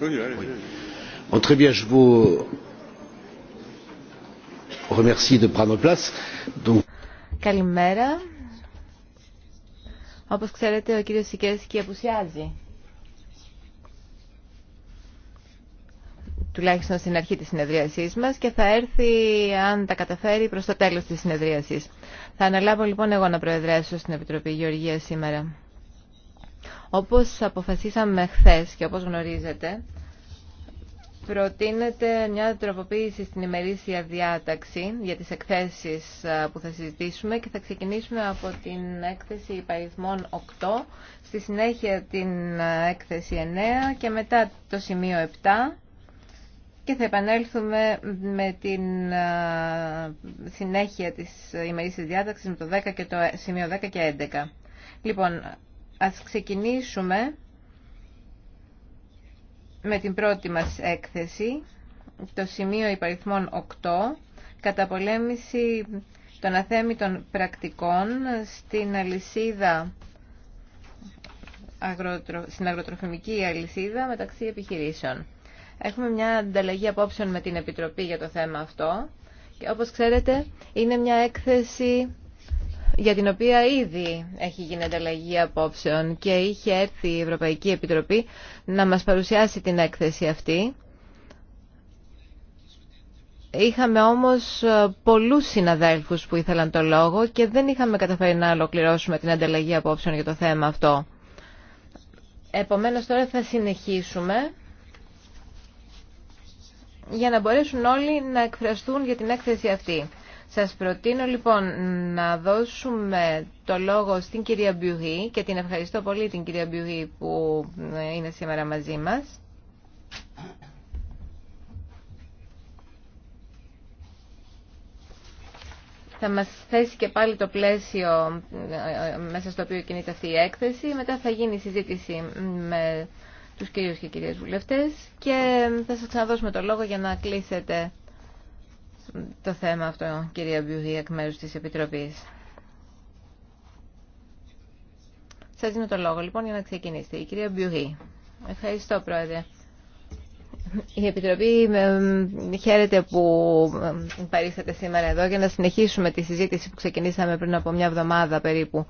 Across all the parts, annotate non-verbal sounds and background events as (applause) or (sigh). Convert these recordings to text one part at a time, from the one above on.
Καλημέρα. όπω ξέρετε, ο κύριος Σικέσκι απουσιάζει. τουλάχιστον στην αρχή της συνεδρίασής μας και θα έρθει αν τα καταφέρει προς το τέλος της συνεδρίασης. Θα αναλάβω λοιπόν εγώ να προεδρέσω στην Επιτροπή Γεωργία σήμερα. Όπως αποφασίσαμε χθε και όπως γνωρίζετε, προτείνεται μια τροποποίηση στην ημερήσια διάταξη για τις εκθέσεις που θα συζητήσουμε και θα ξεκινήσουμε από την έκθεση υπαριθμών 8, στη συνέχεια την έκθεση 9 και μετά το σημείο 7 και θα επανέλθουμε με την συνέχεια της ημερήσιας διάταξης με το 10 και το ε, σημείο 10 και 11. Λοιπόν, Ας ξεκινήσουμε με την πρώτη μας έκθεση, το σημείο υπαριθμών 8, καταπολέμηση των αθέμητων πρακτικών στην αλυσίδα στην αγροτροφημική αλυσίδα μεταξύ επιχειρήσεων. Έχουμε μια ανταλλαγή απόψεων με την Επιτροπή για το θέμα αυτό και όπως ξέρετε είναι μια έκθεση για την οποία ήδη έχει γίνει ανταλλαγή απόψεων και είχε έρθει η Ευρωπαϊκή Επιτροπή να μας παρουσιάσει την έκθεση αυτή. Είχαμε όμως πολλούς συναδέλφους που ήθελαν το λόγο και δεν είχαμε καταφέρει να ολοκληρώσουμε την ανταλλαγή απόψεων για το θέμα αυτό. Επομένως τώρα θα συνεχίσουμε για να μπορέσουν όλοι να εκφραστούν για την έκθεση αυτή. Σας προτείνω λοιπόν να δώσουμε το λόγο στην κυρία Μπιουγή και την ευχαριστώ πολύ την κυρία Μπιουγή που ε, είναι σήμερα μαζί μας. θα μας θέσει και πάλι το πλαίσιο ε, ε, μέσα στο οποίο κινείται αυτή η έκθεση. Μετά θα γίνει η συζήτηση με τους κυρίους και κυρίες βουλευτές και θα σας ξαναδώσουμε το λόγο για να κλείσετε το θέμα αυτό, κυρία Μπιουγή, εκ μέρους της Επιτροπής. Σας δίνω το λόγο, λοιπόν, για να ξεκινήσετε. Η κυρία Μπιουγή. Ευχαριστώ, Πρόεδρε. Η Επιτροπή χαίρεται που ε, παρήσατε σήμερα εδώ για να συνεχίσουμε τη συζήτηση που ξεκινήσαμε πριν από μια εβδομάδα περίπου.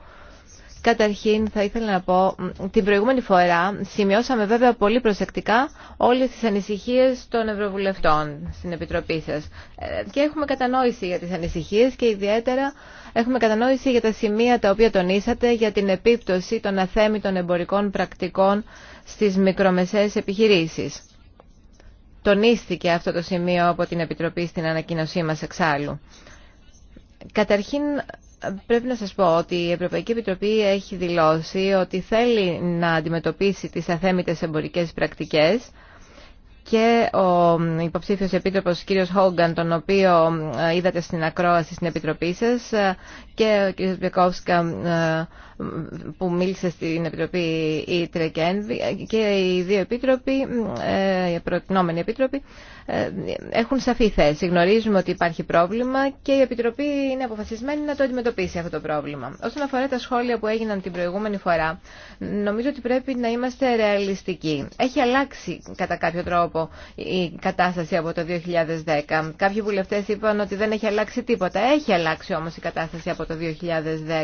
Καταρχήν θα ήθελα να πω, την προηγούμενη φορά σημειώσαμε βέβαια πολύ προσεκτικά όλες τις ανησυχίες των Ευρωβουλευτών στην Επιτροπή σας. Ε, και έχουμε κατανόηση για τις ανησυχίες και ιδιαίτερα έχουμε κατανόηση για τα σημεία τα οποία τονίσατε για την επίπτωση των αθέμητων εμπορικών πρακτικών στις μικρομεσαίες επιχειρήσεις. Τονίστηκε αυτό το σημείο από την Επιτροπή στην ανακοίνωσή μας εξάλλου. Καταρχήν Πρέπει να σας πω ότι η Ευρωπαϊκή Επιτροπή έχει δηλώσει ότι θέλει να αντιμετωπίσει τις αθέμητες εμπορικές πρακτικές και ο υποψήφιος επίτροπος κύριος Χόγκαν, τον οποίο ε, είδατε στην ακρόαση στην Επιτροπή σας ε, και ο κ. Μπιακόφσκα ε, που μίλησε στην Επιτροπή Ήτρε και και οι δύο επίτροποι, ε, οι προτινόμενοι επίτροποι, ε, έχουν σαφή θέση. Γνωρίζουμε ότι υπάρχει πρόβλημα και η Επιτροπή είναι αποφασισμένη να το αντιμετωπίσει αυτό το πρόβλημα. Όσον αφορά τα σχόλια που έγιναν την προηγούμενη φορά, νομίζω ότι πρέπει να είμαστε ρεαλιστικοί. Έχει αλλάξει κατά κάποιο τρόπο η κατάσταση από το 2010. Κάποιοι βουλευτέ είπαν ότι δεν έχει αλλάξει τίποτα. Έχει αλλάξει όμω η κατάσταση από το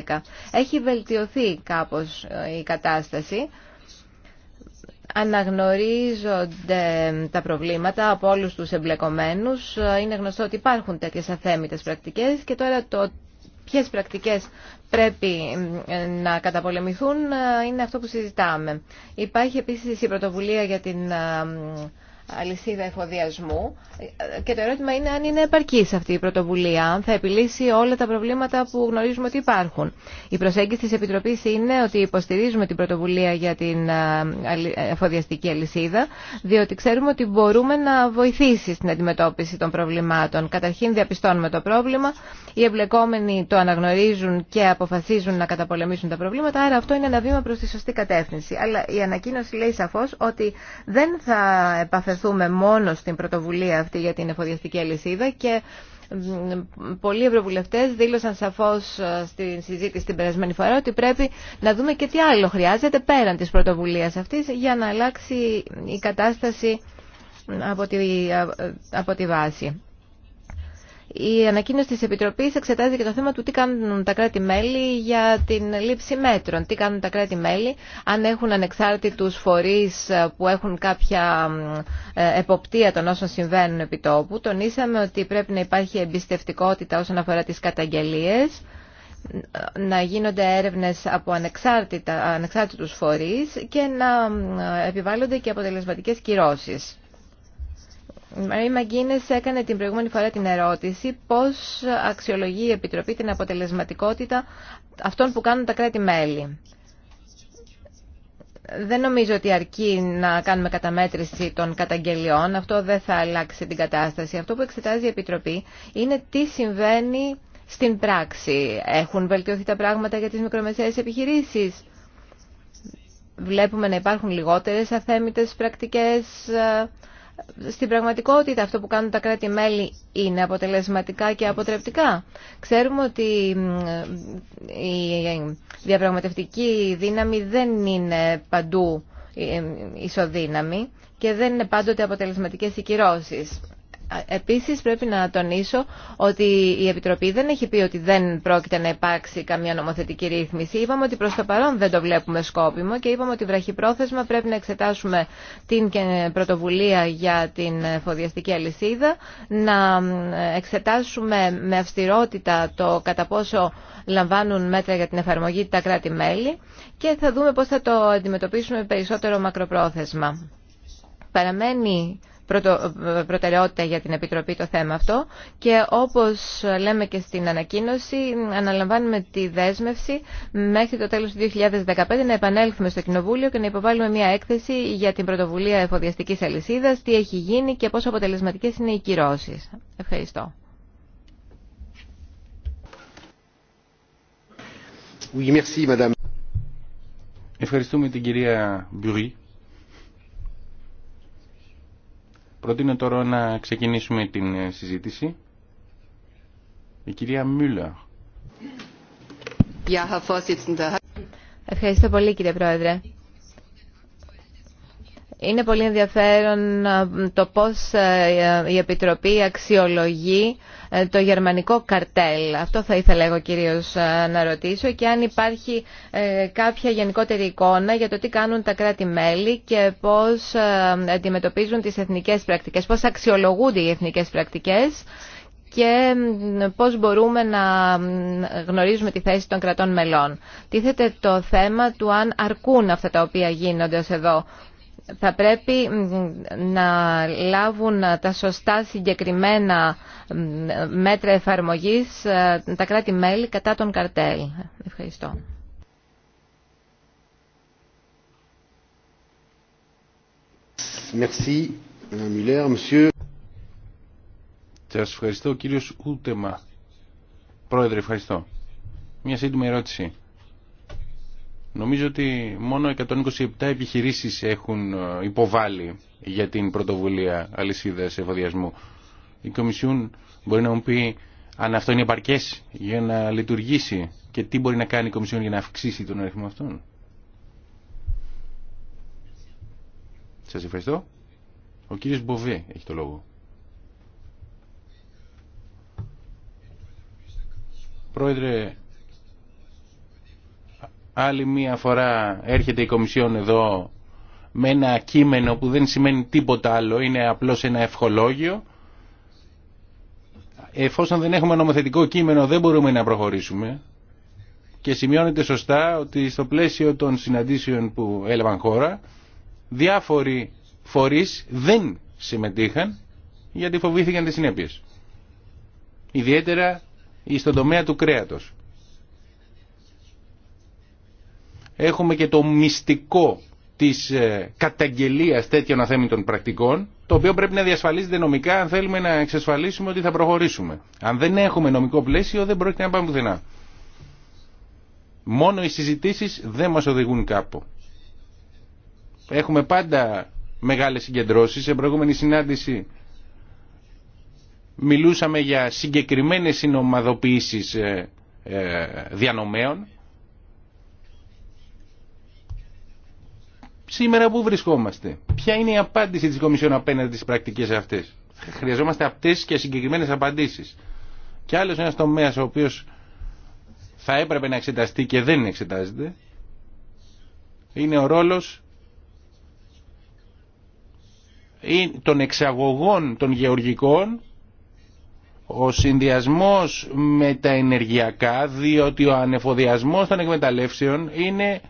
2010. Έχει βελτιωθεί βελτιωθεί κάπως ε, η κατάσταση. Αναγνωρίζονται τα προβλήματα από όλους τους εμπλεκομένους. Ε, είναι γνωστό ότι υπάρχουν τέτοιες αθέμητες πρακτικές και τώρα το ποιες πρακτικές πρέπει ε, να καταπολεμηθούν είναι αυτό που συζητάμε. Υπάρχει επίσης η πρωτοβουλία για την αλυσίδα εφοδιασμού και το ερώτημα είναι αν είναι επαρκής αυτή η πρωτοβουλία, αν θα επιλύσει όλα τα προβλήματα που γνωρίζουμε ότι υπάρχουν. Η προσέγγιση της Επιτροπής είναι ότι υποστηρίζουμε την πρωτοβουλία για την ε, εφοδιαστική αλυσίδα, διότι ξέρουμε ότι μπορούμε να βοηθήσει στην αντιμετώπιση των προβλημάτων. Καταρχήν διαπιστώνουμε το πρόβλημα, οι εμπλεκόμενοι το αναγνωρίζουν και αποφασίζουν να καταπολεμήσουν τα προβλήματα, άρα αυτό είναι ένα βήμα προς τη σωστή κατεύθυνση. Αλλά η ανακοίνωση λέει ότι δεν θα σταθούμε μόνο στην πρωτοβουλία αυτή για την εφοδιαστική αλυσίδα και πολλοί ευρωβουλευτέ δήλωσαν σαφώ ε, στην συζήτηση την περασμένη φορά ότι πρέπει να δούμε και τι άλλο χρειάζεται πέραν τη πρωτοβουλία αυτή για να αλλάξει η κατάσταση από τη, ε, από τη βάση. Η ανακοίνωση της επιτροπή εξετάζει και το θέμα του τι κάνουν τα κράτη-μέλη για την λήψη μέτρων. Τι κάνουν τα κράτη-μέλη αν έχουν ανεξάρτητους φορείς που έχουν κάποια ε, εποπτεία των όσων συμβαίνουν επί τόπου. Τονίσαμε ότι πρέπει να υπάρχει εμπιστευτικότητα όσον αφορά τις καταγγελίες να γίνονται έρευνες από ανεξάρτητα, ανεξάρτητους φορείς και να ε, επιβάλλονται και αποτελεσματικές κυρώσεις. Μαρή Μαγκίνες έκανε την προηγούμενη φορά την ερώτηση πώς αξιολογεί η Επιτροπή την αποτελεσματικότητα αυτών που κάνουν τα κράτη-μέλη. Δεν νομίζω ότι αρκεί να κάνουμε καταμέτρηση των καταγγελιών. Αυτό δεν θα αλλάξει την κατάσταση. Αυτό που εξετάζει η Επιτροπή είναι τι συμβαίνει στην πράξη. Έχουν βελτιωθεί τα πράγματα για τις μικρομεσαίες επιχειρήσεις. Βλέπουμε να υπάρχουν λιγότερες αθέμητες πρακτικές, στην πραγματικότητα αυτό που κάνουν τα κράτη-μέλη είναι αποτελεσματικά και αποτρεπτικά. Ξέρουμε ότι η διαπραγματευτική δύναμη δεν είναι παντού ε, ισοδύναμη και δεν είναι πάντοτε αποτελεσματικές οι κυρώσεις. Επίσης πρέπει να τονίσω ότι η Επιτροπή δεν έχει πει ότι δεν πρόκειται να υπάρξει καμία νομοθετική ρύθμιση. Είπαμε ότι προς το παρόν δεν το βλέπουμε σκόπιμο και είπαμε ότι βραχυπρόθεσμα πρέπει να εξετάσουμε την πρωτοβουλία για την φοδιαστική αλυσίδα, να εξετάσουμε με αυστηρότητα το κατά πόσο λαμβάνουν μέτρα για την εφαρμογή τα κράτη-μέλη και θα δούμε πώς θα το αντιμετωπίσουμε περισσότερο μακροπρόθεσμα. Παραμένει ε, προτεραιότητα για την Επιτροπή το θέμα αυτό και όπως λέμε και στην ανακοίνωση αναλαμβάνουμε τη δέσμευση μέχρι το τέλος του 2015 να επανέλθουμε στο Κοινοβούλιο και να υποβάλουμε μια έκθεση για την πρωτοβουλία εφοδιαστικής αλυσίδας, τι έχει γίνει και πόσο αποτελεσματικές είναι οι κυρώσεις. Ευχαριστώ. Ευχαριστούμε την κυρία Μπουρή. Προτείνω τώρα να ξεκινήσουμε την ε, συζήτηση. Η κυρία Μιούλα. Ευχαριστώ πολύ κύριε Πρόεδρε. Είναι πολύ ενδιαφέρον ε, το πώς ε, η Επιτροπή αξιολογεί ε, το γερμανικό καρτέλ. Αυτό θα ήθελα εγώ κυρίως να ρωτήσω και αν υπάρχει κάποια γενικότερη εικόνα για το τι κάνουν τα κράτη-μέλη και πώς αντιμετωπίζουν τις εθνικές πρακτικές, πώς αξιολογούνται οι εθνικές πρακτικές και πώς μπορούμε να γνωρίζουμε τη θέση των κρατών μελών. Τίθεται το θέμα του αν αρκούν αυτά τα οποία γίνονται ως εδώ θα πρέπει να λάβουν τα σωστά συγκεκριμένα μέτρα εφαρμογής ε, τα κράτη-μέλη κατά τον καρτέλ. Ευχαριστώ. Merci, Muller, monsieur. Σας ευχαριστώ κύριος Ούτεμα. Πρόεδρε, ευχαριστώ. Μια σύντομη ερώτηση. Νομίζω ότι μόνο 127 επιχειρήσεις έχουν ε, υποβάλει για την πρωτοβουλία αλυσίδας εφοδιασμού. Η Κομισιούν μπορεί να μου πει αν αυτό είναι επαρκές για να λειτουργήσει και τι μπορεί να κάνει η Κομισιόν για να αυξήσει τον αριθμό αυτών. Σας ευχαριστώ. Ο κύριος Μποβέ έχει το λόγο. Πρόεδρε, άλλη μία φορά έρχεται η Κομισιόν εδώ με ένα κείμενο που δεν σημαίνει τίποτα άλλο, είναι απλώς ένα ευχολόγιο. Εφόσον δεν έχουμε νομοθετικό κείμενο δεν μπορούμε να προχωρήσουμε και σημειώνεται σωστά ότι στο πλαίσιο των συναντήσεων που έλαβαν χώρα διάφοροι φορείς δεν συμμετείχαν γιατί φοβήθηκαν τις συνέπειες. Ιδιαίτερα στον τομέα του κρέατος. έχουμε και το μυστικό της ε, καταγγελίας τέτοιων αθέμητων πρακτικών, το οποίο πρέπει να διασφαλίζεται νομικά αν θέλουμε να εξασφαλίσουμε ότι θα προχωρήσουμε. Αν δεν έχουμε νομικό πλαίσιο δεν πρόκειται να πάμε πουθενά. Μόνο οι συζητήσεις δεν μας οδηγούν κάπου. Έχουμε πάντα μεγάλες συγκεντρώσεις. Σε προηγούμενη συνάντηση μιλούσαμε για συγκεκριμένες συνομαδοποιήσεις ε, ε, διανομέων Σήμερα πού βρισκόμαστε. Ποια είναι η απάντηση της Κομισιόν απέναντι στις πρακτικές αυτές. Χρειαζόμαστε αυτές και συγκεκριμένες απαντήσεις. Και άλλος ένας τομέας ο οποίος θα έπρεπε να εξεταστεί και δεν εξετάζεται είναι ο ρόλος των εξαγωγών των γεωργικών ο συνδυασμός με τα ενεργειακά διότι ο ανεφοδιασμός των εκμεταλλεύσεων είναι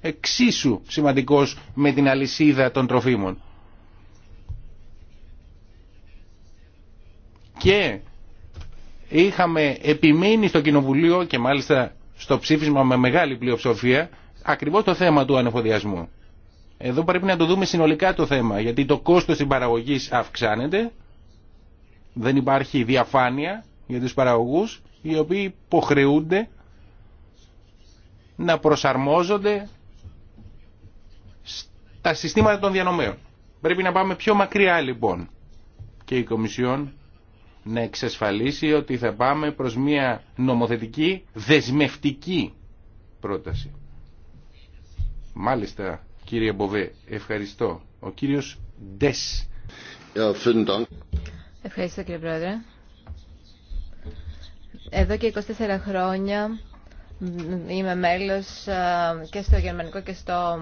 εξίσου σημαντικός με την αλυσίδα των τροφίμων. Και είχαμε επιμείνει στο Κοινοβουλίο και μάλιστα στο ψήφισμα με μεγάλη πλειοψηφία ακριβώς το θέμα του ανεφοδιασμού. Εδώ πρέπει να το δούμε συνολικά το θέμα, γιατί το κόστος της παραγωγής αυξάνεται, δεν υπάρχει διαφάνεια για τους παραγωγούς, οι οποίοι υποχρεούνται να προσαρμόζονται τα συστήματα των διανομέων. Πρέπει να πάμε πιο μακριά λοιπόν και η Κομισιόν να εξασφαλίσει ότι θα πάμε προς μια νομοθετική δεσμευτική πρόταση. Μάλιστα κύριε Μποβέ, ευχαριστώ. Ο κύριος Ντες. Ευχαριστώ κύριε Πρόεδρε. Εδώ και 24 χρόνια Είμαι μέλος και στο Γερμανικό και στο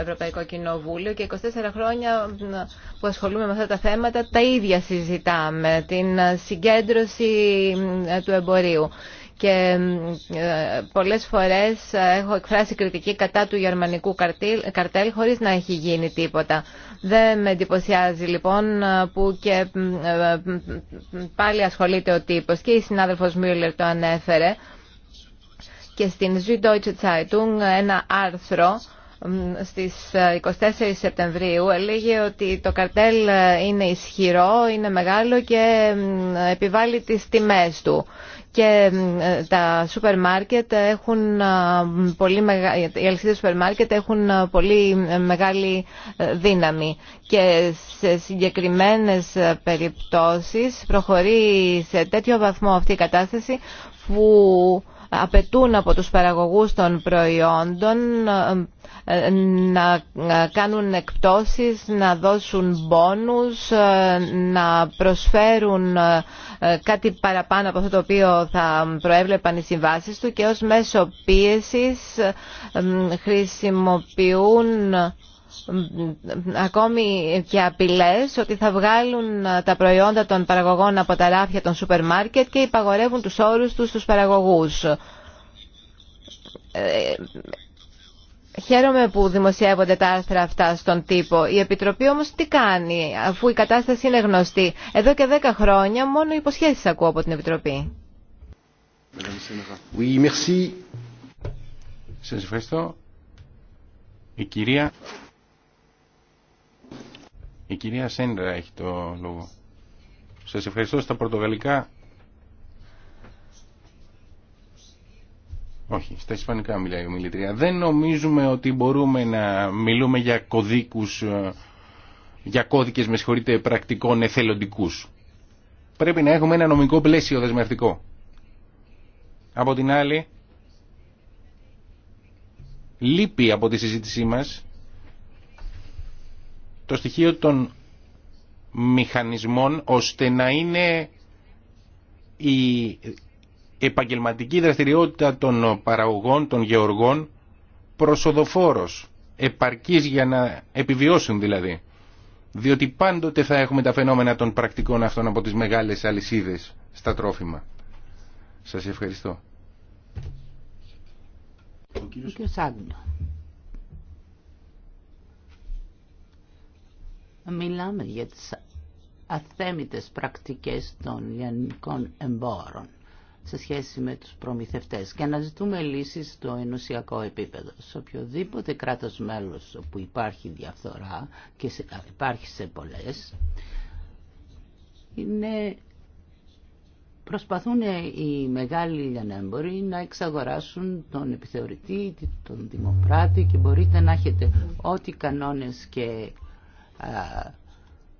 Ευρωπαϊκό Κοινοβούλιο και 24 χρόνια που ασχολούμαι με αυτά τα θέματα τα ίδια συζητάμε, την συγκέντρωση του εμπορίου. Και πολλές φορές έχω εκφράσει κριτική κατά του γερμανικού καρτέλ χωρίς να έχει γίνει τίποτα. Δεν με εντυπωσιάζει λοιπόν που και πάλι ασχολείται ο τύπος και η συνάδελφος Μιούλερ το ανέφερε και στην Süddeutsche Zeitung ένα άρθρο στις 24 ε, Σεπτεμβρίου έλεγε ότι το καρτέλ ε, είναι ισχυρό, είναι μεγάλο και επιβάλλει τις τιμές του. Και ε, τα σούπερ έχουν πολύ οι αλυσίδες σούπερ μάρκετ έχουν πολύ μεγάλη δύναμη και σε συγκεκριμένες περιπτώσεις προχωρεί σε τέτοιο βαθμό αυτή η κατάσταση που απαιτούν από τους παραγωγούς των προϊόντων ε, ε, να κάνουν εκπτώσεις, να δώσουν μπόνους, ε, να προσφέρουν κάτι παραπάνω από αυτό το οποίο θα προέβλεπαν οι συμβάσεις του και ως μέσο πίεσης χρησιμοποιούν ακόμη και απειλές ότι θα βγάλουν ε, τα προϊόντα των παραγωγών από τα ράφια των σούπερ μάρκετ και υπαγορεύουν τους όρους τους στους παραγωγούς. Ε, χαίρομαι που δημοσιεύονται τα άρθρα αυτά στον τύπο. Η Επιτροπή όμως τι κάνει, αφού η κατάσταση είναι γνωστή. Εδώ και δέκα χρόνια μόνο υποσχέσεις ακούω από την Επιτροπή. Oui, merci. ευχαριστώ. Η κυρία η κυρία Σέντρα έχει το λόγο. Σας ευχαριστώ στα πορτογαλικά. Όχι, στα ισπανικά μιλάει η μιλητρία. Δεν νομίζουμε ότι μπορούμε να μιλούμε για κωδίκους, ε, για κώδικες, με συγχωρείτε, πρακτικών εθελοντικούς. Πρέπει να έχουμε ένα νομικό πλαίσιο δεσμευτικό. Από την άλλη, λείπει από τη συζήτησή μας το στοιχείο των μηχανισμών ώστε να είναι η επαγγελματική δραστηριότητα των παραγωγών, των γεωργών προσοδοφόρος, επαρκής για να επιβιώσουν δηλαδή. Διότι πάντοτε θα έχουμε τα φαινόμενα των πρακτικών αυτών από τις μεγάλες αλυσίδες στα τρόφιμα. Σας ευχαριστώ. Μιλάμε για τις αθέμητες πρακτικές των λιανικών εμπόρων σε σχέση με τους προμηθευτές και να ζητούμε λύσεις στο ενωσιακό επίπεδο. Σε οποιοδήποτε κράτος μέλος όπου υπάρχει διαφθορά και υπάρχει σε πολλές, είναι... προσπαθούν οι μεγάλοι λιανέμποροι να εξαγοράσουν τον επιθεωρητή, τον δημοπράτη και μπορείτε να έχετε ό,τι κανόνες και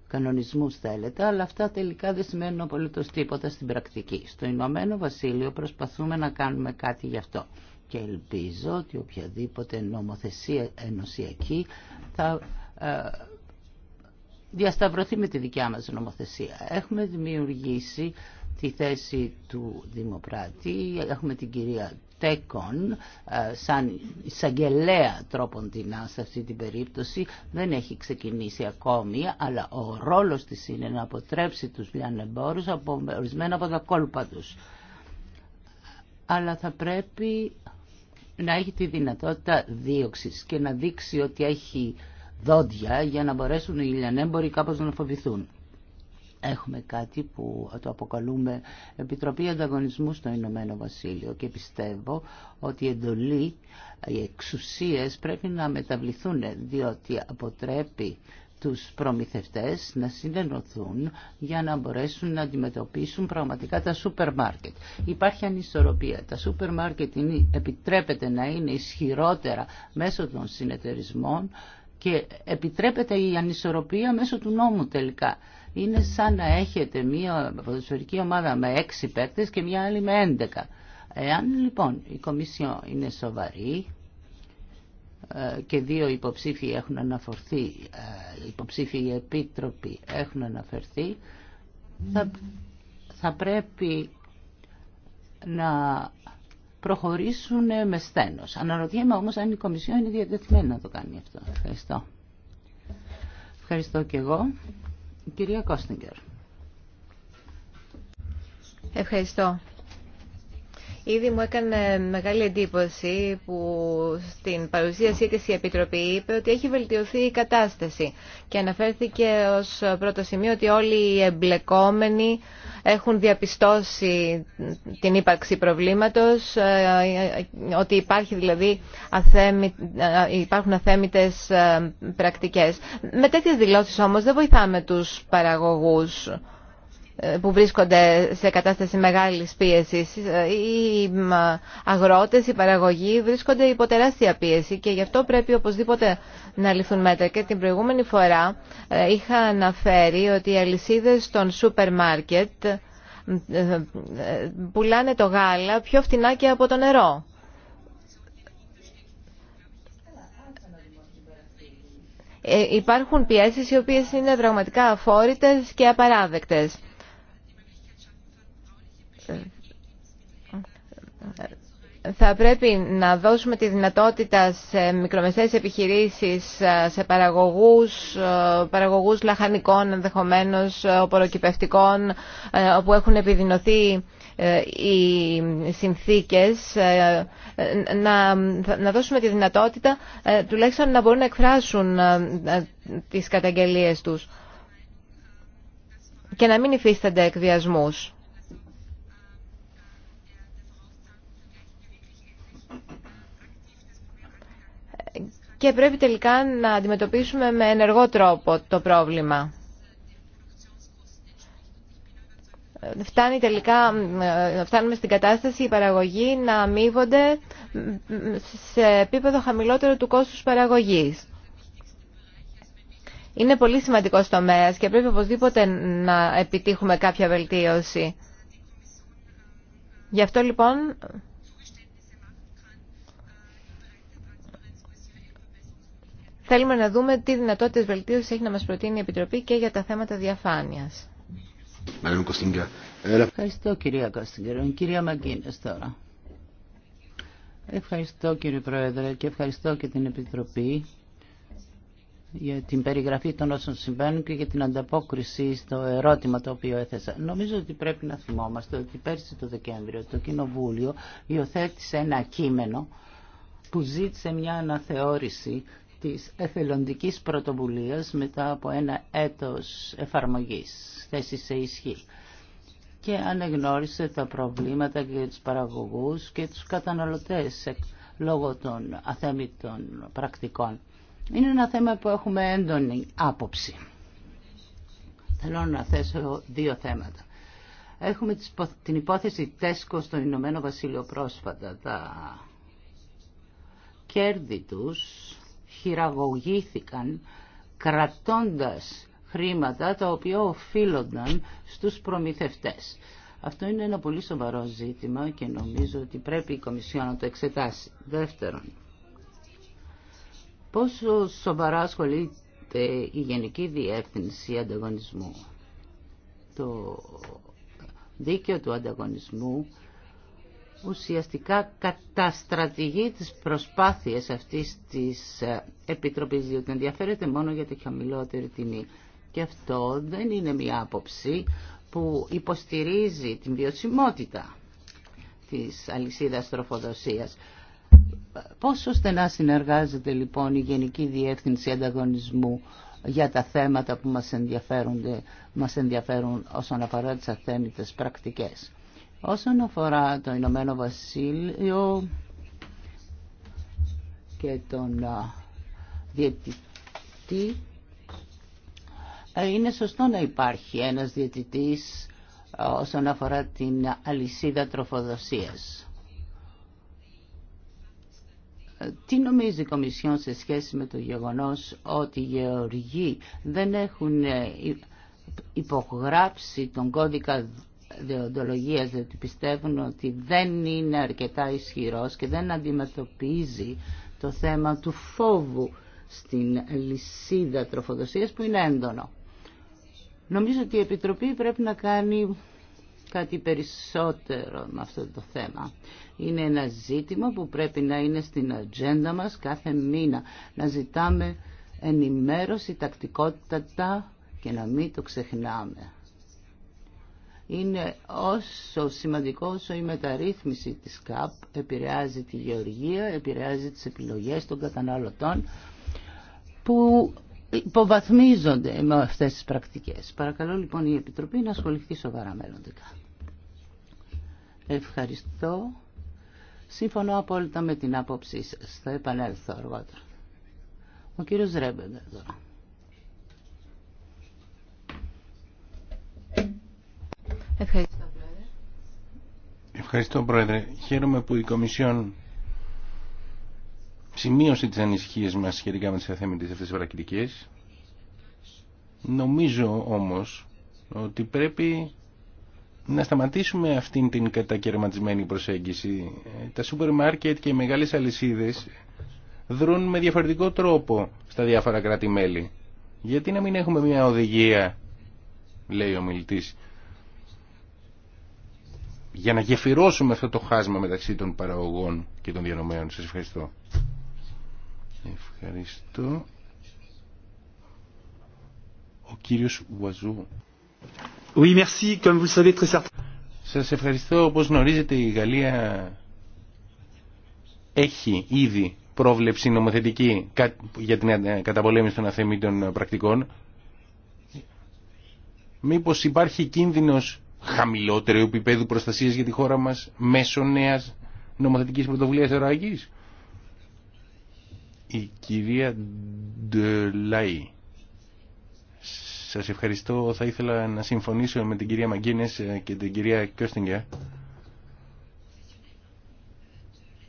κανονισμούς θέλετε, αλλά αυτά τελικά δεν σημαίνουν απολύτως τίποτα στην πρακτική. Στο Ηνωμένο Βασίλειο προσπαθούμε να κάνουμε κάτι γι' αυτό και ελπίζω ότι οποιαδήποτε νομοθεσία ενωσιακή θα ε, διασταυρωθεί με τη δικιά μας νομοθεσία. Έχουμε δημιουργήσει τη θέση του Δημοπράτη, έχουμε την κυρία ε, σαν εισαγγελέα τρόπον την σε αυτή την περίπτωση δεν έχει ξεκινήσει ακόμη αλλά ο ρόλος της είναι να αποτρέψει τους λιανεμπόρους από ορισμένα από τα κόλπα τους. Αλλά θα πρέπει να έχει τη δυνατότητα δίωξης και να δείξει ότι έχει δόντια για να μπορέσουν οι λιανέμποροι κάπως να φοβηθούν. Έχουμε κάτι που το αποκαλούμε Επιτροπή Ανταγωνισμού στο Ηνωμένο Βασίλειο και πιστεύω ότι η εντολή, οι εξουσίες πρέπει να μεταβληθούν διότι αποτρέπει τους προμηθευτές να συνενωθούν για να μπορέσουν να αντιμετωπίσουν πραγματικά τα σούπερ μάρκετ. Υπάρχει ανισορροπία. Τα σούπερ μάρκετ επιτρέπεται να είναι ισχυρότερα μέσω των συνεταιρισμών και επιτρέπεται η ανισορροπία μέσω του νόμου τελικά είναι σαν να έχετε μία ποδοσφαιρική ομάδα με έξι παίκτες και μία άλλη με έντεκα. Εάν λοιπόν η Κομισιό είναι σοβαρή ε, και δύο υποψήφοι έχουν αναφορθεί, ε, υποψήφοι επίτροποι έχουν αναφερθεί, θα, θα πρέπει να προχωρήσουν με στένος. Αναρωτιέμαι όμως αν η Κομισιό είναι διατεθειμένη να το κάνει αυτό. Ευχαριστώ. Ευχαριστώ και εγώ κυρία Κόστιγκερ. Ευχαριστώ. Ήδη μου έκανε μεγάλη εντύπωση που στην παρουσίασή της η Επιτροπή είπε ότι έχει βελτιωθεί η κατάσταση και αναφέρθηκε ως πρώτο σημείο ότι όλοι οι εμπλεκόμενοι έχουν διαπιστώσει την ύπαρξη προβλήματος, ε, ότι υπάρχει δηλαδή ε, υπάρχουν αθέμητες ε, πρακτικές. Με τέτοιες δηλώσεις όμως δεν βοηθάμε τους παραγωγούς που βρίσκονται σε κατάσταση μεγάλης πίεσης. Ε, οι αγρότες, οι παραγωγοί βρίσκονται υπό τεράστια πίεση και γι' αυτό πρέπει οπωσδήποτε να ληφθούν μέτρα. Και την προηγούμενη φορά ε, είχα αναφέρει ότι οι αλυσίδες των σούπερ μάρκετ ε, πουλάνε το γάλα πιο φτηνά και από το νερό. Υπάρχουν πιέσεις οι οποίες είναι πραγματικά αφόρητες και απαράδεκτες θα πρέπει να δώσουμε τη δυνατότητα σε μικρομεσαίες επιχειρήσεις, σε παραγωγούς, παραγωγούς λαχανικών ενδεχομένως, οποροκυπευτικών, όπου έχουν επιδεινωθεί ε, οι συνθήκες, ε, να, να δώσουμε τη δυνατότητα ε, τουλάχιστον να μπορούν να εκφράσουν τις καταγγελίες τους και να μην υφίστανται εκβιασμούς. και πρέπει τελικά να αντιμετωπίσουμε με ενεργό τρόπο το πρόβλημα. Φτάνει τελικά, ε, φτάνουμε στην κατάσταση η παραγωγή να αμείβονται σε επίπεδο χαμηλότερο του κόστους παραγωγής. Είναι πολύ σημαντικός τομέας και πρέπει οπωσδήποτε να επιτύχουμε κάποια βελτίωση. Γι' αυτό λοιπόν Θέλουμε να δούμε τι δυνατότητες βελτίωσης έχει να μας προτείνει η Επιτροπή και για τα θέματα διαφάνειας. Ε, ευχαριστώ κυρία Κωστιγκερόν. Κυρία Μαγκίνες τώρα. Ευχαριστώ κύριε Πρόεδρε και ευχαριστώ και την Επιτροπή για την περιγραφή των όσων συμβαίνουν και για την ανταπόκριση στο ερώτημα το οποίο έθεσα. Νομίζω ότι πρέπει να θυμόμαστε ότι πέρσι το Δεκέμβριο το Κοινοβούλιο υιοθέτησε ένα κείμενο που ζήτησε μια αναθεώρηση της εθελοντικής πρωτοβουλίας μετά από ένα έτος εφαρμογής θέση σε ισχύ και ανεγνώρισε τα προβλήματα και τους παραγωγούς και τους καταναλωτές λόγω των αθέμητων πρακτικών. Είναι ένα θέμα που έχουμε έντονη άποψη. Θέλω να θέσω δύο θέματα. Έχουμε την υπόθεση Τέσκο στον Ηνωμένο Βασίλειο πρόσφατα. Τα κέρδη τους χειραγωγήθηκαν κρατώντας χρήματα τα οποία οφείλονταν στους προμηθευτές. Αυτό είναι ένα πολύ σοβαρό ζήτημα και νομίζω ότι πρέπει η Κομισιόν να το εξετάσει. Δεύτερον, πόσο σοβαρά ασχολείται η Γενική Διεύθυνση Ανταγωνισμού. Το δίκαιο του ανταγωνισμού ουσιαστικά καταστρατηγεί τις προσπάθειες αυτής της ε, Επιτροπής, διότι ενδιαφέρεται μόνο για τη χαμηλότερη τιμή. Και αυτό δεν είναι μια άποψη που υποστηρίζει την βιωσιμότητα της αλυσίδας τροφοδοσίας. Πόσο στενά συνεργάζεται λοιπόν η Γενική Διεύθυνση Ανταγωνισμού για τα θέματα που μας, ενδιαφέρονται, μας ενδιαφέρουν όσον αφορά τις αθέμητες πρακτικές. Όσον αφορά το Ηνωμένο Βασίλειο και τον διαιτητή, ε, είναι σωστό να υπάρχει ένας διαιτητής ε, όσον αφορά την αλυσίδα τροφοδοσίας. Ε, τι νομίζει η Κομισιόν σε σχέση με το γεγονός ότι οι γεωργοί δεν έχουν υπογράψει τον κώδικα διοντολογίας διότι πιστεύουν ότι δεν είναι αρκετά ισχυρός και δεν αντιμετωπίζει το θέμα του φόβου στην λυσίδα τροφοδοσίας που είναι έντονο. Νομίζω ότι η Επιτροπή πρέπει να κάνει κάτι περισσότερο με αυτό το θέμα. Είναι ένα ζήτημα που πρέπει να είναι στην ατζέντα μας κάθε μήνα. Να ζητάμε ενημέρωση, τακτικότητα και να μην το ξεχνάμε είναι όσο σημαντικό όσο η μεταρρύθμιση της ΚΑΠ επηρεάζει τη γεωργία, επηρεάζει τις επιλογές των καταναλωτών που υποβαθμίζονται με αυτές τις πρακτικές. Παρακαλώ λοιπόν η Επιτροπή να ασχοληθεί σοβαρά μέλλοντικά. Ευχαριστώ. Σύμφωνο απόλυτα με την άποψή σας. Θα επανέλθω αργότερα. Ο κύριος Ρέμπεγκα εδώ. Ευχαριστώ, Πρόεδρε. Ευχαριστώ, Χαίρομαι που η Κομισιόν σημείωσε τις ανησυχίες μας σχετικά με τις αθέμητες αυτές τις Νομίζω όμως ότι πρέπει να σταματήσουμε αυτήν την κατακαιρματισμένη προσέγγιση. Τα σούπερ μάρκετ και οι μεγάλες αλυσίδες δρούν με διαφορετικό τρόπο στα διάφορα κράτη-μέλη. Γιατί να μην έχουμε μια οδηγία, λέει ο μιλητής, για να γεφυρώσουμε αυτό το χάσμα μεταξύ των παραγωγών και των διανομέων. Σας ευχαριστώ. Ευχαριστώ. Ο κύριος Βουαζού. Oui, Σας ευχαριστώ. Όπως γνωρίζετε η Γαλλία έχει ήδη πρόβλεψη νομοθετική για την καταπολέμηση των αθεμήτων πρακτικών. Μήπως υπάρχει κίνδυνος χαμηλότερο επίπεδο προστασίας για τη χώρα μας μέσω νέας νομοθετικής πρωτοβουλίας ευρωπαϊκής. Η κυρία Ντελαή. Σας ευχαριστώ. Θα ήθελα να συμφωνήσω με την κυρία Μαγκίνες ε, και την κυρία Κιώστιγκερ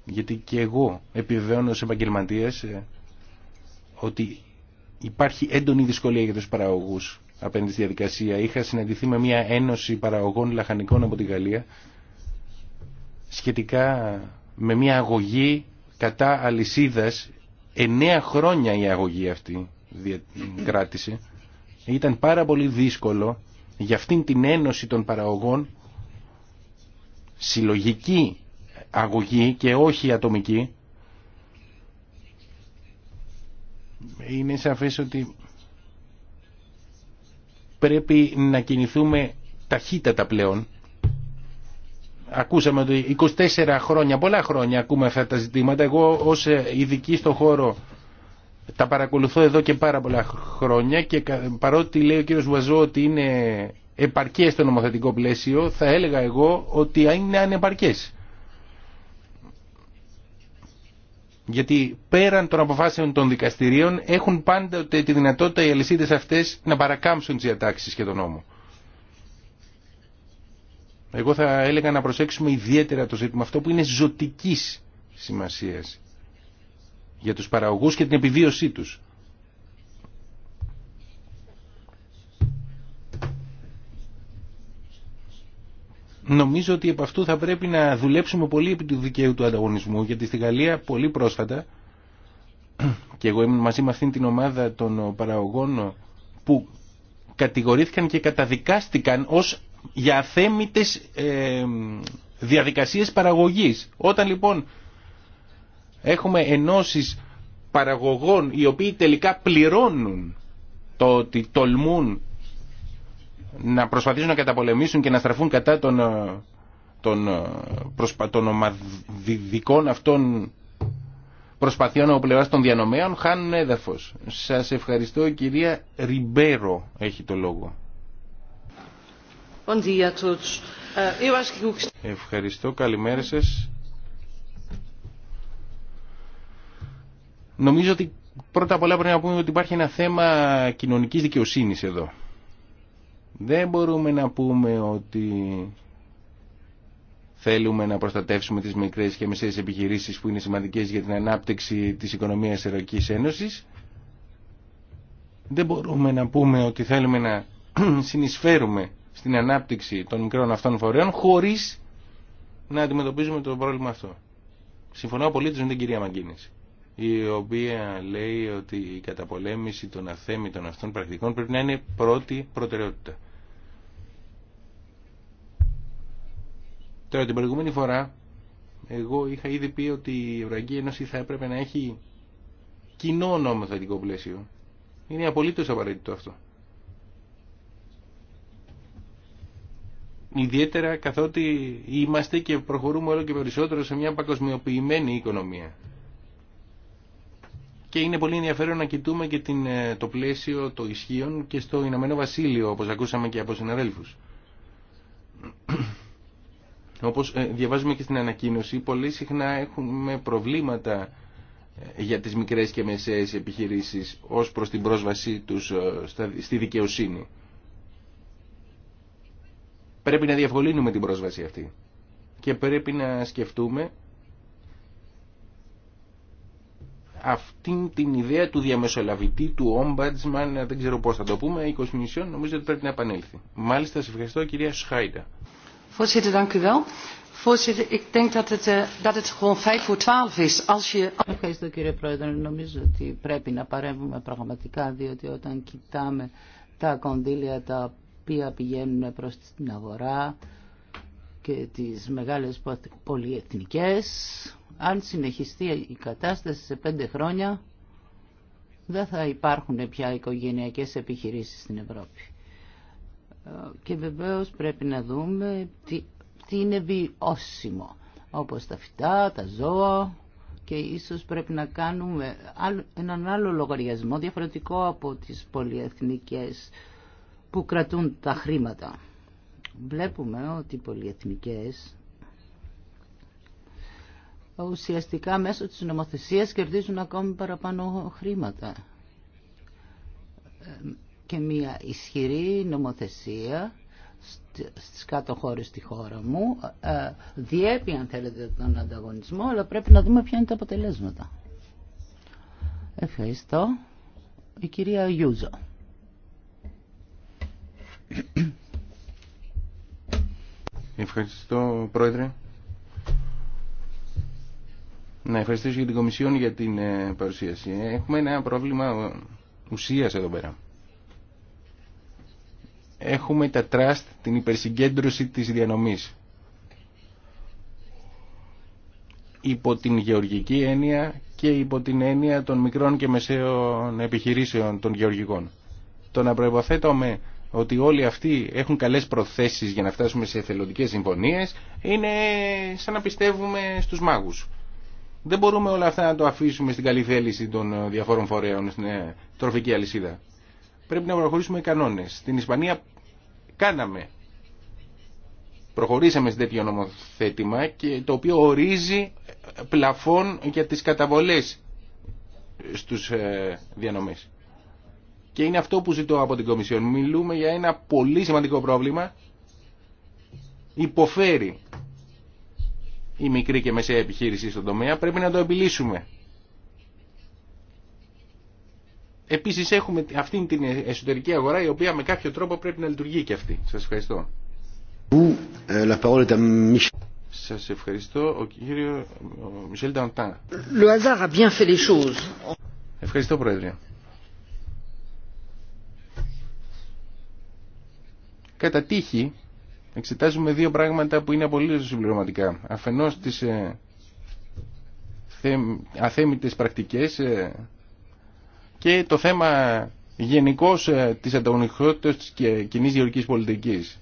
γιατί και εγώ επιβεβαιώνω ως επαγγελματίας ε, ότι υπάρχει έντονη δυσκολία για τους παραγωγούς απέναντι στη διαδικασία. Είχα συναντηθεί με μια ένωση παραγωγών λαχανικών από τη Γαλλία σχετικά με μια αγωγή κατά αλυσίδας. Εννέα χρόνια η αγωγή αυτή κράτησε. Ήταν πάρα πολύ δύσκολο για αυτήν την ένωση των παραγωγών συλλογική αγωγή και όχι ατομική είναι σαφές ότι πρέπει να κινηθούμε ταχύτατα πλέον. Ακούσαμε ότι 24 χρόνια, πολλά χρόνια ακούμε αυτά τα ζητήματα. Εγώ ως ειδική στο χώρο τα παρακολουθώ εδώ και πάρα πολλά χρόνια και παρότι λέει ο κύριος Βουαζό ότι είναι επαρκές το νομοθετικό πλαίσιο, θα έλεγα εγώ ότι είναι ανεπαρκές. Γιατί πέραν των αποφάσεων των δικαστηρίων έχουν πάντοτε τη δυνατότητα οι αλυσίδε αυτέ να παρακάμψουν τι διατάξει και τον νόμο. Εγώ θα έλεγα να προσέξουμε ιδιαίτερα το ζήτημα αυτό που είναι ζωτική σημασία για του παραγωγού και την επιβίωσή του. νομίζω ότι από αυτού θα πρέπει να δουλέψουμε πολύ επί του δικαίου του ανταγωνισμού γιατί στη Γαλλία πολύ πρόσφατα και εγώ ήμουν μαζί με αυτήν την ομάδα των παραγωγών που κατηγορήθηκαν και καταδικάστηκαν ως για αθέμητες ε, διαδικασίες παραγωγής. Όταν λοιπόν έχουμε ενώσεις παραγωγών οι οποίοι τελικά πληρώνουν το ότι τολμούν να προσπαθήσουν να καταπολεμήσουν και να στραφούν κατά των, ε, των, ε, προσπα, αυτών προσπαθειών από πλευρά των διανομέων χάνουν έδαφος. Σας ευχαριστώ η κυρία Ριμπέρο έχει το λόγο. Eh, ευχαριστώ, καλημέρα σας. Νομίζω ότι πρώτα απ' όλα πρέπει να πούμε ότι υπάρχει ένα θέμα κοινωνικής δικαιοσύνης εδώ. Δεν μπορούμε να πούμε ότι θέλουμε να προστατεύσουμε τις μικρές και μεσαίες επιχειρήσεις που είναι σημαντικές για την ανάπτυξη της οικονομίας της Ευρωπαϊκής Ένωσης. Δεν μπορούμε να πούμε ότι θέλουμε να (clears throat) συνεισφέρουμε στην ανάπτυξη των μικρών αυτών φορέων χωρίς να αντιμετωπίζουμε το πρόβλημα αυτό. Συμφωνώ πολύ με την κυρία Μαγκίνηση η οποία λέει ότι η καταπολέμηση των αθέμητων αυτών πρακτικών πρέπει να είναι πρώτη προτεραιότητα. Τώρα την προηγούμενη φορά εγώ είχα ήδη πει ότι η Ευρωπαϊκή Ένωση θα έπρεπε να έχει κοινό νομοθετικό πλαίσιο. Είναι απολύτως απαραίτητο αυτό. Ιδιαίτερα καθότι είμαστε και προχωρούμε όλο και περισσότερο σε μια παγκοσμιοποιημένη οικονομία και είναι πολύ ενδιαφέρον να κοιτούμε και ε, το πλαίσιο των ισχύων και στο Ηνωμένο Βασίλειο, όπως ακούσαμε και από συναδέλφους. (clears throat) Όπως ε, διαβάζουμε και στην ανακοίνωση, πολύ συχνά έχουμε προβλήματα ε, για τις μικρές και μεσαίες επιχειρήσεις ως προς την πρόσβασή τους στη δικαιοσύνη. Πρέπει να διευκολύνουμε την πρόσβαση αυτή και πρέπει να σκεφτούμε Αυτή την ιδέα του διαμεσολαβητή, του ombudsman, δεν ξέρω πώς θα το πούμε, η Κοσμισιόν νομίζω ότι πρέπει να επανέλθει. Μάλιστα, σε ευχαριστώ κυρία Σχάιντα. Eh, ευχαριστώ κύριε Πρόεδρε. Νομίζω ότι πρέπει να παρέμβουμε πραγματικά, διότι όταν κοιτάμε τα κονδύλια τα οποία πηγαίνουν προς την αγορά και τις μεγάλες πολυεθνικές, αν συνεχιστεί η κατάσταση σε πέντε χρόνια, δεν θα υπάρχουν πια οικογενειακές επιχειρήσεις στην Ευρώπη. Και βεβαίως πρέπει να δούμε τι, τι είναι βιώσιμο, όπως τα φυτά, τα ζώα και ίσως πρέπει να κάνουμε έναν άλλο λογαριασμό διαφορετικό από τις πολυεθνικές που κρατούν τα χρήματα. Βλέπουμε ότι οι πολυεθνικές ουσιαστικά μέσω της νομοθεσίας κερδίζουν ακόμη παραπάνω χρήματα. Ε, και μια ισχυρή νομοθεσία στις κάτω χώρες στη χώρα μου ε, διέπει αν θέλετε τον ανταγωνισμό αλλά πρέπει να δούμε ποια είναι τα αποτελέσματα. Ευχαριστώ. Η κυρία Γιούζο. Ευχαριστώ πρόεδρε. Να ευχαριστήσω και την Κομισιόν για την ε, παρουσίαση. Έχουμε ένα πρόβλημα ε, ουσίας εδώ πέρα. Έχουμε τα τραστ, την υπερσυγκέντρωση της διανομής. Υπό την γεωργική έννοια και υπό την έννοια των μικρών και μεσαίων επιχειρήσεων των γεωργικών. Το να προϋποθέτουμε ότι όλοι αυτοί έχουν καλές προθέσεις για να φτάσουμε σε εθελοντικές συμφωνίες είναι σαν να πιστεύουμε στους μάγους. Δεν μπορούμε όλα αυτά να το αφήσουμε στην καλή θέληση των ε, διαφόρων φορέων στην ε, τροφική αλυσίδα. Πρέπει να προχωρήσουμε κανόνε. Στην Ισπανία κάναμε. Προχωρήσαμε σε τέτοιο νομοθέτημα και το οποίο ορίζει πλαφόν για τις καταβολές στους ε, διανομές. Και είναι αυτό που ζητώ από την Κομισιόν. Μιλούμε για ένα πολύ σημαντικό πρόβλημα. Υποφέρει η μικρή και μεσαία επιχείρηση στον τομέα, πρέπει να το επιλύσουμε. Επίσης έχουμε αυτή την εσωτερική αγορά η οποία με κάποιο τρόπο πρέπει να λειτουργεί και αυτή. Σας ευχαριστώ. Σας ευχαριστώ. Ο κύριο Μισελ choses. Ευχαριστώ Πρόεδρε. Κατά τύχη εξετάζουμε δύο πράγματα που είναι πολύ συμπληρωματικά. Αφενός τις ε, αθέμητες πρακτικές ε, και το θέμα γενικώ ε, της ανταγωνιστικότητας της κοινή γεωργικής πολιτικής.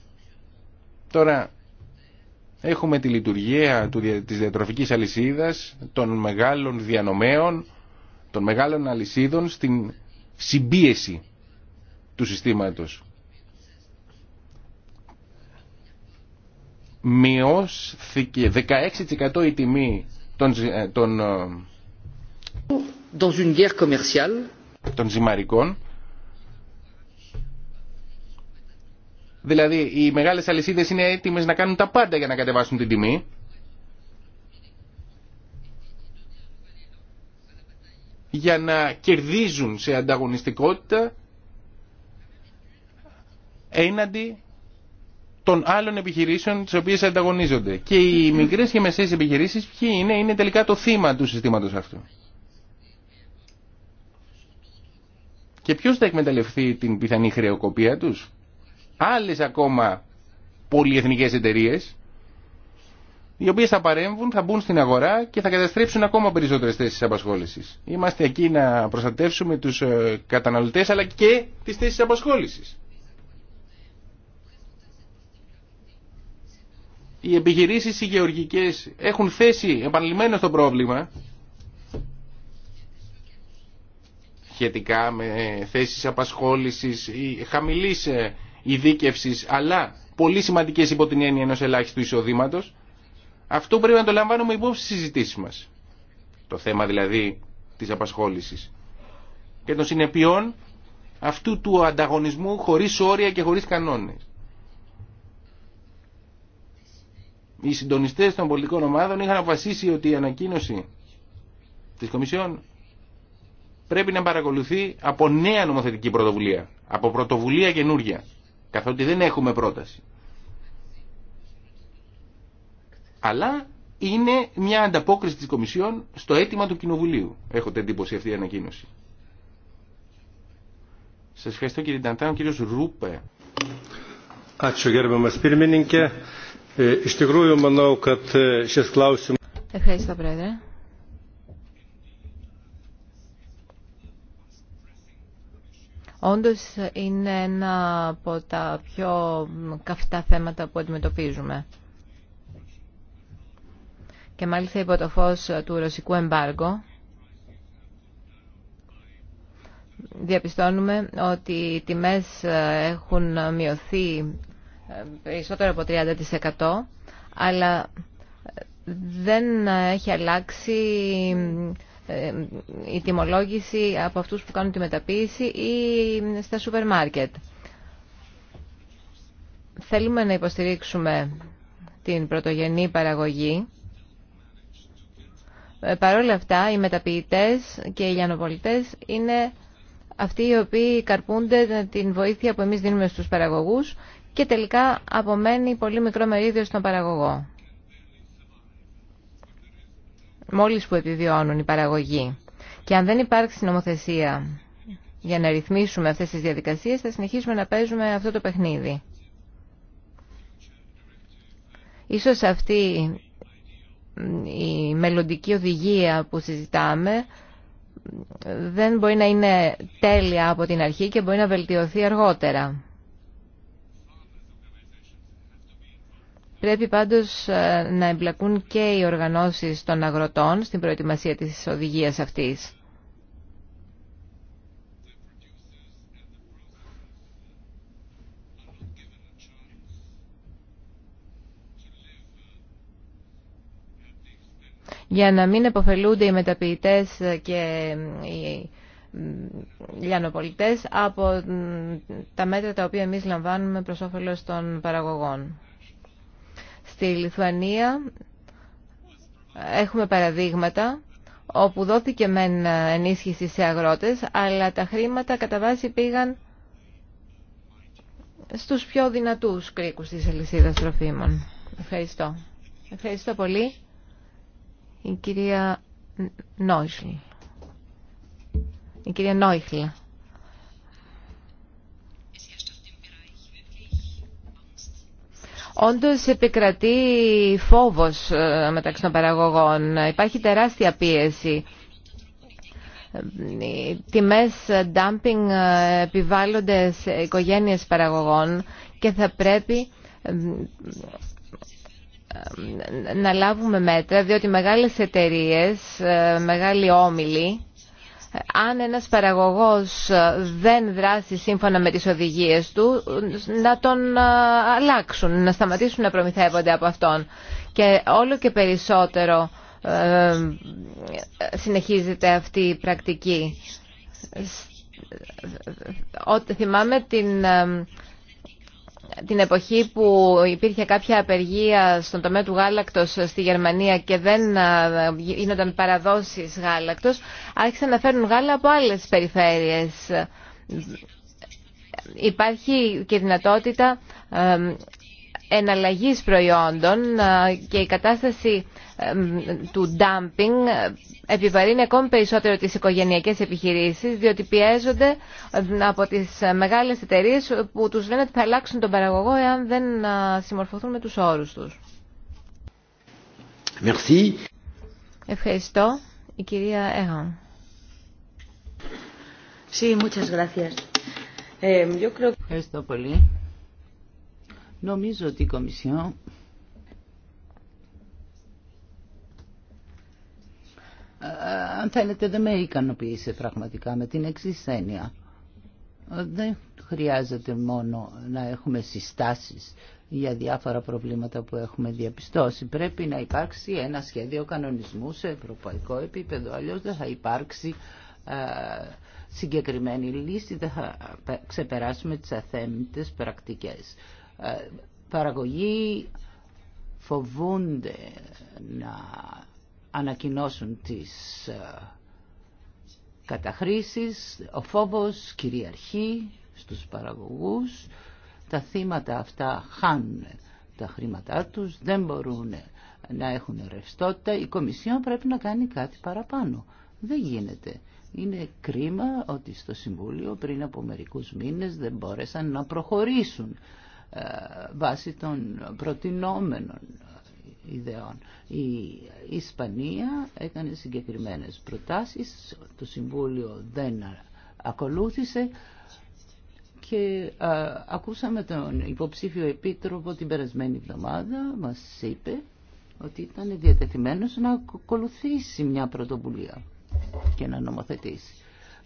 Τώρα έχουμε τη λειτουργία της διατροφικής αλυσίδας, των μεγάλων διανομέων, των μεγάλων αλυσίδων στην συμπίεση του συστήματος. μειώθηκε 16% η τιμή των, ε, των, ε, Dans une guerre commerciale. των ζυμαρικών. Δηλαδή οι μεγάλες αλυσίδες είναι έτοιμες να κάνουν τα πάντα για να κατεβάσουν την τιμή. για να κερδίζουν σε ανταγωνιστικότητα έναντι των άλλων επιχειρήσεων τι οποίε ανταγωνίζονται. Και οι μικρέ και μεσαίες επιχειρήσεις ποιοι είναι, είναι τελικά το θύμα του συστήματος αυτού. Και ποιο θα εκμεταλλευτεί την πιθανή χρεοκοπία τους. άλλε ακόμα πολυεθνικές εταιρείε, οι οποίε θα παρέμβουν, θα μπουν στην αγορά και θα καταστρέψουν ακόμα περισσότερε θέσει απασχόληση. Είμαστε εκεί να προστατεύσουμε του ε, καταναλωτέ αλλά και τι θέσει απασχόληση. οι επιχειρήσει οι γεωργικέ έχουν θέσει επανειλημμένο το πρόβλημα σχετικά με θέσεις απασχόλησης χαμηλή ε, ειδίκευση, αλλά πολύ σημαντικέ υπό την έννοια ενό ελάχιστου εισοδήματο, αυτό πρέπει να το λαμβάνουμε υπόψη στι συζητήσει μα, το θέμα δηλαδή τη απασχόληση και των συνεπειών αυτού του ανταγωνισμού χωρίς όρια και χωρίς κανόνες οι συντονιστές των πολιτικών ομάδων είχαν αποφασίσει ότι η ανακοίνωση της Κομισιόν πρέπει να παρακολουθεί από νέα νομοθετική πρωτοβουλία, από πρωτοβουλία καινούργια, καθότι δεν έχουμε πρόταση. Αλλά είναι μια ανταπόκριση της Κομισιόν στο αίτημα του Κοινοβουλίου. Έχω την εντύπωση αυτή η ανακοίνωση. Σας ευχαριστώ κύριε Νταντάν, κύριος Ρούπε. E, e, Ευχαριστώ, Πρόεδρε. Όντως είναι ένα από τα πιο καυτά θέματα που αντιμετωπίζουμε. Και μάλιστα υπό το φως του ρωσικού εμπάργου διαπιστώνουμε ότι οι τιμές έχουν μειωθεί περισσότερο από 30% αλλά δεν έχει αλλάξει ε, η τιμολόγηση από αυτούς που κάνουν τη μεταποίηση ή στα σούπερ μάρκετ. Θέλουμε να υποστηρίξουμε την πρωτογενή παραγωγή. Ε, Παρ' όλα αυτά, οι μεταποιητές και οι λιανοπολιτές είναι αυτοί οι οποίοι καρπούνται την βοήθεια που εμείς δίνουμε στους παραγωγούς και τελικά απομένει πολύ μικρό μερίδιο στον παραγωγό. Μόλις που επιβιώνουν οι παραγωγοί. Και αν δεν υπάρξει νομοθεσία για να ρυθμίσουμε αυτές τις διαδικασίες θα συνεχίσουμε να παίζουμε αυτό το παιχνίδι. Ίσως αυτή η μελλοντική οδηγία που συζητάμε δεν μπορεί να είναι τέλεια από την αρχή και μπορεί να βελτιωθεί αργότερα. Πρέπει πάντως ε, να εμπλακούν και οι οργανώσεις των αγροτών στην προετοιμασία της οδηγίας αυτής. για να μην επωφελούνται οι μεταποιητές και οι λιανοπολιτές από τα μέτρα τα οποία εμείς λαμβάνουμε προς όφελος των παραγωγών. Στη Λιθουανία έχουμε παραδείγματα όπου δόθηκε μεν ενίσχυση σε αγρότες, αλλά τα χρήματα κατά βάση πήγαν στους πιο δυνατούς κρίκους της αλυσίδας τροφίμων. Ευχαριστώ. Ευχαριστώ πολύ. Η κυρία Νόιχλα. Η κυρία Όντως επικρατεί φόβος ε, μεταξύ των παραγωγών. Υπάρχει τεράστια πίεση. Ε, οι τιμές dumping ε, επιβάλλονται σε οικογένειες παραγωγών και θα πρέπει να λάβουμε μέτρα, διότι μεγάλες εταιρείες, μεγάλοι όμιλοι, αν ένας παραγωγός δεν δράσει σύμφωνα με τις οδηγίες του, να τον αλλάξουν, να σταματήσουν να προμηθεύονται από αυτόν. Και όλο και περισσότερο συνεχίζεται αυτή η πρακτική. Θυμάμαι την την εποχή που υπήρχε κάποια απεργία στον τομέα του γάλακτος στη Γερμανία και δεν ε, γίνονταν παραδόσεις γάλακτος, άρχισαν να φέρουν γάλα από άλλες περιφέρειες. Υπάρχει και δυνατότητα ε, εναλλαγής προϊόντων ε, και η κατάσταση του dumping ε, επιβαρύνει ακόμη περισσότερο τις οικογενειακές επιχειρήσεις διότι πιέζονται ε, από τις μεγάλες εταιρείες που τους λένε ότι θα αλλάξουν τον παραγωγό εάν δεν συμμορφωθούν με τους όρους τους. Merci. Ευχαριστώ. Η κυρία Έγαν. Sí, Ευχαριστώ πολύ. Νομίζω ότι η Κομισιόν αν θέλετε δεν με ικανοποίησε πραγματικά με την εξή έννοια. Δεν χρειάζεται μόνο να έχουμε συστάσεις για διάφορα προβλήματα που έχουμε διαπιστώσει. Πρέπει να υπάρξει ένα σχέδιο κανονισμού σε ευρωπαϊκό επίπεδο, αλλιώς δεν θα υπάρξει ε, συγκεκριμένη λύση, δεν θα ξεπεράσουμε τις αθέμητες πρακτικές. Ε, παραγωγοί φοβούνται να ανακοινώσουν τις ε, καταχρήσεις, ο φόβος κυριαρχεί στους παραγωγούς, τα θύματα αυτά χάνουν τα χρήματά τους, δεν μπορούν να έχουν ρευστότητα, η Κομισιόν πρέπει να κάνει κάτι παραπάνω. Δεν γίνεται. Είναι κρίμα ότι στο Συμβούλιο πριν από μερικούς μήνες δεν μπόρεσαν να προχωρήσουν ε, βάσει των προτινόμενων ιδεών. Η Ισπανία έκανε συγκεκριμένες προτάσεις, το Συμβούλιο δεν ακολούθησε και ακούσαμε τον υποψήφιο επίτροπο την περασμένη εβδομάδα, μας είπε ότι ήταν διατεθειμένος να ακολουθήσει μια πρωτοβουλία και να νομοθετήσει.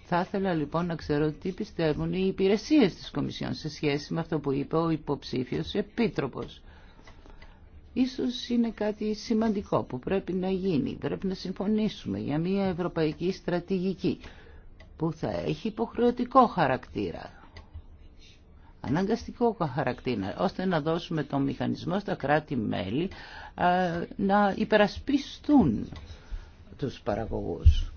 Θα ήθελα λοιπόν να ξέρω τι πιστεύουν οι υπηρεσίες της Κομισιόν σε σχέση με αυτό που είπε ο υποψήφιος επίτροπος. Ίσως είναι κάτι σημαντικό που πρέπει να γίνει. Πρέπει να συμφωνήσουμε για μια ευρωπαϊκή στρατηγική που θα έχει υποχρεωτικό χαρακτήρα. Αναγκαστικό χαρακτήρα, ώστε να δώσουμε τον μηχανισμό στα κράτη-μέλη να υπερασπιστούν τους παραγωγούς.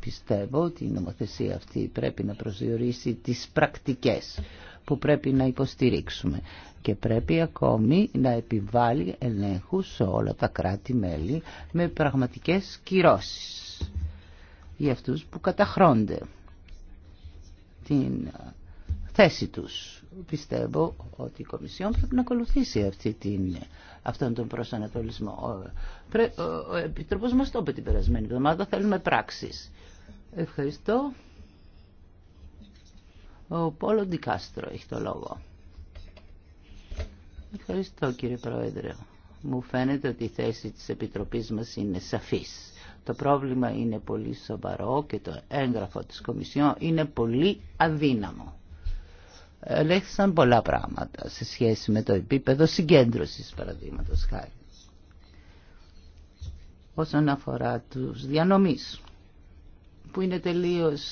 Πιστεύω ότι η νομοθεσία αυτή πρέπει να προσδιορίσει τις πρακτικές που πρέπει να υποστηρίξουμε και πρέπει ακόμη να επιβάλλει ελέγχους σε όλα τα κράτη-μέλη με πραγματικές κυρώσεις για αυτούς που καταχρώνται την θέση τους. Πιστεύω ότι η Κομισιόν πρέπει να ακολουθήσει αυτή την, αυτόν τον προσανατολισμό. Ο, ο, ο Επιτροπός μας το είπε την περασμένη εβδομάδα, θέλουμε πράξεις. Ευχαριστώ. Ο Πόλο Ντικάστρο έχει το λόγο. Ευχαριστώ κύριε Πρόεδρε. Μου φαίνεται ότι η θέση της Επιτροπής μας είναι σαφής. Το πρόβλημα είναι πολύ σοβαρό και το έγγραφο της Κομισιόν είναι πολύ αδύναμο. Ελέγχθησαν πολλά πράγματα σε σχέση με το επίπεδο συγκέντρωσης παραδείγματος χάρη. Όσον αφορά τους διανομής που είναι τελείως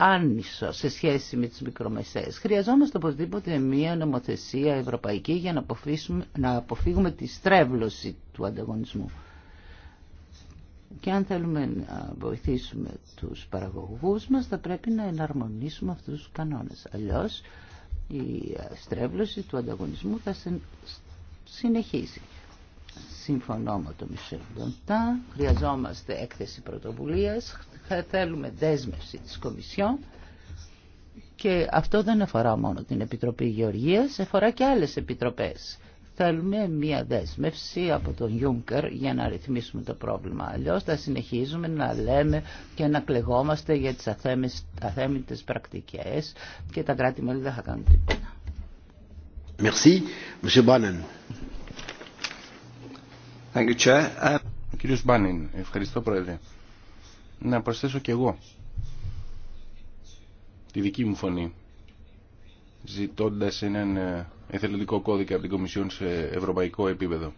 άνισο σε σχέση με τις μικρομεσαίες. Χρειαζόμαστε οπωσδήποτε μια νομοθεσία ευρωπαϊκή για να αποφύγουμε, να αποφύγουμε τη στρέβλωση του ανταγωνισμού. Και αν θέλουμε να βοηθήσουμε τους παραγωγούς μας θα πρέπει να εναρμονίσουμε αυτούς τους κανόνες. Αλλιώς η στρέβλωση του ανταγωνισμού θα συνεχίσει. Συμφωνώ με τον Μισελ Ντοντά. Χρειαζόμαστε έκθεση πρωτοβουλίας. Θέλουμε δέσμευση της Κομισιόν. Και αυτό δεν αφορά μόνο την Επιτροπή Γεωργίας, αφορά και άλλες επιτροπές. Θέλουμε μία δέσμευση από τον Γιούγκερ για να ρυθμίσουμε το πρόβλημα. αλλιώ. θα συνεχίζουμε να λέμε και να κλεγόμαστε για τι αθέμητε πρακτικέ και τα κράτη-μέλη δεν θα κάνουν τίποτα. Ο uh, κύριος Μπάνιν, ευχαριστώ Πρόεδρε. Να προσθέσω και εγώ τη δική μου φωνή ζητώντας έναν ε, εθελοντικό κώδικα από την Κομισιόν σε ευρωπαϊκό επίπεδο.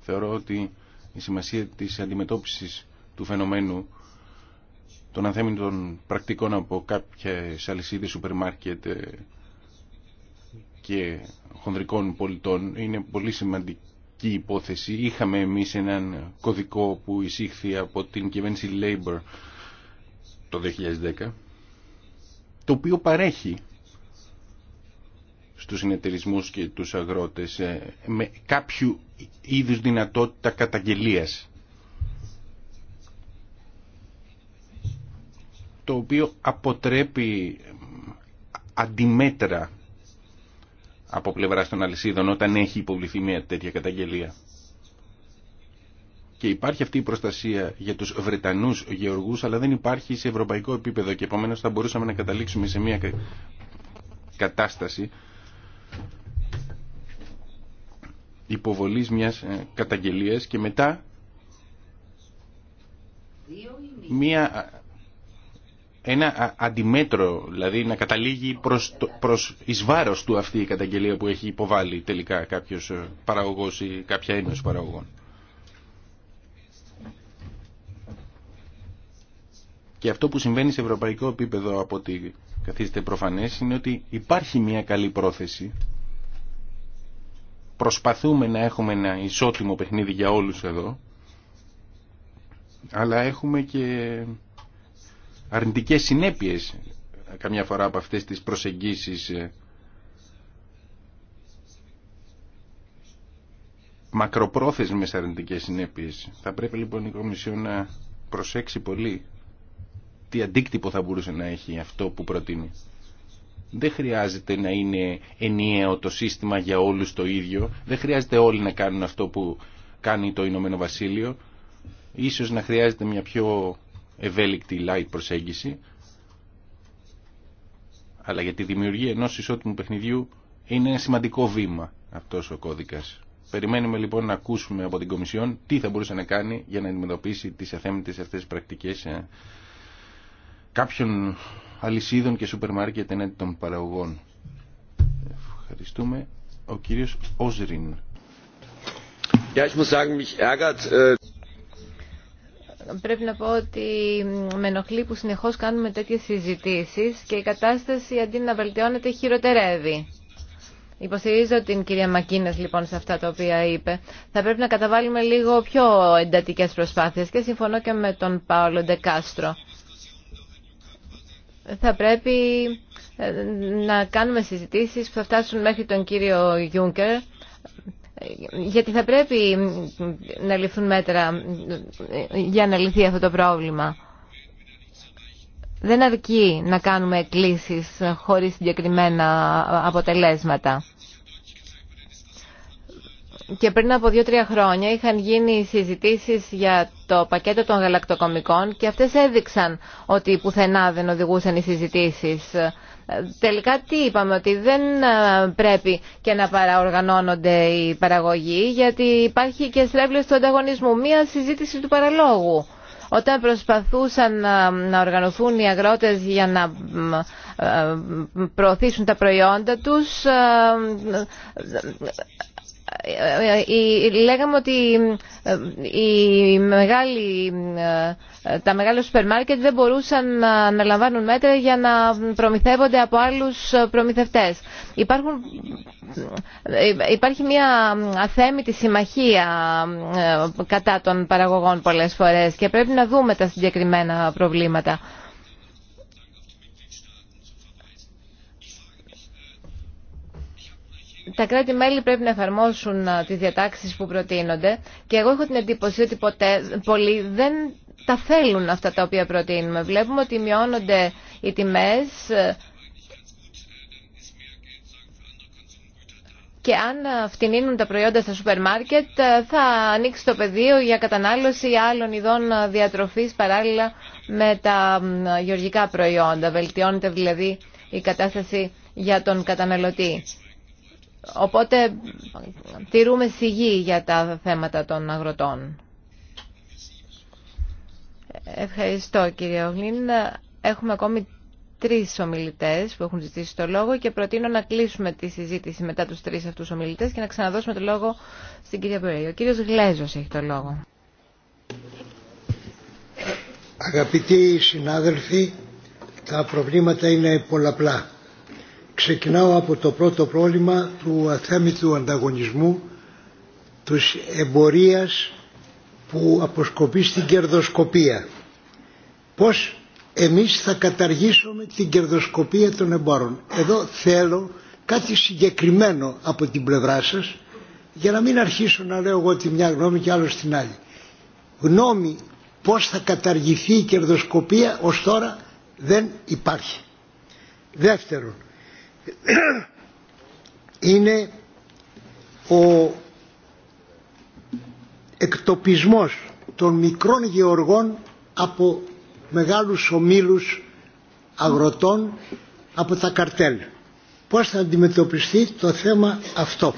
Θεωρώ ότι η σημασία της αντιμετώπισης του φαινομένου των ανθέμινων πρακτικών από κάποιες αλυσίδες σούπερ μάρκετ ε, και χονδρικών πολιτών είναι πολύ σημαντική υπόθεση. Είχαμε εμείς έναν κωδικό που εισήχθη από την κυβέρνηση Labour το 2010, το οποίο παρέχει στους συνεταιρισμού και τους αγρότες ε, με κάποιο είδους δυνατότητα καταγγελίας. Το οποίο αποτρέπει αντιμέτρα από πλευρά των αλυσίδων όταν έχει υποβληθεί μια τέτοια καταγγελία. Και υπάρχει αυτή η προστασία για τους Βρετανούς γεωργούς, αλλά δεν υπάρχει σε ευρωπαϊκό επίπεδο και επομένως θα μπορούσαμε να καταλήξουμε σε μια κατάσταση υποβολής μιας ε, καταγγελίας και μετά μια ένα αντιμέτρο, δηλαδή να καταλήγει προς, το, προς εις του αυτή η καταγγελία που έχει υποβάλει τελικά κάποιος ε, παραγωγός ή κάποια ένωση παραγωγών. Και αυτό που συμβαίνει σε ευρωπαϊκό επίπεδο από ό,τι καθίστε προφανές είναι ότι υπάρχει μια καλή πρόθεση. Προσπαθούμε να έχουμε ένα ισότιμο παιχνίδι για όλους εδώ. Αλλά έχουμε και αρνητικές συνέπειες καμιά φορά από αυτές τις προσεγγίσεις μακροπρόθεσμες αρνητικές συνέπειες. Θα πρέπει λοιπόν η Κομισιό να προσέξει πολύ τι αντίκτυπο θα μπορούσε να έχει αυτό που προτείνει. Δεν χρειάζεται να είναι ενιαίο το σύστημα για όλους το ίδιο. Δεν χρειάζεται όλοι να κάνουν αυτό που κάνει το Ηνωμένο Βασίλειο. Ίσως να χρειάζεται μια πιο ευέλικτη light προσέγγιση αλλά για τη δημιουργία ενός ισότιμου παιχνιδιού είναι ένα σημαντικό βήμα αυτός ο κώδικας. Περιμένουμε λοιπόν να ακούσουμε από την Κομισιόν τι θα μπορούσε να κάνει για να αντιμετωπίσει τις αθέμητες αυτές πρακτικές ε, κάποιων αλυσίδων και σούπερ μάρκετ ενάντια των παραγωγών. Ευχαριστούμε. Ο κύριος Όζριν. Äh, πρέπει να πω ότι με ενοχλεί που συνεχώς κάνουμε τέτοιες συζητήσεις και η κατάσταση αντί να βελτιώνεται χειροτερεύει. Υποστηρίζω την κυρία Μακίνες λοιπόν σε αυτά τα οποία είπε. Θα πρέπει να καταβάλουμε λίγο πιο εντατικές προσπάθειες και συμφωνώ και με τον Πάολο Ντεκάστρο. Θα πρέπει ε, να κάνουμε συζητήσεις που θα φτάσουν μέχρι τον κύριο Γιούγκερ γιατί θα πρέπει να ληφθούν μέτρα για να λυθεί αυτό το πρόβλημα. Δεν αρκεί να κάνουμε εκκλήσεις χωρίς συγκεκριμένα αποτελέσματα. Και πριν από δύο-τρία χρόνια είχαν γίνει συζητήσεις για το πακέτο των γαλακτοκομικών και αυτές έδειξαν ότι πουθενά δεν οδηγούσαν οι συζητήσεις Τελικά τι είπαμε, ότι δεν ε, πρέπει και να παραοργανώνονται οι παραγωγοί, γιατί υπάρχει και στρέβλες του ανταγωνισμού. Μία συζήτηση του παραλόγου. Όταν προσπαθούσαν ε, να οργανωθούν οι αγρότες για να ε, προωθήσουν τα προϊόντα τους, λέγαμε ότι τα μεγάλα σούπερ μάρκετ δεν μπορούσαν να λαμβάνουν μέτρα για να προμηθεύονται από άλλους προμηθευτές. Υπάρχουν, υπάρχει μια αθέμητη συμμαχία κατά των παραγωγών πολλές φορές και πρέπει να δούμε τα συγκεκριμένα προβλήματα. τα κράτη-μέλη πρέπει να εφαρμόσουν τις διατάξεις που προτείνονται και εγώ έχω την εντύπωση ότι ποτέ, πολλοί δεν τα θέλουν αυτά τα οποία προτείνουμε. Βλέπουμε ότι μειώνονται οι τιμές ε, και αν φτηνίνουν τα προϊόντα στα σούπερ μάρκετ ε, θα ανοίξει το πεδίο για κατανάλωση άλλων ειδών διατροφής παράλληλα με τα γεωργικά προϊόντα. Βελτιώνεται δηλαδή η κατάσταση για τον καταναλωτή. Οπότε τηρούμε σιγή για τα θέματα των αγροτών. Ευχαριστώ κύριε Ογλίν. Έχουμε ακόμη τρεις ομιλητές που έχουν ζητήσει το λόγο και προτείνω να κλείσουμε τη συζήτηση μετά τους τρεις αυτούς ομιλητές και να ξαναδώσουμε το λόγο στην κυρία Περέη. Ο κύριος Γλέζος έχει το λόγο. Αγαπητοί συνάδελφοι, τα προβλήματα είναι πολλαπλά Ξεκινάω από το πρώτο πρόβλημα του αθέμητου ανταγωνισμού, της εμπορίας που αποσκοπεί στην κερδοσκοπία. Πώς εμείς θα καταργήσουμε την κερδοσκοπία των εμπόρων. Εδώ θέλω κάτι συγκεκριμένο από την πλευρά σας για να μην αρχίσω να λέω εγώ τη μια γνώμη και άλλο την άλλη. Γνώμη πώς θα καταργηθεί η κερδοσκοπία ως τώρα δεν υπάρχει. Δεύτερον, (coughs) είναι ο εκτοπισμός των μικρών γεωργών από μεγάλους ομίλους αγροτών από τα καρτέλ. Πώς θα αντιμετωπιστεί το θέμα αυτό.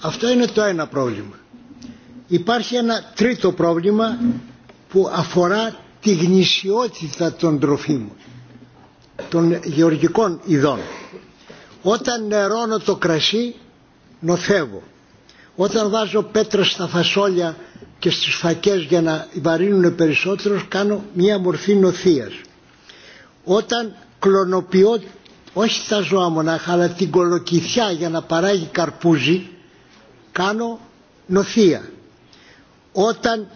Αυτό είναι το ένα πρόβλημα. Υπάρχει ένα τρίτο πρόβλημα που αφορά τη γνησιότητα των τροφίμων των γεωργικών ειδών. Όταν νερώνω το κρασί νοθεύω. Όταν βάζω πέτρα στα φασόλια και στις φακές για να βαρύνουν περισσότερο κάνω μια μορφή νοθείας. Όταν κλωνοποιώ όχι τα ζώα μονάχα αλλά την κολοκυθιά για να παράγει καρπούζι κάνω νοθεία. Όταν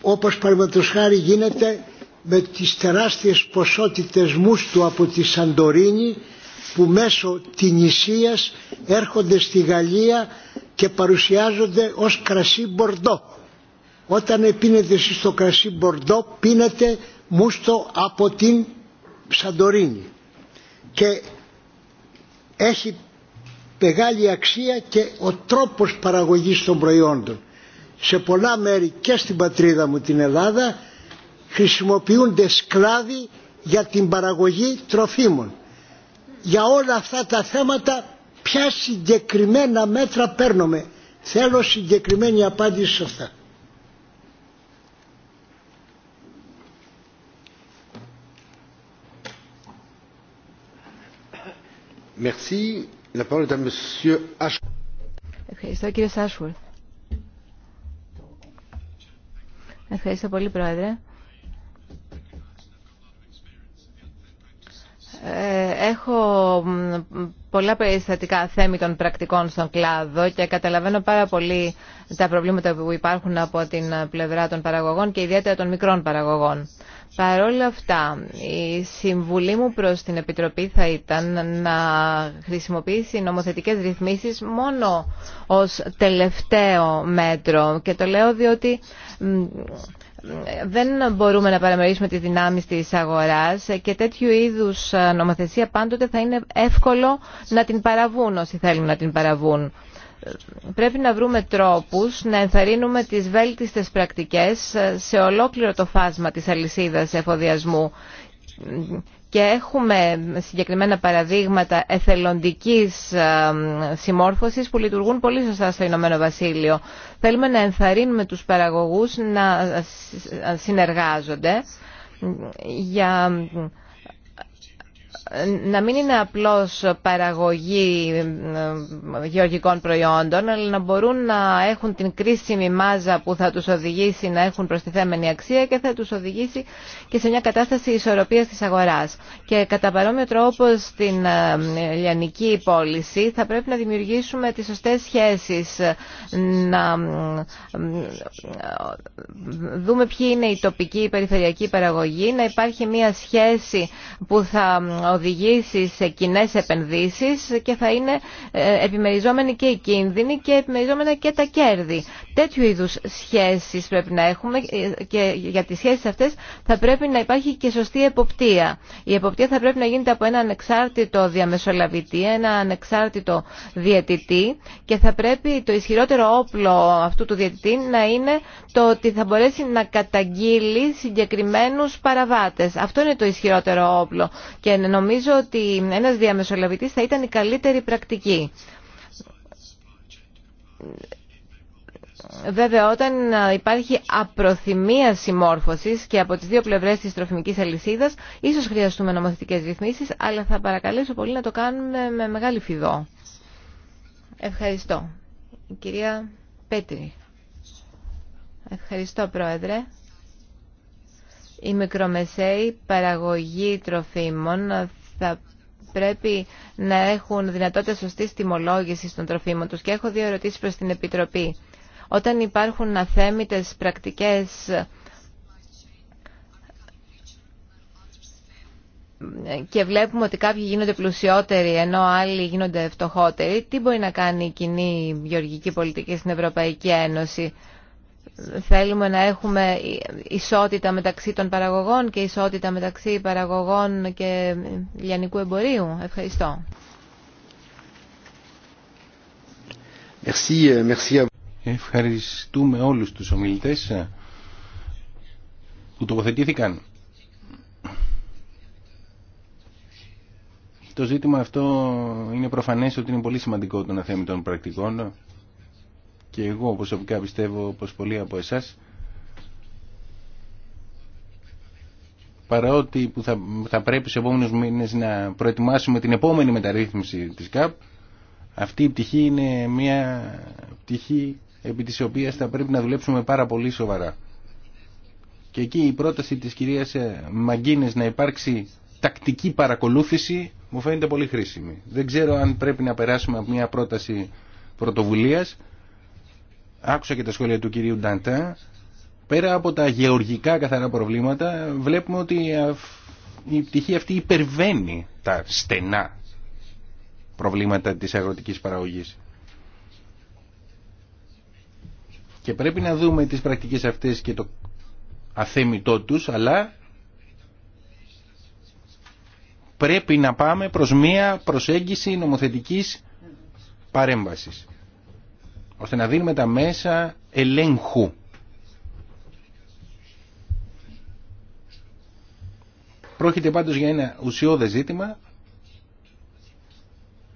όπως παραδείγματος χάρη γίνεται με τις τεράστιες ποσότητες μουστου από τη Σαντορίνη που μέσω την νησίας έρχονται στη Γαλλία και παρουσιάζονται ως κρασί μπορντό. Όταν πίνετε εσείς το κρασί μπορντό πίνετε μουστο από την Σαντορίνη και έχει μεγάλη αξία και ο τρόπος παραγωγής των προϊόντων. Σε πολλά μέρη και στην πατρίδα μου την Ελλάδα χρησιμοποιούνται σκλάβοι για την παραγωγή τροφίμων. Για όλα αυτά τα θέματα ποια συγκεκριμένα μέτρα παίρνουμε. Θέλω συγκεκριμένη απάντηση σε αυτά. Merci. La parole à Monsieur Ευχαριστώ κύριε Ashworth. Ευχαριστώ πολύ πρόεδρε. Ε, έχω πολλά περιστατικά θέμη των πρακτικών στον κλάδο και καταλαβαίνω πάρα πολύ τα προβλήματα που υπάρχουν από την πλευρά των παραγωγών και ιδιαίτερα των μικρών παραγωγών. Παρόλα αυτά, η συμβουλή μου προς την Επιτροπή θα ήταν να χρησιμοποιήσει νομοθετικές ρυθμίσεις μόνο ως τελευταίο μέτρο και το λέω διότι δεν μπορούμε να παραμερίσουμε τη δυνάμεις της αγοράς και τέτοιου είδους νομοθεσία πάντοτε θα είναι εύκολο να την παραβούν όσοι θέλουν να την παραβούν. Πρέπει να βρούμε τρόπους να ενθαρρύνουμε τις βέλτιστες πρακτικές σε ολόκληρο το φάσμα της αλυσίδας εφοδιασμού και έχουμε συγκεκριμένα παραδείγματα εθελοντικής ε, συμμόρφωσης που λειτουργούν πολύ σωστά στο Ηνωμένο Βασίλειο. Θέλουμε να ενθαρρύνουμε τους παραγωγούς να συνεργάζονται για να μην είναι απλώς παραγωγή ε, γεωργικών προϊόντων, αλλά να μπορούν να έχουν την κρίσιμη μάζα που θα τους οδηγήσει να έχουν προστιθέμενη αξία και θα τους οδηγήσει και σε μια κατάσταση ισορροπίας της αγοράς. Και κατά παρόμοιο τρόπο στην ε, λιανική πώληση θα πρέπει να δημιουργήσουμε τις σωστές σχέσεις, να ε, δούμε ποιοι είναι η τοπική, περιφερειακή παραγωγή, να υπάρχει μια σχέση που θα οδηγήσει σε κοινέ επενδύσει και θα είναι ε, επιμεριζόμενοι και οι κίνδυνοι και επιμεριζόμενα και τα κέρδη. Τέτοιου είδου σχέσει πρέπει να έχουμε ε, και για τι σχέσει αυτέ θα πρέπει να υπάρχει και σωστή εποπτεία. Η εποπτεία θα πρέπει να γίνεται από ένα ανεξάρτητο διαμεσολαβητή, ένα ανεξάρτητο διαιτητή και θα πρέπει το ισχυρότερο όπλο αυτού του διαιτητή να είναι το ότι θα μπορέσει να καταγγείλει συγκεκριμένους παραβάτες. Αυτό είναι το ισχυρότερο όπλο και Νομίζω ότι ένας διαμεσολαβητής θα ήταν η καλύτερη πρακτική. Βέβαια, όταν υπάρχει απροθυμία συμμόρφωσης και από τις δύο πλευρές της τροφιμικής αλυσίδα, ίσως χρειαστούμε νομοθετικέ ρυθμίσεις, αλλά θα παρακαλέσω πολύ να το κάνουμε με μεγάλη φιδό. Ευχαριστώ. κυρία Πέτρη. Ευχαριστώ, Πρόεδρε η μικρομεσαίοι παραγωγή τροφίμων θα πρέπει να έχουν δυνατότητα σωστή τιμολόγηση των τροφίμων τους. Και έχω δύο ερωτήσεις προς την Επιτροπή. Όταν υπάρχουν αθέμητες πρακτικές και βλέπουμε ότι κάποιοι γίνονται πλουσιότεροι ενώ άλλοι γίνονται φτωχότεροι, τι μπορεί να κάνει η κοινή γεωργική πολιτική στην Ευρωπαϊκή Ένωση θέλουμε να έχουμε ισότητα μεταξύ των παραγωγών και ισότητα μεταξύ παραγωγών και λιανικού εμπορίου. Ευχαριστώ. Ευχαριστούμε όλους τους ομιλητές ε, που τοποθετήθηκαν. Το ζήτημα αυτό είναι προφανές ότι είναι πολύ σημαντικό των αθέμητων πρακτικών και εγώ προσωπικά πιστεύω πως πολλοί από εσάς παρότι που θα, πρέπει σε επόμενους μήνες να προετοιμάσουμε την επόμενη μεταρρύθμιση της ΚΑΠ αυτή η πτυχή είναι μια πτυχή επί της οποίας θα πρέπει να δουλέψουμε πάρα πολύ σοβαρά. Και εκεί η πρόταση της κυρίας ε, Μαγκίνες να υπάρξει τακτική παρακολούθηση μου φαίνεται πολύ χρήσιμη. Δεν ξέρω αν πρέπει να περάσουμε από μια πρόταση πρωτοβουλίας άκουσα και τα σχόλια του κυρίου Νταντά, πέρα από τα γεωργικά καθαρά προβλήματα, βλέπουμε ότι η πτυχή αυτή υπερβαίνει τα στενά προβλήματα της αγροτικής παραγωγής. Και πρέπει να δούμε τις πρακτικές αυτές και το αθέμητό τους, αλλά πρέπει να πάμε προς μία προσέγγιση νομοθετικής παρέμβασης ώστε να δίνουμε τα μέσα ελέγχου. Πρόκειται πάντως για ένα ουσιώδες ζήτημα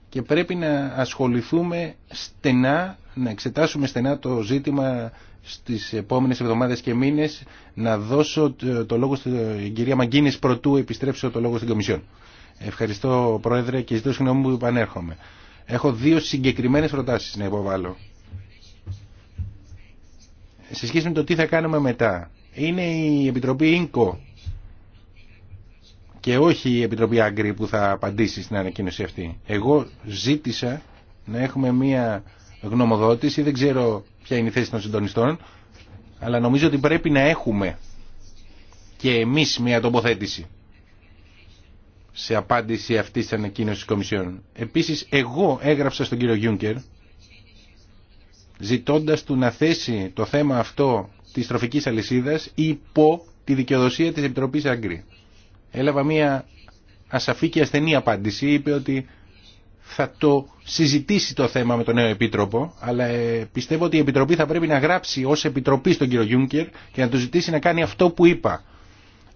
και πρέπει να ασχοληθούμε στενά, να εξετάσουμε στενά το ζήτημα στις επόμενες εβδομάδες και μήνες, να δώσω το λόγο στην κυρία Μαγκίνης πρωτού επιστρέψω το λόγο στην Κομισιόν. Ευχαριστώ Πρόεδρε και ζητώ συγγνώμη που επανέρχομαι. Έχω δύο συγκεκριμένες προτάσεις να υποβάλω σε σχέση με το τι θα κάνουμε μετά. Είναι η Επιτροπή ΙΝΚΟ και όχι η Επιτροπή Άγκρη που θα απαντήσει στην ανακοίνωση αυτή. Εγώ ζήτησα να έχουμε μία γνωμοδότηση, δεν ξέρω ποια είναι η θέση των συντονιστών, αλλά νομίζω ότι πρέπει να έχουμε και εμείς μία τοποθέτηση σε απάντηση αυτής της ανακοίνωσης της Κομισιόν. Επίσης, εγώ έγραψα στον κύριο Γιούνκερ ζητώντας του να θέσει το θέμα αυτό της τροφικής αλυσίδας υπό τη δικαιοδοσία της Επιτροπής Αγκρή. Έλαβα μία ασαφή και ασθενή απάντηση, είπε ότι θα το συζητήσει το θέμα με τον νέο Επίτροπο, αλλά ε, πιστεύω ότι η Επιτροπή θα πρέπει να γράψει ως Επιτροπή στον κύριο Γιούνκερ και να του ζητήσει να κάνει αυτό που είπα,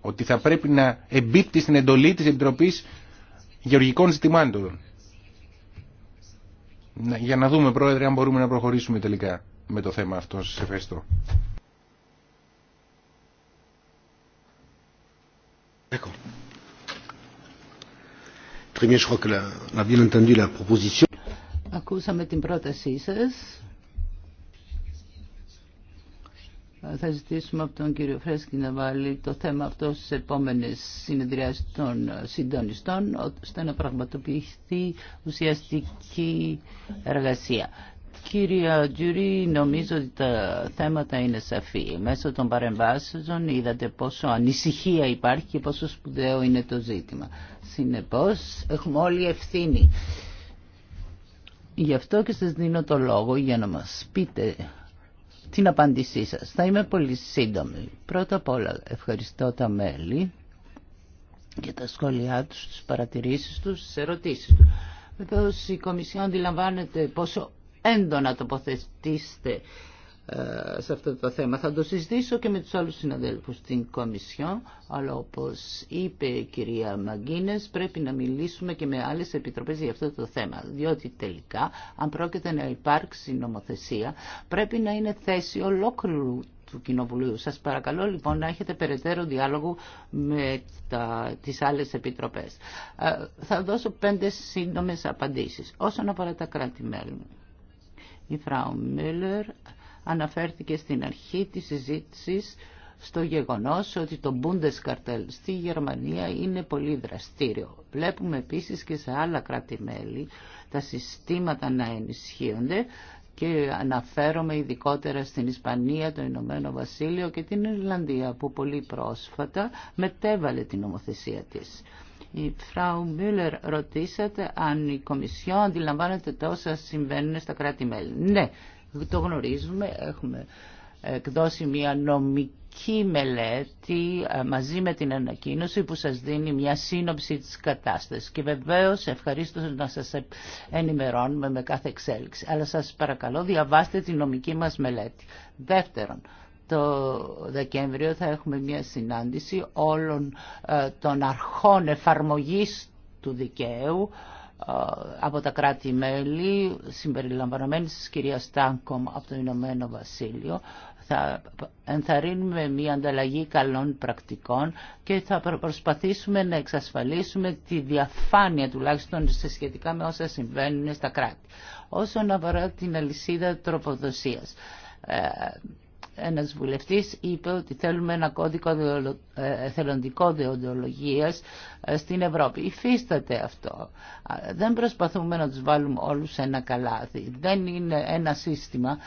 ότι θα πρέπει να εμπίπτει στην εντολή της Επιτροπής Γεωργικών Ζητημάτων. Ναι, για να δούμε πρόεδρε αν μπορούμε να προχωρήσουμε τελικά με το θέμα αυτό. Σας ευχαριστώ. Ακούσαμε την πρότασή σας. θα ζητήσουμε από τον κύριο Φρέσκι να βάλει το θέμα αυτό στις επόμενες συνεδριάσεις των συντονιστών ώστε να πραγματοποιηθεί ουσιαστική εργασία. Κύριε Τζουρί, νομίζω ότι τα θέματα είναι σαφή. Μέσω των παρεμβάσεων είδατε πόσο ανησυχία υπάρχει και πόσο σπουδαίο είναι το ζήτημα. Συνεπώς, έχουμε όλοι ευθύνη. Γι' αυτό και σας δίνω το λόγο για να μας πείτε την απάντησή σας. Θα είμαι πολύ σύντομη. Πρώτα απ' όλα ευχαριστώ τα μέλη για τα σχόλιά τους, τις παρατηρήσεις τους, τις ερωτήσεις τους. Βεβαίω η Κομισιόν αντιλαμβάνεται πόσο έντονα τοποθετήσετε ε, σε αυτό το θέμα. Θα το συζητήσω και με τους άλλους συναδέλφους στην Κομισιόν, αλλά όπως είπε η κυρία Μαγκίνες, πρέπει να μιλήσουμε και με άλλες επιτροπές για αυτό το θέμα, διότι τελικά, αν πρόκειται να υπάρξει νομοθεσία, πρέπει να είναι θέση ολόκληρου του Κοινοβουλίου. Σας παρακαλώ λοιπόν να έχετε περαιτέρω διάλογο με τα, τις άλλες επιτροπές. Ε, θα δώσω πέντε σύντομες απαντήσεις όσον αφορά τα κράτη-μέλη. Η Φράου Μίλλερ αναφέρθηκε στην αρχή της συζήτησης στο γεγονός ότι το Bundeskartell στη Γερμανία είναι πολύ δραστήριο. Βλέπουμε επίσης και σε άλλα κράτη-μέλη τα συστήματα να ενισχύονται και αναφέρομαι ειδικότερα στην Ισπανία, το Ηνωμένο Βασίλειο και την Ιρλανδία που πολύ πρόσφατα μετέβαλε την νομοθεσία της. Η Φράου Μιούλερ ρωτήσατε αν η Κομισιόν αντιλαμβάνεται τόσα συμβαίνουν στα κράτη-μέλη. Ναι, το γνωρίζουμε, έχουμε εκδώσει μια νομική μελέτη ε, μαζί με την ανακοίνωση που σας δίνει μια σύνοψη της κατάστασης και βεβαίως ευχαρίστω να σας ε, ενημερώνουμε με κάθε εξέλιξη αλλά σας παρακαλώ διαβάστε τη νομική μας μελέτη δεύτερον το Δεκέμβριο θα έχουμε μια συνάντηση όλων ε, των αρχών εφαρμογής του δικαίου ε, από τα κράτη-μέλη συμπεριλαμβανομένης της κυρίας Τάνκομ από το Ηνωμένο Βασίλειο θα ενθαρρύνουμε μια ανταλλαγή καλών πρακτικών και θα προσπαθήσουμε να εξασφαλίσουμε τη διαφάνεια τουλάχιστον σε σχετικά με όσα συμβαίνουν στα κράτη. Όσον αφορά την αλυσίδα τροποδοσίας ε, ένας βουλευτής είπε ότι θέλουμε ένα κώδικο ε, εθελοντικό δεοντολογίας ε, στην Ευρώπη. Υφίσταται αυτό. Δεν προσπαθούμε να τους βάλουμε όλους σε ένα καλάθι. Δεν είναι ένα σύστημα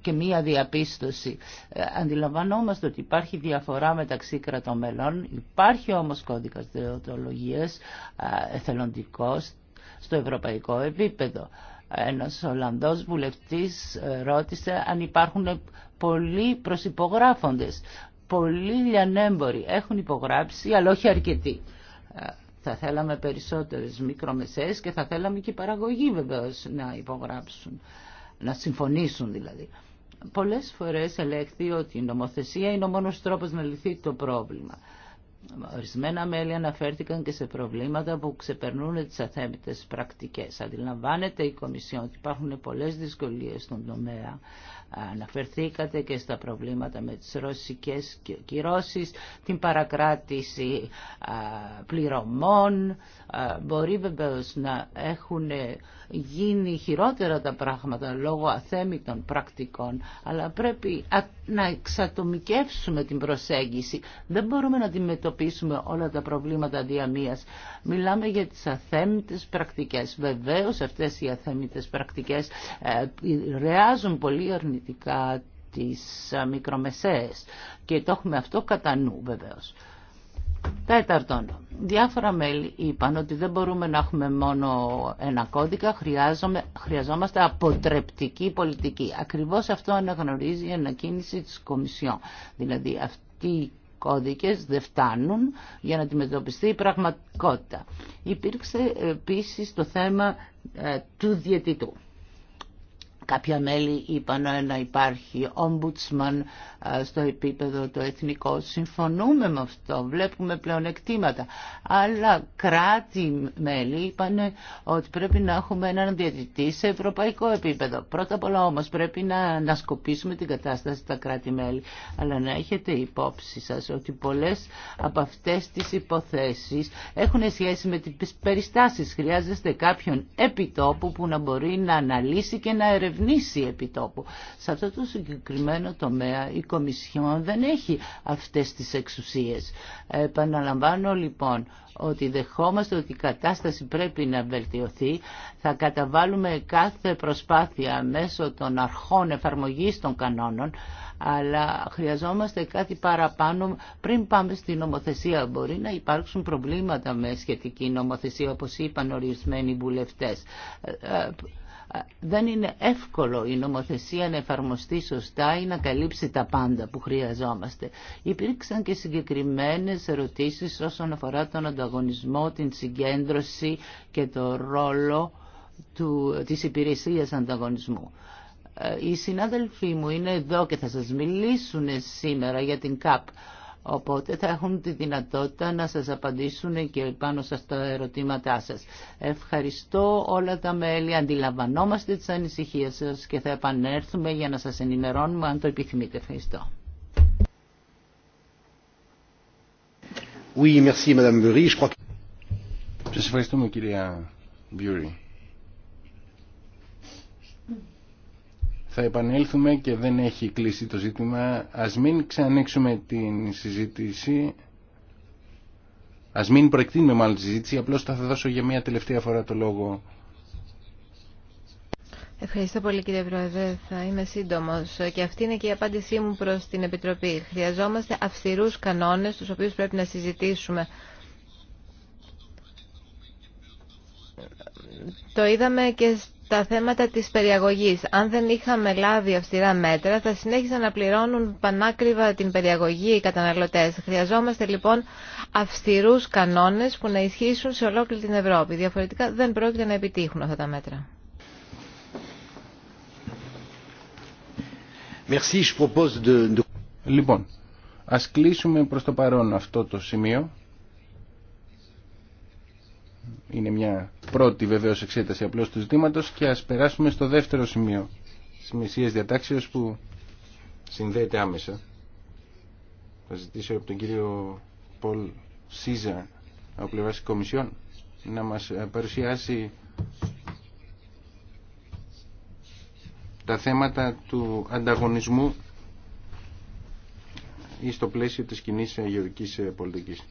και μία διαπίστωση. Ε, αντιλαμβανόμαστε ότι υπάρχει διαφορά μεταξύ κρατομελών. Υπάρχει όμως κώδικας δεοντολογίας εθελοντικός στο ευρωπαϊκό επίπεδο. Ένας Ολλανδός βουλευτής ε, ρώτησε αν υπάρχουν πολλοί προσυπογράφοντες. Πολλοί λιανέμποροι έχουν υπογράψει, αλλά όχι αρκετοί. Ε, θα θέλαμε περισσότερες μικρομεσαίες και θα θέλαμε και η παραγωγή βεβαίως να υπογράψουν, να συμφωνήσουν δηλαδή. Πολλές φορές ελέγχθη ότι η νομοθεσία είναι ο μόνος τρόπος να λυθεί το πρόβλημα. Ορισμένα μέλη αναφέρθηκαν και σε προβλήματα που ξεπερνούν τις αθέμητε πρακτικές. Αντιλαμβάνεται η Κομισιόν ότι υπάρχουν πολλές δυσκολίες στον τομέα, Αναφερθήκατε και στα προβλήματα με τις ρωσικές κυρώσεις, την παρακράτηση πληρωμών. Μπορεί βεβαίω να έχουν γίνει χειρότερα τα πράγματα λόγω αθέμητων πρακτικών, αλλά πρέπει να εξατομικεύσουμε την προσέγγιση. Δεν μπορούμε να αντιμετωπίσουμε όλα τα προβλήματα διαμίας. Μιλάμε για τις αθέμητες πρακτικές. Βεβαίως αυτές οι αθέμητες πρακτικές ε, ρεάζουν πολύ αρνητικά ειδικά τις μικρομεσαίες και το έχουμε αυτό κατά νου βεβαίως. Τέταρτον, διάφορα μέλη είπαν ότι δεν μπορούμε να έχουμε μόνο ένα κώδικα, χρειαζόμαστε αποτρεπτική πολιτική. Ακριβώς αυτό αναγνωρίζει η ανακοίνηση της Κομισιόν. Δηλαδή αυτοί οι κώδικες δεν φτάνουν για να αντιμετωπιστεί η πραγματικότητα. Υπήρξε επίσης το θέμα ε, του διαιτητού. Κάποια μέλη είπαν ε, να υπάρχει ομπουτσμαν ε, στο επίπεδο το εθνικό. Συμφωνούμε με αυτό, βλέπουμε πλέον εκτίματα. Αλλά κράτη-μέλη είπαν ε, ότι πρέπει να έχουμε έναν διαιτητή σε ευρωπαϊκό επίπεδο. Πρώτα απ' όλα όμως πρέπει να σκοπίσουμε την κατάσταση στα κράτη-μέλη. Αλλά να έχετε υπόψη σας ότι πολλές από αυτές τις υποθέσεις έχουν σχέση με τις περιστάσεις. Χρειάζεστε κάποιον επιτόπου που να μπορεί να αναλύσει και να ερευνήσει επιτόπου. Σε αυτό το συγκεκριμένο τομέα η Κομισιόν δεν έχει αυτές τις εξουσίες. Επαναλαμβάνω λοιπόν ότι δεχόμαστε ότι η κατάσταση πρέπει να βελτιωθεί. Θα καταβάλουμε κάθε προσπάθεια μέσω των αρχών εφαρμογής των κανόνων αλλά χρειαζόμαστε κάτι παραπάνω πριν πάμε στην νομοθεσία. Μπορεί να υπάρξουν προβλήματα με σχετική νομοθεσία, όπως είπαν ορισμένοι βουλευτές. Ε, ε, δεν είναι εύκολο η νομοθεσία να εφαρμοστεί σωστά ή να καλύψει τα πάντα που χρειαζόμαστε. Υπήρξαν και συγκεκριμένες ερωτήσεις όσον αφορά τον ανταγωνισμό, την συγκέντρωση και το ρόλο του, της υπηρεσίας ανταγωνισμού. Ε, οι συνάδελφοί μου είναι εδώ και θα σας μιλήσουν σήμερα για την ΚΑΠ. Οπότε θα έχουν τη δυνατότητα να σας απαντήσουν και πάνω σας τα ερωτήματά σας. Ευχαριστώ όλα τα μέλη. Αντιλαμβανόμαστε τις ανησυχίες σας και θα επανέλθουμε για να σας ενημερώνουμε αν το επιθυμείτε. Ευχαριστώ. Oui, merci, Madame Je crois... θα επανέλθουμε και δεν έχει κλείσει το ζήτημα. Ας μην ξανέξουμε την συζήτηση. Ας μην προεκτείνουμε μάλλον τη συζήτηση. Απλώς θα, θα δώσω για μια τελευταία φορά το λόγο. Ευχαριστώ πολύ κύριε Πρόεδρε. Θα είμαι σύντομος. Και αυτή είναι και η απάντησή μου προς την Επιτροπή. Χρειαζόμαστε αυστηρούς κανόνες, του οποίους πρέπει να συζητήσουμε. Το είδαμε και τα θέματα της περιαγωγής. Αν δεν είχαμε λάβει αυστηρά μέτρα, θα συνέχιζαν να πληρώνουν πανάκριβα την περιαγωγή οι καταναλωτές. Χρειαζόμαστε λοιπόν αυστηρούς κανόνες που να ισχύσουν σε ολόκληρη την Ευρώπη. Διαφορετικά δεν πρόκειται να επιτύχουν αυτά τα μέτρα. Λοιπόν, ας κλείσουμε προς το παρόν αυτό το σημείο είναι μια πρώτη βεβαίω εξέταση απλώς του ζητήματος και ας περάσουμε στο δεύτερο σημείο τη διατάξεως που συνδέεται άμεσα. Θα ζητήσω από τον κύριο Πολ Σίζα από πλευράς τη Κομισιόν να μας παρουσιάσει τα θέματα του ανταγωνισμού ή στο πλαίσιο της κοινής γεωργικής πολιτικής.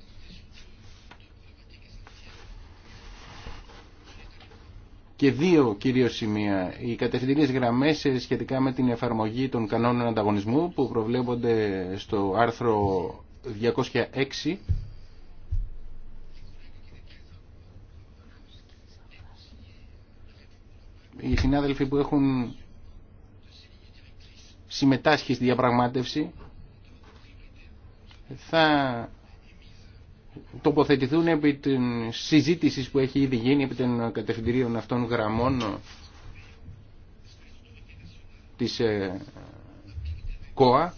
και δύο κυρίω σημεία. Οι κατευθυντήριε γραμμέ ε, σχετικά με την εφαρμογή των κανόνων ανταγωνισμού που προβλέπονται στο άρθρο 206 οι συνάδελφοι που έχουν συμμετάσχει στη διαπραγμάτευση θα τοποθετηθούν επί την συζήτηση που έχει ήδη γίνει επί των κατευθυντηρίων αυτών γραμμών της ε, ΚΟΑ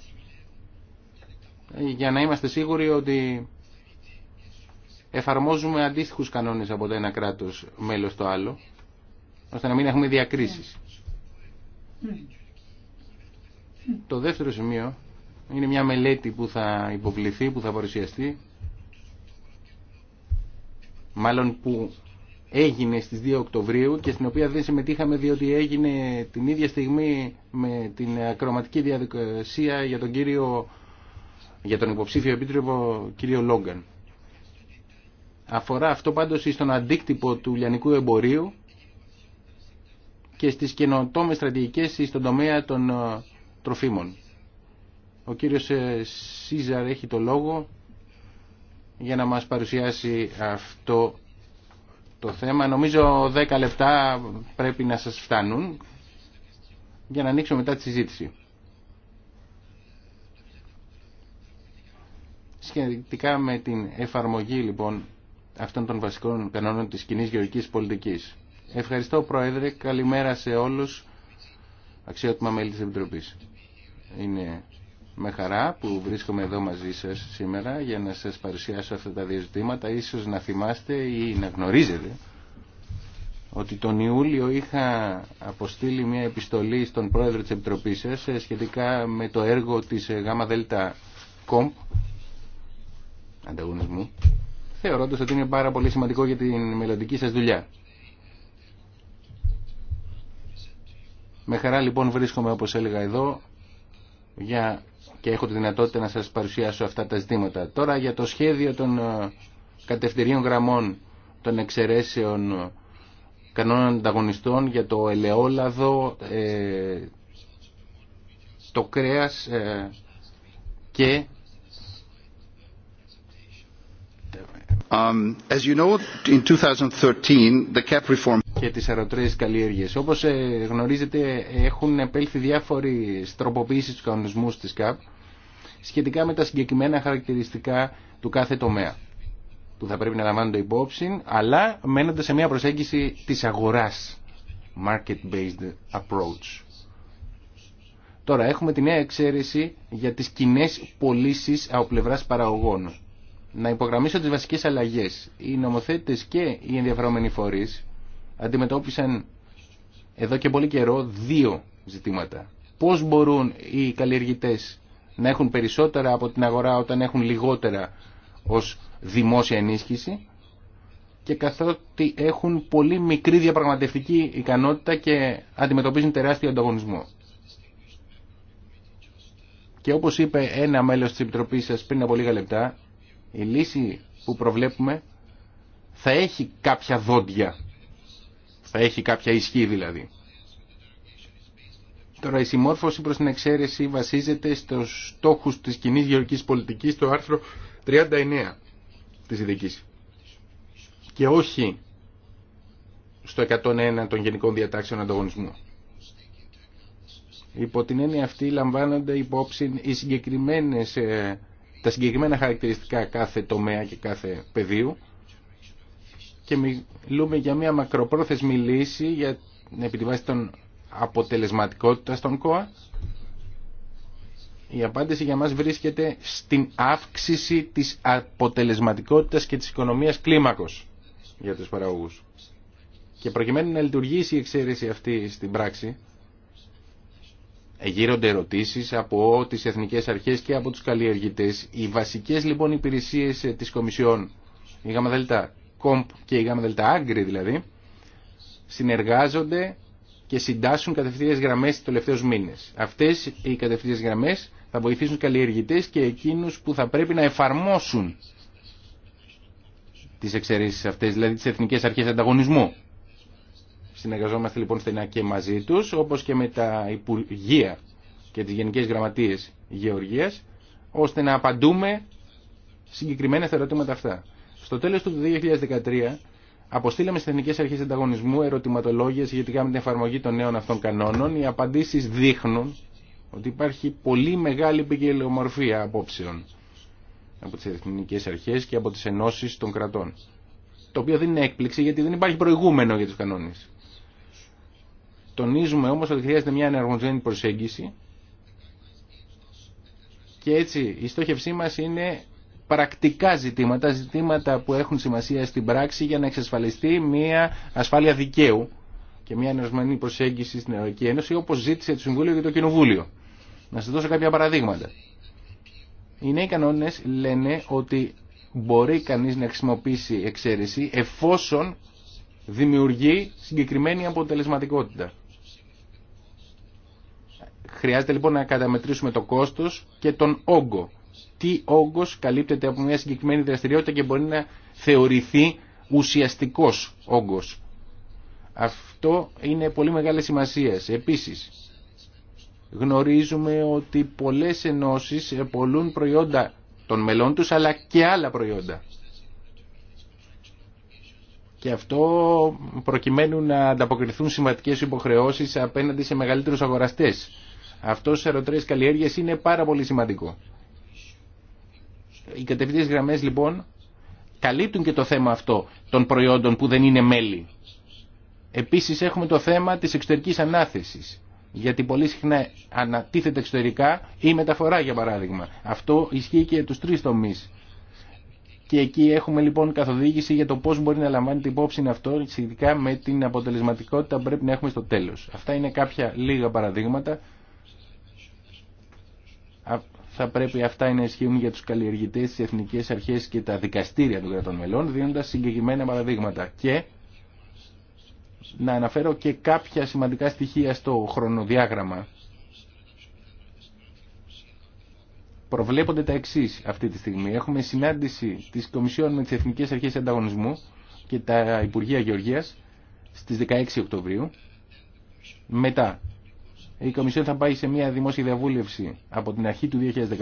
για να είμαστε σίγουροι ότι εφαρμόζουμε αντίστοιχους κανόνες από το ένα κράτος μέλος στο άλλο ώστε να μην έχουμε διακρίσεις. Το δεύτερο σημείο είναι μια μελέτη που θα υποβληθεί, που θα παρουσιαστεί μάλλον που έγινε στις 2 Οκτωβρίου και στην οποία δεν συμμετείχαμε διότι έγινε την ίδια στιγμή με την ακροματική διαδικασία για τον, κύριο, για τον υποψήφιο επίτροπο κύριο Λόγκαν. Αφορά αυτό πάντως στον αντίκτυπο του λιανικού εμπορίου και στις καινοτόμες στρατηγικές στον τομέα των ε, τροφίμων. Ο κύριος ε, Σίζαρ έχει το λόγο για να μας παρουσιάσει αυτό το θέμα. Νομίζω 10 λεπτά πρέπει να σας φτάνουν για να ανοίξουμε μετά τη συζήτηση. Σχετικά με την εφαρμογή λοιπόν αυτών των βασικών κανόνων της κοινή γεωργικής πολιτικής. Ευχαριστώ Πρόεδρε, καλημέρα σε όλους, αξιότιμα μέλη της Επιτροπής. Είναι με χαρά που βρίσκομαι εδώ μαζί σας σήμερα για να σας παρουσιάσω αυτά τα δύο ζητήματα. Ίσως να θυμάστε ή να γνωρίζετε ότι τον Ιούλιο είχα αποστείλει μια επιστολή στον πρόεδρο της Επιτροπής σας ε, σχετικά με το έργο της ε, ΓΔ ΚΟΜΠ ανταγωνισμού θεωρώντας ότι είναι πάρα πολύ σημαντικό για την μελλοντική σας δουλειά. Με χαρά λοιπόν βρίσκομαι όπως έλεγα εδώ για και έχω τη δυνατότητα να σας παρουσιάσω αυτά τα ζητήματα. Τώρα για το σχέδιο των ε, κατευθυντηρίων γραμμών των εξαιρέσεων ε, κανόνων ανταγωνιστών για το ελαιόλαδο, ε, το κρέας και Um, as you know, in 2013, the cap reform... και τις αεροτρές καλλιέργειες. Όπως ε, γνωρίζετε έχουν επέλθει διάφοροι τροποποίησεις του κανονισμού της ΚΑΠ σχετικά με τα συγκεκριμένα χαρακτηριστικά του κάθε τομέα που θα πρέπει να λαμβάνονται υπόψη αλλά μένοντας σε μια προσέγγιση της αγοράς market-based approach. Τώρα έχουμε τη νέα εξαίρεση για τις κοινέ πωλήσει από πλευρά παραγωγών να υπογραμμίσω τις βασικές αλλαγές. Οι νομοθέτες και οι ενδιαφερόμενοι φορείς αντιμετώπισαν εδώ και πολύ καιρό δύο ζητήματα. Πώς μπορούν οι καλλιεργητές να έχουν περισσότερα από την αγορά όταν έχουν λιγότερα ως δημόσια ενίσχυση και καθότι έχουν πολύ μικρή διαπραγματευτική ικανότητα και αντιμετωπίζουν τεράστιο ανταγωνισμό. Και όπως είπε ένα μέλος της Επιτροπής σας πριν από λίγα λεπτά, η λύση που προβλέπουμε θα έχει κάποια δόντια, θα έχει κάποια ισχύ δηλαδή. Τώρα η συμμόρφωση προς την εξαίρεση βασίζεται στους στόχους της κοινή γεωργικής πολιτικής στο άρθρο 39 της ειδικής και όχι στο 101 των γενικών διατάξεων ανταγωνισμού. Υπό την έννοια αυτή λαμβάνονται υπόψη οι συγκεκριμένες ε, τα συγκεκριμένα χαρακτηριστικά κάθε τομέα και κάθε πεδίου και μιλούμε για μια μακροπρόθεσμη λύση για να επιβάση των αποτελεσματικότητα στον ΚΟΑ. Η απάντηση για μας βρίσκεται στην αύξηση της αποτελεσματικότητας και της οικονομίας κλίμακος για τους παραγωγούς. Και προκειμένου να λειτουργήσει η εξαίρεση αυτή στην πράξη, γύρονται ερωτήσεις από τις εθνικές αρχές και από τους καλλιεργητές. Οι βασικές λοιπόν υπηρεσίες ε, της Κομισιόν, η ΓΔ Κομπ και η ΓΔ Άγκρη δηλαδή, συνεργάζονται και συντάσσουν κατευθείαν γραμμές τους τελευταίους μήνες. Αυτές οι κατευθείας γραμμές θα βοηθήσουν τους καλλιεργητές και εκείνους που θα πρέπει να εφαρμόσουν τις εξαιρέσεις αυτές, δηλαδή τις εθνικές αρχές ανταγωνισμού. Συνεργαζόμαστε λοιπόν στενά και μαζί τους, όπως και με τα Υπουργεία και τις Γενικές Γραμματείες Γεωργίας, ώστε να απαντούμε συγκεκριμένα στα ερωτήματα αυτά. Στο τέλος του 2013 αποστήλαμε στις Εθνικές Αρχές Ανταγωνισμού ερωτηματολόγια σχετικά με την εφαρμογή των νέων αυτών κανόνων. Οι απαντήσεις δείχνουν ότι υπάρχει πολύ μεγάλη ποικιλομορφία απόψεων από τις εθνικές αρχές και από τις ενώσεις των κρατών. Το οποίο δεν είναι έκπληξη γιατί δεν υπάρχει προηγούμενο για τους κανόνες. Τονίζουμε όμως ότι χρειάζεται μια ενεργοντζένη προσέγγιση και έτσι η στόχευσή μας είναι πρακτικά ζητήματα, ζητήματα που έχουν σημασία στην πράξη για να εξασφαλιστεί μια ασφάλεια δικαίου και μια ενεργοσμανή προσέγγιση στην Ευρωπαϊκή Ένωση όπως ζήτησε το Συμβούλιο και το Κοινοβούλιο. Να σας δώσω κάποια παραδείγματα. Οι νέοι κανόνες λένε ότι μπορεί κανείς να χρησιμοποιήσει εξαίρεση εφόσον δημιουργεί συγκεκριμένη αποτελεσματικότητα. Χρειάζεται λοιπόν να καταμετρήσουμε το κόστος και τον όγκο. Τι όγκος καλύπτεται από μια συγκεκριμένη δραστηριότητα και μπορεί να θεωρηθεί ουσιαστικός όγκος. Αυτό είναι πολύ μεγάλη σημασία. Επίσης, γνωρίζουμε ότι πολλές ενώσεις πολλούν προϊόντα των μελών τους, αλλά και άλλα προϊόντα. Και αυτό προκειμένου να ανταποκριθούν σημαντικές υποχρεώσεις απέναντι σε μεγαλύτερους αγοραστές αυτό στι αεροτρές καλλιέργειε είναι πάρα πολύ σημαντικό. Οι κατευθυντέ γραμμέ, λοιπόν καλύπτουν και το θέμα αυτό των προϊόντων που δεν είναι μέλη. Επίση, έχουμε το θέμα τη εξωτερική ανάθεση. Γιατί πολύ συχνά ανατίθεται εξωτερικά η μεταφορά για παράδειγμα. Αυτό ισχύει και του τρει τομεί. Και εκεί έχουμε λοιπόν καθοδήγηση για το πώ μπορεί να λαμβάνει την υπόψη αυτό ειδικά με την αποτελεσματικότητα που πρέπει να έχουμε στο τέλο. Αυτά είναι κάποια λίγα παραδείγματα θα πρέπει αυτά να ισχύουν για τους καλλιεργητές, τις εθνικές αρχές και τα δικαστήρια των κρατών μελών, δίνοντας συγκεκριμένα παραδείγματα. Και να αναφέρω και κάποια σημαντικά στοιχεία στο χρονοδιάγραμμα. Προβλέπονται τα εξή αυτή τη στιγμή. Έχουμε συνάντηση της Κομισιόν με τις Εθνικές Αρχές Ανταγωνισμού και τα Υπουργεία Γεωργίας στις 16 Οκτωβρίου. Μετά η Κομισιόν θα πάει σε μια δημόσια διαβούλευση από την αρχή του 2015.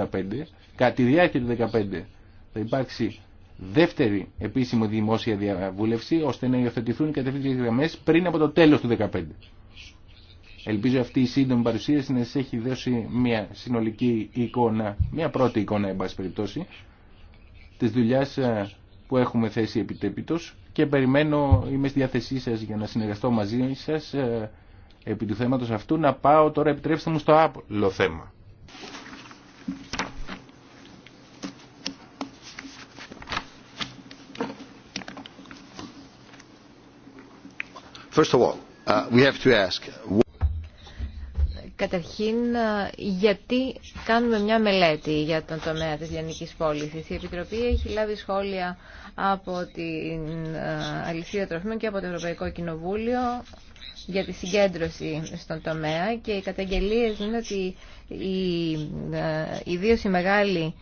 Κατά τη διάρκεια του 2015 θα υπάρξει δεύτερη επίσημη δημόσια διαβούλευση ώστε να υιοθετηθούν οι κατευθυντικές γραμμές πριν από το τέλος του 2015. Ελπίζω αυτή η σύντομη παρουσίαση να σας έχει δώσει μια συνολική εικόνα, μια πρώτη εικόνα εν πάση περιπτώσει, της δουλειάς ε, που έχουμε θέσει επιτέπητος και περιμένω, είμαι στη διάθεσή σας για να συνεργαστώ μαζί σας ε, επί του θέματος αυτού να πάω τώρα επιτρέψτε μου στο άλλο θέμα. First of all, uh, we have to ask... Καταρχήν, uh, γιατί κάνουμε μια μελέτη για τον τομέα της λιανικής πώλησης. Η Επιτροπή έχει λάβει σχόλια από την uh, Αλυσίδα Τροφίμων και από το Ευρωπαϊκό Κοινοβούλιο για τη συγκέντρωση στον τομέα και οι καταγγελίες είναι ότι οι, ιδίως ε, οι μεγάλοι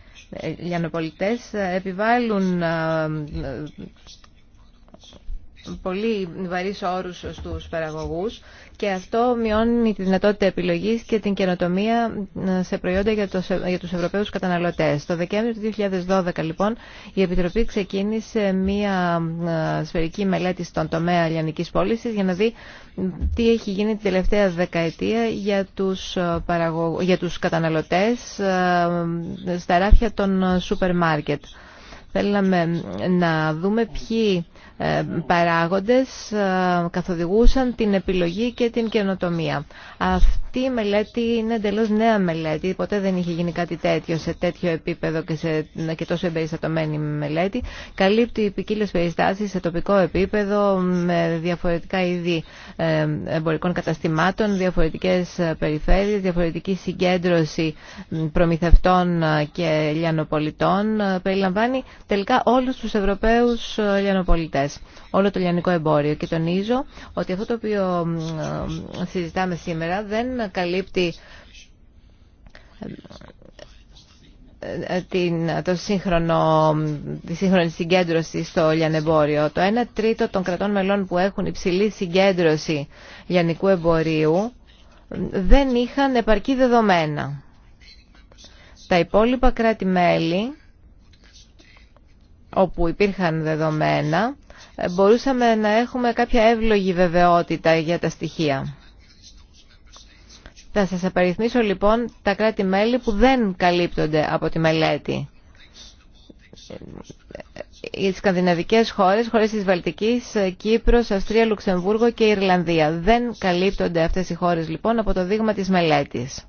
λιανοπολιτές ε, ε, επιβάλλουν πολύ βαρύ όρου στου παραγωγού, και αυτό μειώνει τη δυνατότητα επιλογή και την καινοτομία ε, σε προϊόντα για, του για τους καταναλωτές. Το Δεκέμβριο του 2012 λοιπόν η Επιτροπή ξεκίνησε μία ε, σφαιρική μελέτη στον τομέα λιανικής πώληση για να δει τι έχει γίνει την τελευταία δεκαετία για του ε, παραγω... για στα ράφια των σούπερ μάρκετ. Θέλαμε να δούμε ποιοι ε, παράγοντες ε, καθοδηγούσαν την επιλογή και την καινοτομία. Αυτή η μελέτη είναι εντελώ νέα μελέτη. Ποτέ δεν είχε γίνει κάτι τέτοιο σε τέτοιο επίπεδο και, σε, και τόσο εμπεριστατωμένη μελέτη. Καλύπτει ποικίλε περιστάσει σε τοπικό επίπεδο με διαφορετικά είδη ε, εμπορικών καταστημάτων, διαφορετικέ περιφέρειες, διαφορετική συγκέντρωση προμηθευτών και λιανοπολιτών. Περιλαμβάνει τελικά όλους τους Ευρωπαίους ε, λιανοπολιτές, όλο το λιανικό εμπόριο. Και τονίζω ότι αυτό το οποίο ε, συζητάμε σήμερα δεν καλύπτει ε, την, το σύγχρονο, τη σύγχρονη συγκέντρωση στο λιανεμπόριο. Το 1 τρίτο των κρατών μελών που έχουν υψηλή συγκέντρωση λιανικού εμπορίου δεν είχαν επαρκή δεδομένα. Τα υπόλοιπα κράτη-μέλη όπου υπήρχαν δεδομένα, μπορούσαμε να έχουμε κάποια εύλογη βεβαιότητα για τα στοιχεία. Θα σας απαριθμίσω λοιπόν τα κράτη-μέλη που δεν καλύπτονται από τη μελέτη. Οι σκανδιναβικές χώρες, χώρες της Βαλτικής, Κύπρος, Αυστρία, Λουξεμβούργο και Ιρλανδία. Δεν καλύπτονται αυτές οι χώρες λοιπόν από το δείγμα της μελέτης.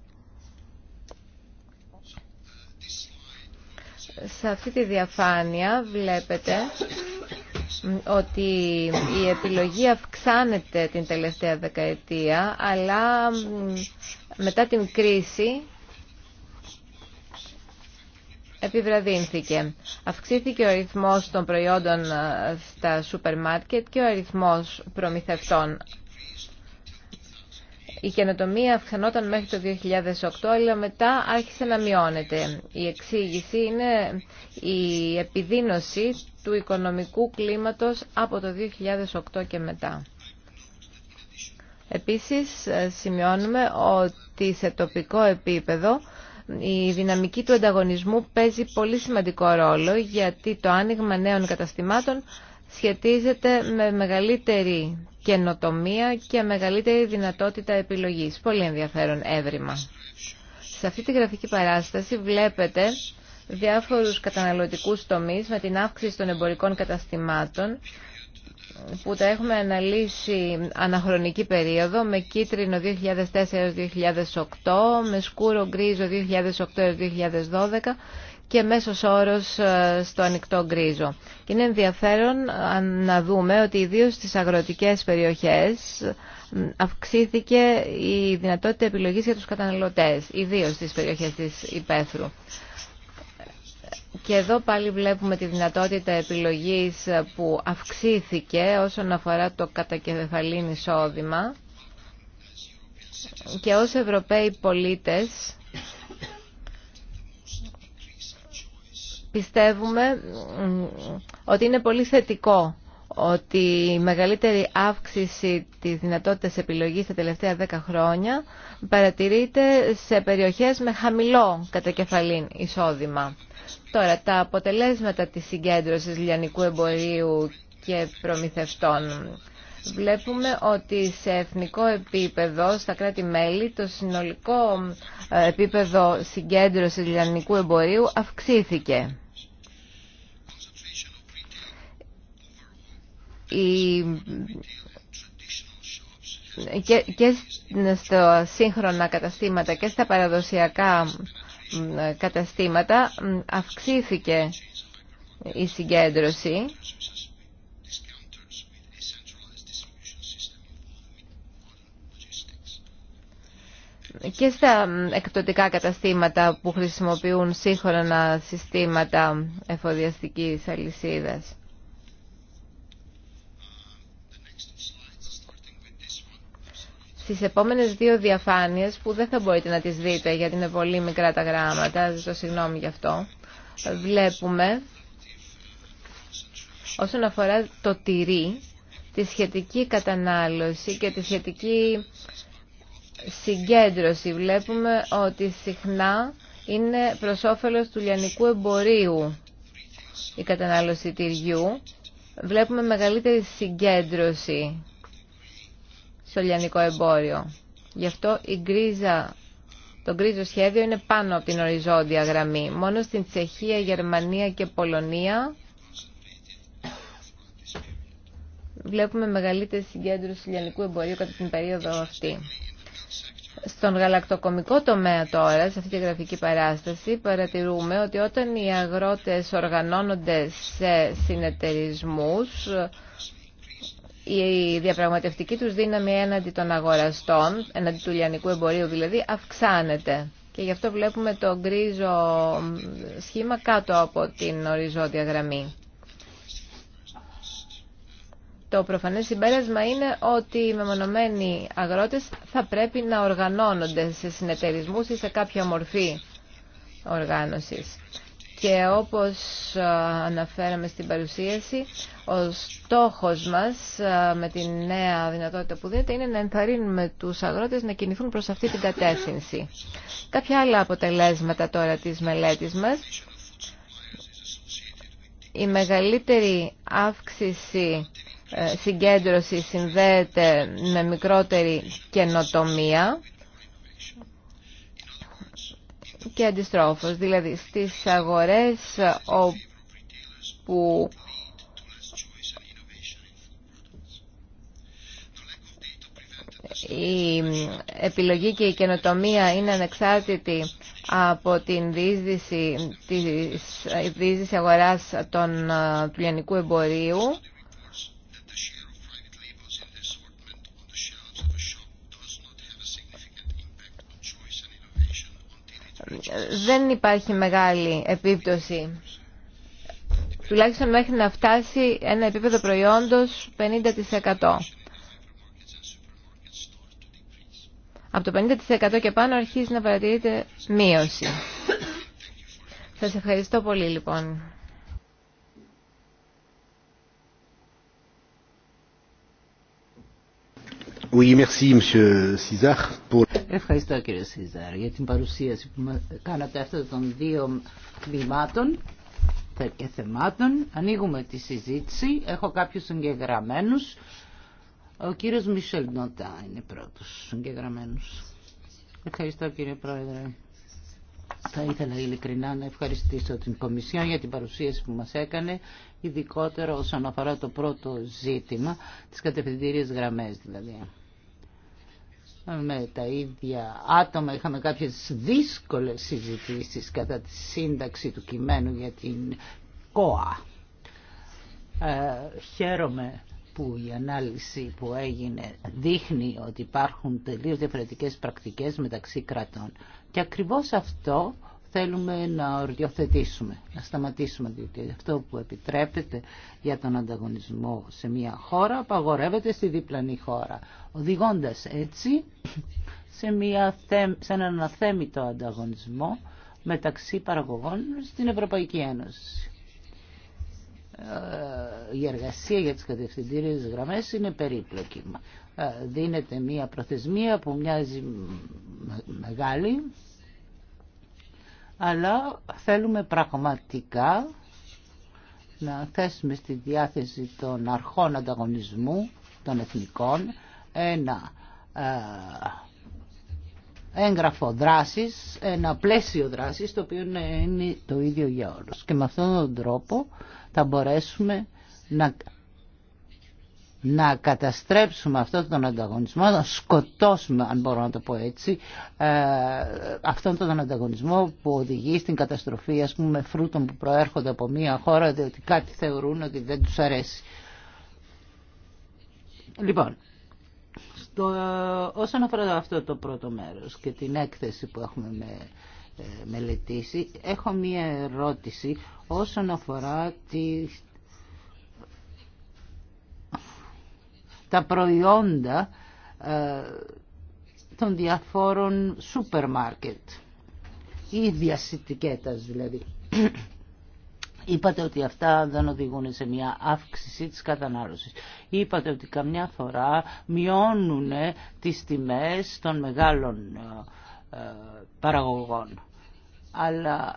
Σε αυτή τη διαφάνεια βλέπετε ότι η επιλογή αυξάνεται την τελευταία δεκαετία, αλλά μετά την κρίση επιβραδύνθηκε. Αυξήθηκε ο αριθμός των προϊόντων στα σούπερ μάρκετ και ο αριθμός προμηθευτών. Η καινοτομία αυξανόταν μέχρι το 2008, αλλά μετά άρχισε να μειώνεται. Η εξήγηση είναι η επιδίνωση του οικονομικού κλίματος από το 2008 και μετά. Επίσης, σημειώνουμε ότι σε τοπικό επίπεδο η δυναμική του ανταγωνισμού παίζει πολύ σημαντικό ρόλο, γιατί το άνοιγμα νέων καταστημάτων σχετίζεται με μεγαλύτερη καινοτομία και μεγαλύτερη δυνατότητα επιλογής. Πολύ ενδιαφέρον έβριμα. Σε αυτή τη γραφική παράσταση βλέπετε διάφορους καταναλωτικούς τομείς με την αύξηση των εμπορικών καταστημάτων που τα έχουμε αναλύσει αναχρονική περίοδο με κίτρινο 2004-2008, με σκούρο γκρίζο 2008-2012 και μέσος όρος ε, στο ανοιχτό γκρίζο. είναι ενδιαφέρον ε, να δούμε ότι ιδίω στις αγροτικές περιοχές αυξήθηκε η δυνατότητα επιλογής για τους καταναλωτές, ιδίω στις περιοχές της Υπέθρου. Και εδώ πάλι βλέπουμε τη δυνατότητα επιλογής ε, που αυξήθηκε όσον αφορά το κατακεφαλήν εισόδημα και ως Ευρωπαίοι πολίτες πιστεύουμε ότι είναι πολύ θετικό ότι η μεγαλύτερη αύξηση της δυνατότητας επιλογής τα τελευταία 10 χρόνια παρατηρείται σε περιοχές με χαμηλό κατακεφαλήν εισόδημα. Τώρα, τα αποτελέσματα της συγκέντρωσης λιανικού εμπορίου και προμηθευτών βλέπουμε ότι σε εθνικό επίπεδο, στα κράτη-μέλη, το συνολικό ε, επίπεδο συγκέντρωσης λιανικού εμπορίου αυξήθηκε. Και, και στα σύγχρονα καταστήματα και στα παραδοσιακά καταστήματα αυξήθηκε η συγκέντρωση και στα εκπτωτικά καταστήματα που χρησιμοποιούν σύγχρονα συστήματα εφοδιαστικής αλυσίδας. Στις επόμενες δύο διαφάνειες που δεν θα μπορείτε να τις δείτε γιατί είναι πολύ μικρά τα γράμματα, ζητώ συγγνώμη γι' αυτό, βλέπουμε όσον αφορά το τυρί, τη σχετική κατανάλωση και τη σχετική συγκέντρωση. Βλέπουμε ότι συχνά είναι προς όφελος του λιανικού εμπορίου η κατανάλωση τυριού. Βλέπουμε μεγαλύτερη συγκέντρωση στο λιανικό εμπόριο. Γι' αυτό η γκρίζα, το γκρίζο σχέδιο είναι πάνω από την οριζόντια γραμμή. Μόνο στην Τσεχία, Γερμανία και Πολωνία βλέπουμε μεγαλύτερη συγκέντρωση λιανικού εμπορίου κατά την περίοδο αυτή. Στον γαλακτοκομικό τομέα τώρα, σε αυτή τη γραφική παράσταση, παρατηρούμε ότι όταν οι αγρότες οργανώνονται σε συνεταιρισμούς, η διαπραγματευτική τους δύναμη έναντι των αγοραστών, έναντι του λιανικού εμπορίου δηλαδή, αυξάνεται. Και γι' αυτό βλέπουμε το γκρίζο σχήμα κάτω από την οριζόντια γραμμή. Το προφανές συμπέρασμα είναι ότι οι μεμονωμένοι αγρότες θα πρέπει να οργανώνονται σε συνεταιρισμούς ή σε κάποια μορφή οργάνωσης. Και όπως αναφέραμε στην παρουσίαση, ο στόχος μας με τη νέα δυνατότητα που δίνεται είναι να ενθαρρύνουμε τους αγρότες να κινηθούν προς αυτή την κατεύθυνση. Κάποια άλλα αποτελέσματα τώρα της μελέτης μας. Η μεγαλύτερη αύξηση ε, συγκέντρωση συνδέεται με μικρότερη καινοτομία και αντιστρόφως. Δηλαδή στις αγορές όπου η επιλογή και η καινοτομία είναι ανεξάρτητη από την διείσδυση της αγοράς των, του λιανικού εμπορίου δεν υπάρχει μεγάλη επίπτωση τουλάχιστον μέχρι να φτάσει ένα επίπεδο προϊόντος 50%. Από το 50% και πάνω αρχίζει να παρατηρείται μείωση. Σας ευχαριστώ πολύ λοιπόν. Oui, merci, Monsieur pour... Ευχαριστώ κύριε Σίζαρ για την παρουσίαση που κάνατε αυτών των δύο και θεμάτων. Ανοίγουμε τη συζήτηση. Έχω κάποιους εγγεγραμμένους. Ο κύριος Μισελ Νότα είναι πρώτος εγγεγραμμένος. Ευχαριστώ κύριε Πρόεδρε. Θα ήθελα ειλικρινά να ευχαριστήσω την Κομισιόν για την παρουσίαση που μας έκανε, ειδικότερα όσον αφορά το πρώτο ζήτημα, τις κατευθυντήριες γραμμές δηλαδή με τα ίδια άτομα. Είχαμε κάποιες δύσκολες συζητήσεις κατά τη σύνταξη του κειμένου για την ΚΟΑ. Ε, χαίρομαι που η ανάλυση που έγινε δείχνει ότι υπάρχουν τελείως διαφορετικές πρακτικές μεταξύ κρατών. Και ακριβώς αυτό θέλουμε να οριοθετήσουμε, να σταματήσουμε, διότι αυτό που επιτρέπεται για τον ανταγωνισμό σε μια χώρα απαγορεύεται στη διπλανή χώρα, οδηγώντας έτσι σε, μια, σε έναν αθέμητο ανταγωνισμό μεταξύ παραγωγών στην Ευρωπαϊκή Ένωση. Ε, η εργασία για τις κατευθυντήριες γραμμές είναι περίπλοκη. Ε, δίνεται μια προθεσμία που μοιάζει μεγάλη αλλά θέλουμε πραγματικά να θέσουμε στη διάθεση των αρχών ανταγωνισμού των εθνικών ένα ε, έγγραφο δράσης, ένα πλαίσιο δράσης το οποίο είναι το ίδιο για όλους. Και με αυτόν τον τρόπο θα μπορέσουμε να να καταστρέψουμε αυτόν τον ανταγωνισμό, να σκοτώσουμε αν μπορώ να το πω έτσι ε, αυτόν τον ανταγωνισμό που οδηγεί στην καταστροφή ας πούμε φρούτων που προέρχονται από μια χώρα διότι κάτι θεωρούν ότι δεν τους αρέσει. Λοιπόν, στο, όσον αφορά αυτό το πρώτο μέρος και την έκθεση που έχουμε με, ε, μελετήσει. Έχω μία ερώτηση όσον αφορά τη... τα προϊόντα ε, των διαφόρων σούπερ μάρκετ. ή διασυντικέτας δηλαδή. Είπατε ότι αυτά δεν οδηγούν σε μια αύξηση της κατανάλωσης. Είπατε ότι καμιά φορά μειώνουν τις τιμές των μεγάλων ε, ε, παραγωγών. Αλλά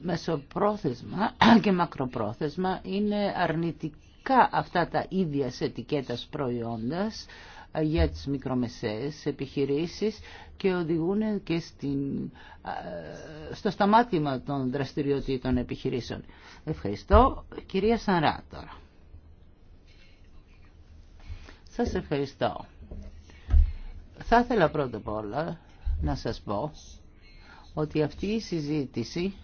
μεσοπρόθεσμα και μακροπρόθεσμα είναι αρνητική ειδικά αυτά τα ίδια ετικέτας προϊόντας ε, για τις μικρομεσαίες επιχειρήσεις και οδηγούν και ε, στο σταμάτημα των δραστηριοτήτων επιχειρήσεων. Ευχαριστώ. Κυρία Σαρά τώρα. Σας ευχαριστώ. Θα ήθελα πρώτα απ' όλα να σας πω ότι αυτή η συζήτηση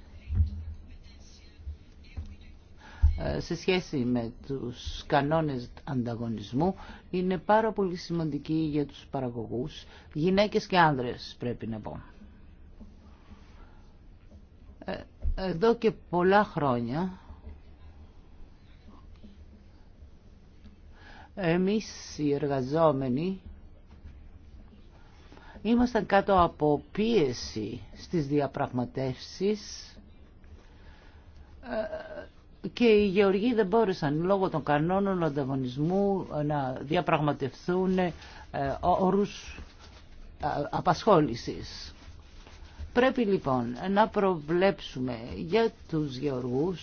Ε, σε σχέση με τους κανόνες ανταγωνισμού είναι πάρα πολύ σημαντική για τους παραγωγούς, γυναίκες και άνδρες πρέπει να πω. Ε, εδώ και πολλά χρόνια εμείς οι εργαζόμενοι ήμασταν κάτω από πίεση στις διαπραγματεύσεις ε, και οι γεωργοί δεν μπόρεσαν λόγω των κανόνων ανταγωνισμού να διαπραγματευθούν ε, όρους ε, απασχόλησης. Πρέπει λοιπόν να προβλέψουμε για τους γεωργούς,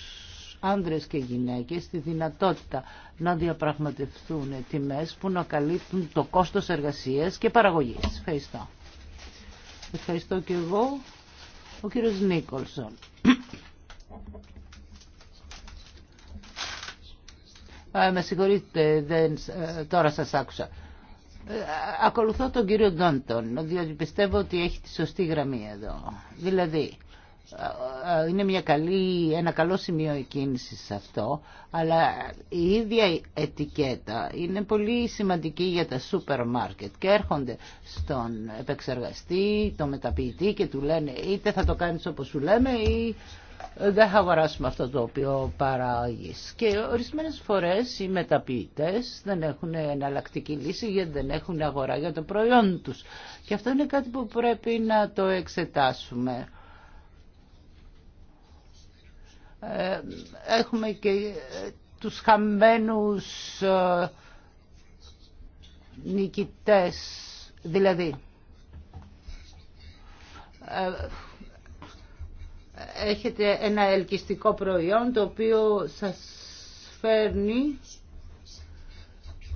άνδρες και γυναίκες, τη δυνατότητα να διαπραγματευτούν τιμές που να καλύπτουν το κόστος εργασίας και παραγωγής. Ευχαριστώ. Ευχαριστώ και εγώ, ο κύριος Νίκολσον. Ε, με συγχωρείτε, δεν, ε, τώρα σας άκουσα. Ε, ακολουθώ τον κύριο Ντόντον, διότι πιστεύω ότι έχει τη σωστή γραμμή εδώ. Δηλαδή, είναι μια καλή, ένα καλό σημείο εκκίνηση αυτό, αλλά η ίδια ετικέτα είναι πολύ σημαντική για τα σούπερ μάρκετ και έρχονται στον επεξεργαστή, τον μεταποιητή και του λένε είτε θα το κάνεις όπως σου λέμε ή δεν θα αγοράσουμε αυτό το οποίο παράγει. Και ορισμένες φορές οι μεταποιητέ δεν έχουν εναλλακτική λύση γιατί δεν έχουν αγορά για το προϊόν τους. Και αυτό είναι κάτι που πρέπει να το εξετάσουμε. Ε, έχουμε και ε, τους χαμένους ε, νικητές, δηλαδή έχετε ένα ελκυστικό προϊόν το οποίο σας φέρνει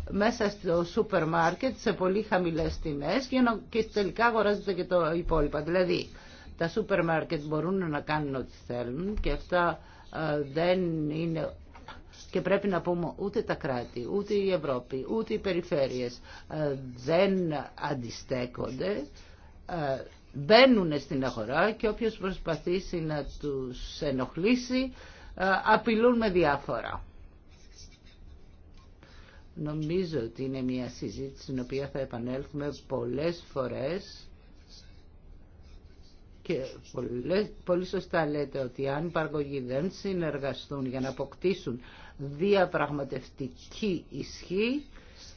μέσα στο σούπερ μάρκετ σε πολύ χαμηλές τιμές και τελικά αγοράζετε και το υπόλοιπα. Δηλαδή τα σούπερ μάρκετ μπορούν να κάνουν ό,τι θέλουν και αυτά ε, δεν είναι και πρέπει να πούμε ούτε τα κράτη, ούτε η Ευρώπη, ούτε οι περιφέρειες ε, δεν αντιστέκονται ε, μπαίνουν στην αγορά και όποιος προσπαθήσει να τους ενοχλήσει ε, απειλούν με διάφορα. Νομίζω ότι είναι μια συζήτηση στην οποία θα επανέλθουμε πολλές φορές και πολλές, πολύ σωστά λέτε ότι αν οι παραγωγοί δεν συνεργαστούν για να αποκτήσουν διαπραγματευτική ισχύ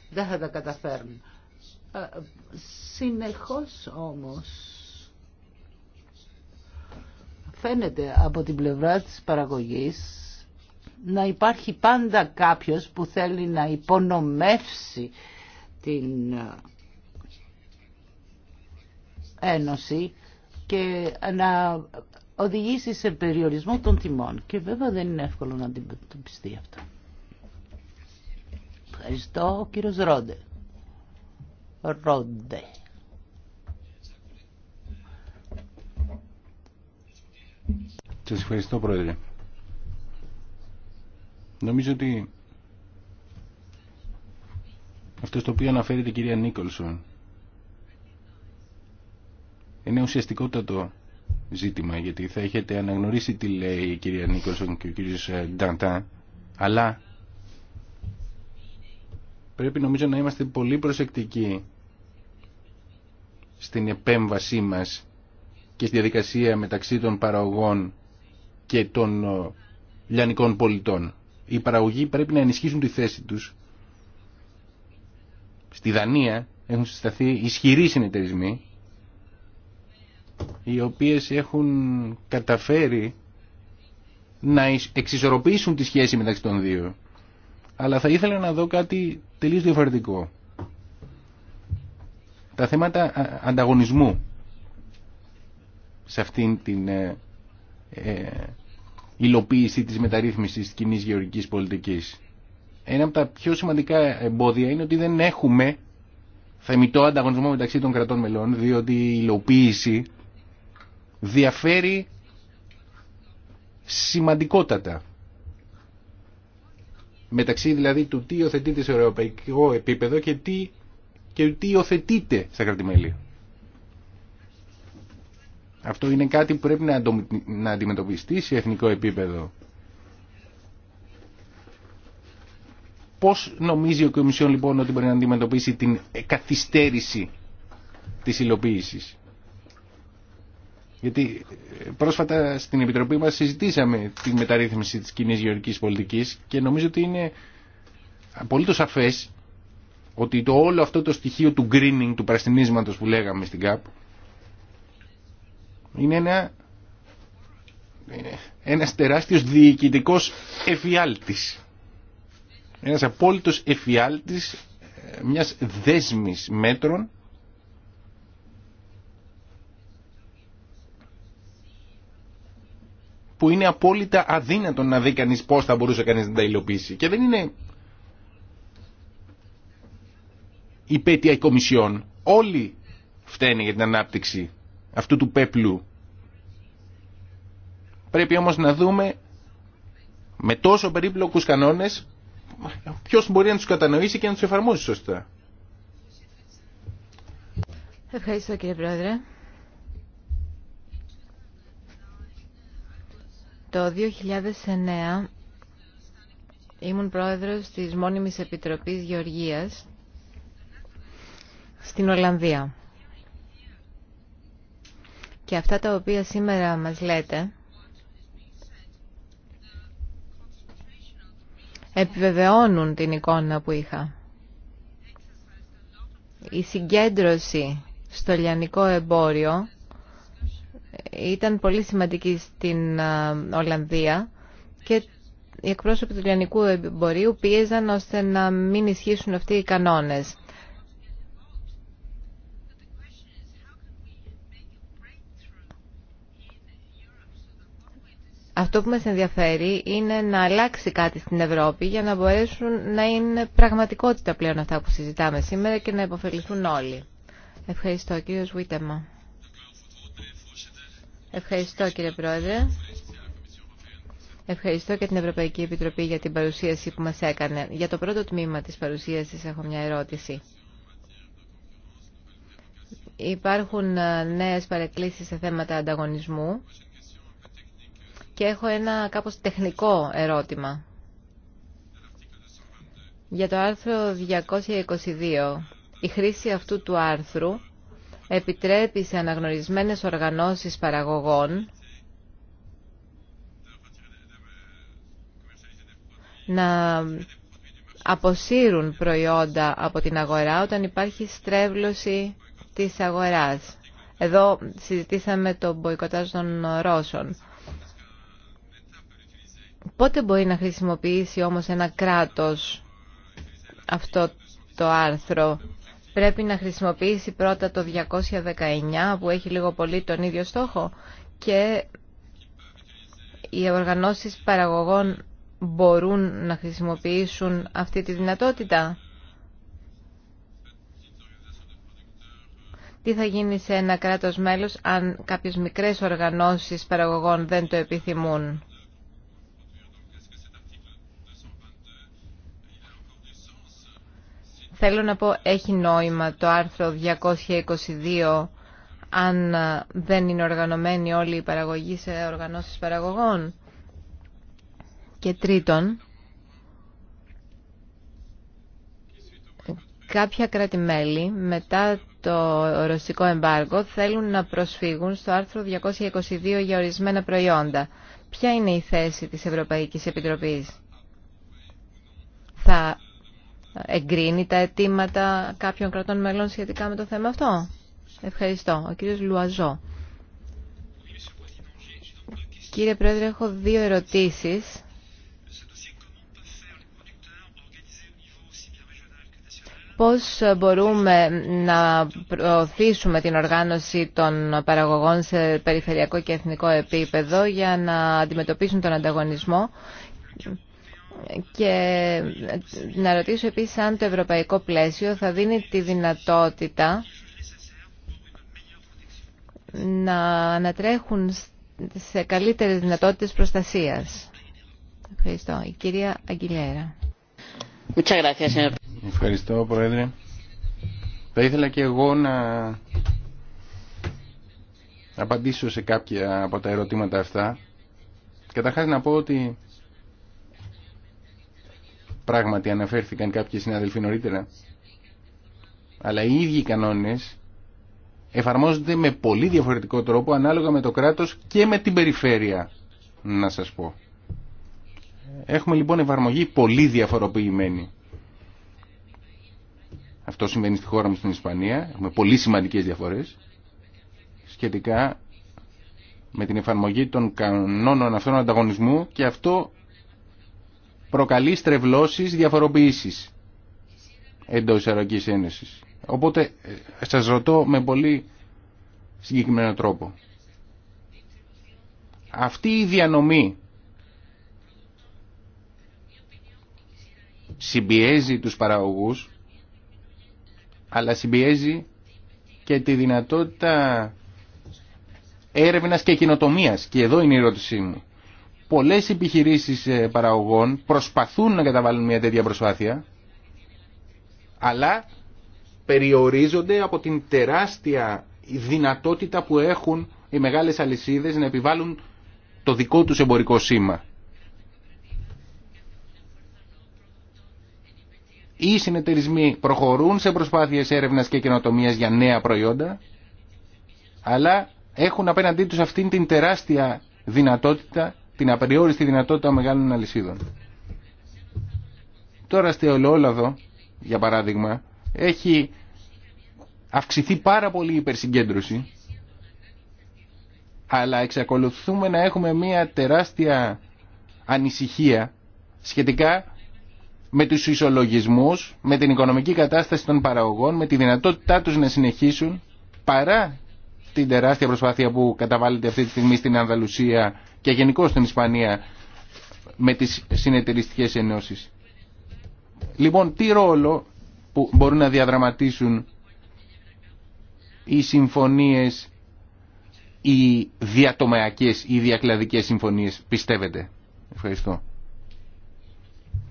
δεν θα τα καταφέρουν. Ε, συνεχώς όμως φαίνεται από την πλευρά της παραγωγής να υπάρχει πάντα κάποιος που θέλει να υπονομεύσει την Ένωση και να οδηγήσει σε περιορισμό των τιμών. Και βέβαια δεν είναι εύκολο να αντιμετωπιστεί αυτό. Ευχαριστώ, ο κύριος Ρόντε. Ρόντε. Σας ευχαριστώ Πρόεδρε. Νομίζω ότι αυτό στο οποίο αναφέρεται η κυρία Νίκολσον είναι ουσιαστικότατο ζήτημα γιατί θα έχετε αναγνωρίσει τι λέει η κυρία Νίκολσον και ο κύριος ε, Νταντά αλλά πρέπει νομίζω να είμαστε πολύ προσεκτικοί στην επέμβασή μας και στη διαδικασία μεταξύ των παραγωγών και των ε, λιανικών πολιτών. Οι παραγωγοί πρέπει να ενισχύσουν τη θέση τους. Στη Δανία έχουν συσταθεί ισχυροί συνεταιρισμοί οι οποίες έχουν καταφέρει να εξισορροπήσουν τη σχέση μεταξύ των δύο. Αλλά θα ήθελα να δω κάτι τελείως διαφορετικό. Τα θέματα ανταγωνισμού σε αυτήν την ε, ε, υλοποίηση της μεταρρύθμισης της κοινής γεωργικής πολιτικής. Ένα από τα πιο σημαντικά εμπόδια είναι ότι δεν έχουμε θεμητό ανταγωνισμό μεταξύ των κρατών μελών, διότι η υλοποίηση διαφέρει σημαντικότατα. Μεταξύ δηλαδή του τι υιοθετείται σε ευρωπαϊκό επίπεδο και τι, και τι υιοθετείται στα κρατημέλη. Αυτό είναι κάτι που πρέπει να αντιμετωπιστεί σε εθνικό επίπεδο. Πώς νομίζει ο Κομισιόν λοιπόν ότι μπορεί να αντιμετωπίσει την καθυστέρηση της υλοποίησης. Γιατί ε, πρόσφατα στην Επιτροπή μας συζητήσαμε τη μεταρρύθμιση της κοινή γεωργικής πολιτικής και νομίζω ότι είναι απολύτω σαφές ότι το όλο αυτό το στοιχείο του greening, του πρασινίσματος που λέγαμε στην ΚΑΠ, είναι ένα ένας τεράστιος διοικητικός εφιάλτης. Ένας απόλυτος εφιάλτης ε, μιας δέσμης μέτρων που είναι απόλυτα αδύνατο να δει κανείς πώς θα μπορούσε κανείς να τα υλοποιήσει. Και δεν είναι η πέτεια η Κομισιόν. Όλοι φταίνε για την ανάπτυξη αυτού του πέπλου. Πρέπει όμως να δούμε με τόσο περίπλοκους κανόνες ποιος μπορεί να τους κατανοήσει και να τους εφαρμόσει σωστά. Ευχαριστώ κύριε Πρόεδρε. Το 2009 ήμουν πρόεδρος της Μόνιμης Επιτροπής Γεωργίας στην Ολλανδία και αυτά τα οποία σήμερα μας λέτε επιβεβαιώνουν την εικόνα που είχα. Η συγκέντρωση στο λιανικό εμπόριο ήταν πολύ σημαντική στην Ολλανδία και οι εκπρόσωποι του λιανικού εμπορίου πίεζαν ώστε να μην ισχύσουν αυτοί οι κανόνες. Αυτό που μας ενδιαφέρει είναι να αλλάξει κάτι στην Ευρώπη για να μπορέσουν να είναι πραγματικότητα πλέον αυτά που συζητάμε σήμερα και να υποφεληθούν όλοι. Ευχαριστώ κύριος Βουίτεμα. Ευχαριστώ κύριε Πρόεδρε. Ευχαριστώ και την Ευρωπαϊκή Επιτροπή για την παρουσίαση που μας έκανε. Για το πρώτο τμήμα της παρουσίασης έχω μια ερώτηση. Υπάρχουν ε, νέες παρεκκλήσεις σε θέματα ανταγωνισμού και έχω ένα κάπως τεχνικό ερώτημα. Για το άρθρο 222, η χρήση αυτού του άρθρου επιτρέπει σε αναγνωρισμένες οργανώσεις παραγωγών να αποσύρουν προϊόντα από την αγορά όταν υπάρχει στρέβλωση της αγοράς. Εδώ συζητήσαμε το μποϊκοτάζ των Ρώσων. Πότε μπορεί να χρησιμοποιήσει όμως ένα κράτος αυτό το άρθρο. Πρέπει να χρησιμοποιήσει πρώτα το 219 που έχει λίγο πολύ τον ίδιο στόχο και οι οργανώσεις παραγωγών μπορούν να χρησιμοποιήσουν αυτή τη δυνατότητα. Τι θα γίνει σε ένα κράτος μέλος αν κάποιες μικρές οργανώσεις παραγωγών δεν το επιθυμούν. Θέλω να πω, έχει νόημα το άρθρο 222 αν δεν είναι οργανωμένοι όλοι οι παραγωγοί σε οργανώσεις παραγωγών. Και τρίτον, κάποια κράτη-μέλη μετά το ρωσικό εμπάργο θέλουν να προσφύγουν στο άρθρο 222 για ορισμένα προϊόντα. Ποια είναι η θέση της Ευρωπαϊκής Επιτροπής. Θα εγκρίνει τα αιτήματα κάποιων κρατών μελών σχετικά με το θέμα αυτό. Ευχαριστώ. Ο κύριος Λουαζό. Κύριε Πρόεδρε, έχω δύο ερωτήσεις. Πώς μπορούμε να προωθήσουμε την οργάνωση των παραγωγών σε περιφερειακό και εθνικό επίπεδο για να αντιμετωπίσουν τον ανταγωνισμό και να ρωτήσω επίσης αν το ευρωπαϊκό πλαίσιο θα δίνει τη δυνατότητα να ανατρέχουν σε καλύτερες δυνατότητες προστασίας. Ευχαριστώ. Η κυρία Αγγιλέρα. Ευχαριστώ, Πρόεδρε. Θα ήθελα και εγώ να απαντήσω σε κάποια από τα ερωτήματα αυτά. Καταρχάς να πω ότι Πράγματι αναφέρθηκαν κάποιοι συναδελφοί νωρίτερα. Αλλά οι ίδιοι κανόνες εφαρμόζονται με πολύ διαφορετικό τρόπο ανάλογα με το κράτος και με την περιφέρεια, να σας πω. Έχουμε λοιπόν εφαρμογή πολύ διαφοροποιημένη. Αυτό συμβαίνει στη χώρα μου στην Ισπανία. Έχουμε πολύ σημαντικές διαφορές σχετικά με την εφαρμογή των κανόνων αυτών ανταγωνισμού και αυτό προκαλεί στρεβλώσεις, διαφοροποιήσεις εντός Ευρωπαϊκής Ένωσης. Οπότε ε, σας ρωτώ με πολύ συγκεκριμένο τρόπο. Αυτή η διανομή συμπιέζει τους παραγωγούς αλλά συμπιέζει και τη δυνατότητα έρευνας και κοινοτομίας. Και εδώ είναι η ερώτησή μου πολλές επιχειρήσεις ε, παραγωγών προσπαθούν να καταβάλουν μια τέτοια προσπάθεια, αλλά περιορίζονται από την τεράστια δυνατότητα που έχουν οι μεγάλες αλυσίδες να επιβάλλουν το δικό τους εμπορικό σήμα. Οι συνεταιρισμοί προχωρούν σε προσπάθειες έρευνας και καινοτομίας για νέα προϊόντα, αλλά έχουν απέναντί τους αυτήν την τεράστια δυνατότητα την απεριόριστη δυνατότητα μεγάλων αλυσίδων. Τώρα στη Ολόλαδο, για παράδειγμα, έχει αυξηθεί πάρα πολύ η υπερσυγκέντρωση, αλλά εξακολουθούμε να έχουμε μια τεράστια ανησυχία σχετικά με τους ισολογισμούς, με την οικονομική κατάσταση των παραγωγών, με τη δυνατότητά τους να συνεχίσουν παρά την τεράστια προσπάθεια που καταβάλλεται αυτή τη στιγμή στην Ανδαλουσία και γενικώ στην Ισπανία με τις συνεταιριστικές ενώσεις. Λοιπόν, τι ρόλο που μπορούν να διαδραματίσουν οι συμφωνίες, οι διατομεακές, ή διακλαδικές συμφωνίες, πιστεύετε. Ευχαριστώ.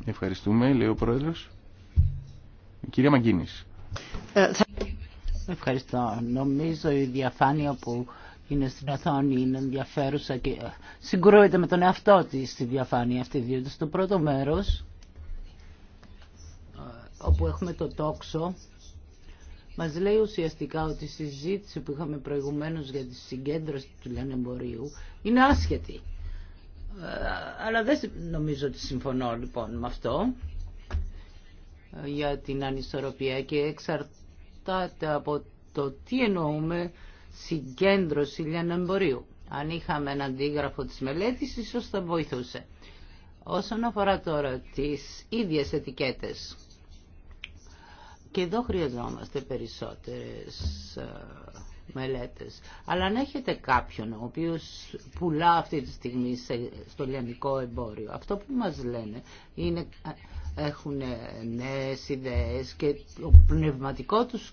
Ευχαριστούμε, λέει ο Πρόεδρος. κυρία Μαγκίνης. Ε, Ευχαριστώ. Νομίζω η διαφάνεια που είναι στην οθόνη είναι ενδιαφέρουσα και ε, συγκρούεται με τον εαυτό τη στη διαφάνεια αυτή, διότι στο πρώτο μέρο, ε, όπου έχουμε το τόξο μα λέει ουσιαστικά ότι η συζήτηση που είχαμε προηγουμένω για τη συγκέντρωση του λιανεμπορίου είναι άσχετη. Ε, αλλά δεν νομίζω ότι συμφωνώ λοιπόν με αυτό για την ανισορροπία και εξαρτάται εξαρτάται από το τι εννοούμε συγκέντρωση λιανεμπορίου. Αν είχαμε ένα αντίγραφο της μελέτης, ίσως θα βοηθούσε. Όσον αφορά τώρα τις ίδιες ετικέτες, και εδώ χρειαζόμαστε περισσότερες ε, μελέτες. Αλλά αν έχετε κάποιον ο οποίος πουλά αυτή τη στιγμή στο λιανικό εμπόριο, αυτό που μας λένε είναι έχουν νέες ιδέες και το πνευματικό τους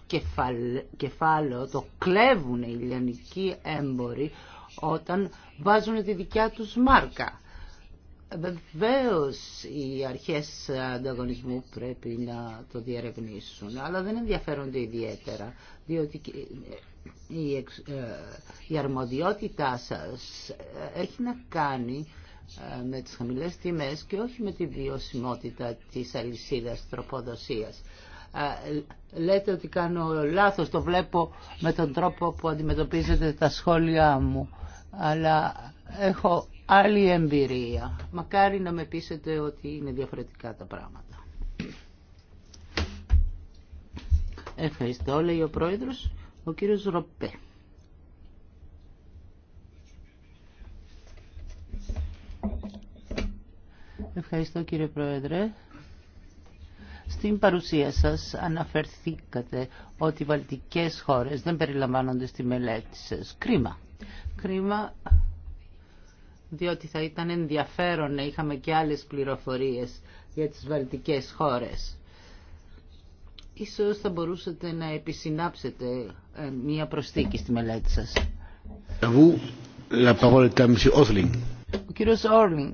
κεφάλαιο το κλέβουν οι ελληνικοί έμποροι όταν βάζουν τη δικιά τους μάρκα. Βεβαίω οι αρχές ανταγωνισμού πρέπει να το διερευνήσουν, αλλά δεν ενδιαφέρονται ιδιαίτερα, διότι ε, ε, η αρμοδιότητά σας έχει να κάνει ε, με τις χαμηλές τιμές και όχι με τη βιωσιμότητα της αλυσίδας τροποδοσίας. Ε, λέτε ότι κάνω λάθος, το βλέπω με τον τρόπο που αντιμετωπίζετε τα σχόλιά μου, αλλά έχω άλλη εμπειρία. Μακάρι να με πείσετε ότι είναι διαφορετικά τα πράγματα. Ευχαριστώ, λέει ο πρόεδρος, ο κύριος Ροπέ. Ευχαριστώ κύριε Πρόεδρε. Στην παρουσία σας αναφερθήκατε ότι οι βαλτικές χώρες δεν περιλαμβάνονται στη μελέτη σας. Κρίμα. Κρίμα διότι θα ήταν ενδιαφέρον να είχαμε και άλλες πληροφορίες για τις βαλτικές χώρες. Ίσως θα μπορούσατε να επισυνάψετε ε, μία προσθήκη στη μελέτη σας. Ο κύριος Όρλινγκ.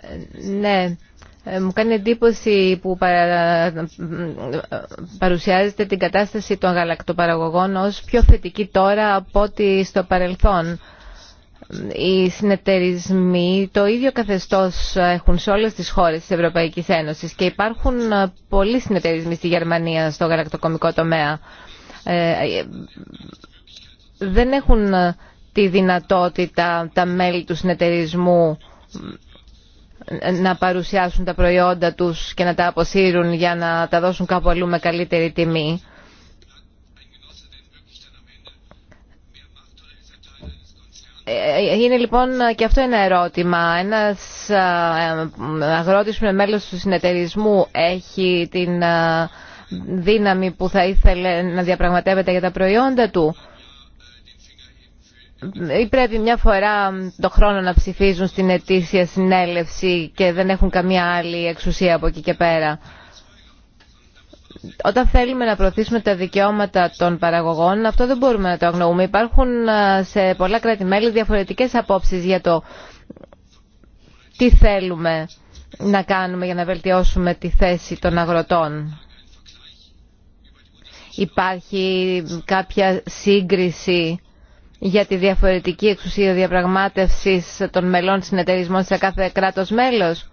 Äh, ναι, ε, μου κάνει εντύπωση που παρουσιάζεται την κατάσταση των γαλακτοπαραγωγών ως πιο θετική τώρα από ό,τι στο παρελθόν. Οι συνεταιρισμοί το ίδιο καθεστώς έχουν σε όλες τις χώρες της Ευρωπαϊκής Ένωσης και υπάρχουν πολλοί συνεταιρισμοί στη Γερμανία στο γαλακτοκομικό τομέα. Ε, δεν έχουν ε, τη δυνατότητα τα μέλη του συνεταιρισμού ε, να παρουσιάσουν τα προϊόντα τους και να τα αποσύρουν για να τα δώσουν κάπου αλλού με καλύτερη τιμή. Ε, είναι λοιπόν και αυτό ένα ερώτημα. Ένας αγρότης που είναι μέλος του συνεταιρισμού έχει την δύναμη που θα ήθελε να διαπραγματεύεται για τα προϊόντα του ή πρέπει μια φορά το χρόνο να ψηφίζουν στην ετήσια συνέλευση και δεν έχουν καμία άλλη εξουσία από εκεί και πέρα. Όταν θέλουμε να προωθήσουμε τα δικαιώματα των παραγωγών, αυτό δεν μπορούμε να το αγνοούμε. Υπάρχουν ε, σε πολλά κράτη-μέλη διαφορετικές απόψεις για το τι θέλουμε να κάνουμε για να βελτιώσουμε τη θέση των αγροτών. Υπάρχει κάποια σύγκριση για τη διαφορετική εξουσία διαπραγμάτευσης των μελών συνεταιρισμών σε κάθε κράτος μέλος.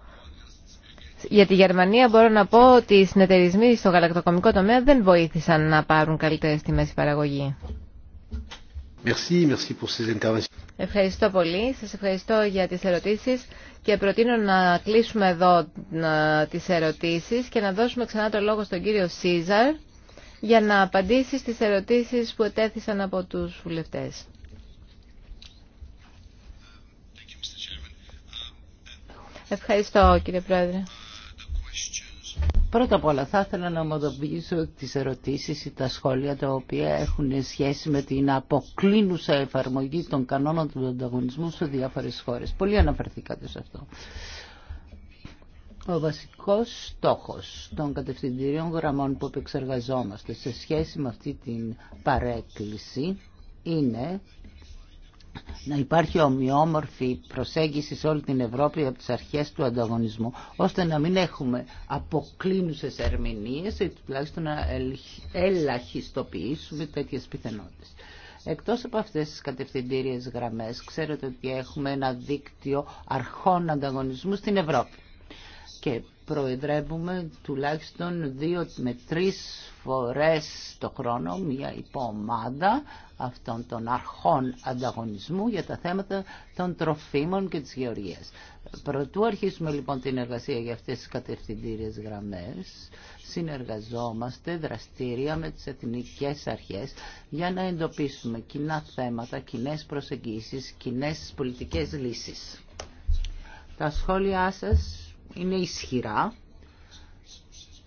Για τη Γερμανία μπορώ να πω ότι οι συνεταιρισμοί στο γαλακτοκομικό τομέα δεν βοήθησαν να πάρουν καλύτερες τιμές η παραγωγή. Ευχαριστώ πολύ. Σας ευχαριστώ για τις ερωτήσεις και προτείνω να κλείσουμε εδώ τις ερωτήσεις και να δώσουμε ξανά το λόγο στον κύριο Σίζαρ για να απαντήσει στις ερωτήσεις που ετέθησαν από τους βουλευτές. Ευχαριστώ κύριε Πρόεδρε. Πρώτα απ' όλα θα ήθελα να ομοδοποιήσω τις ερωτήσεις ή τα σχόλια τα οποία έχουν σχέση με την αποκλίνουσα εφαρμογή των κανόνων του ανταγωνισμού σε διάφορες χώρες. Πολύ αναφερθήκατε σε αυτό. Ο βασικός στόχος των κατευθυντηρίων γραμμών που επεξεργαζόμαστε σε σχέση με αυτή την παρέκκληση είναι να υπάρχει ομοιόμορφη προσέγγιση σε όλη την Ευρώπη από τις αρχές του ανταγωνισμού, ώστε να μην έχουμε αποκλίνουσες ερμηνείες ή τουλάχιστον να ελαχιστοποιήσουμε τέτοιες πιθανότητες. Εκτός από αυτές τις κατευθυντήριες γραμμές, ξέρετε ότι έχουμε ένα δίκτυο αρχών ανταγωνισμού στην Ευρώπη. Και προεδρεύουμε τουλάχιστον δύο με τρεις φορές το χρόνο μια υποομάδα αυτών των αρχών ανταγωνισμού για τα θέματα των τροφίμων και της γεωργίας. Προτού αρχίσουμε λοιπόν την εργασία για αυτές τις κατευθυντήριες γραμμές, συνεργαζόμαστε δραστήρια με τις εθνικές αρχές για να εντοπίσουμε κοινά θέματα, κοινέ προσεγγίσεις, κοινέ πολιτικές λύσεις. Τα σχόλιά σας είναι ισχυρά,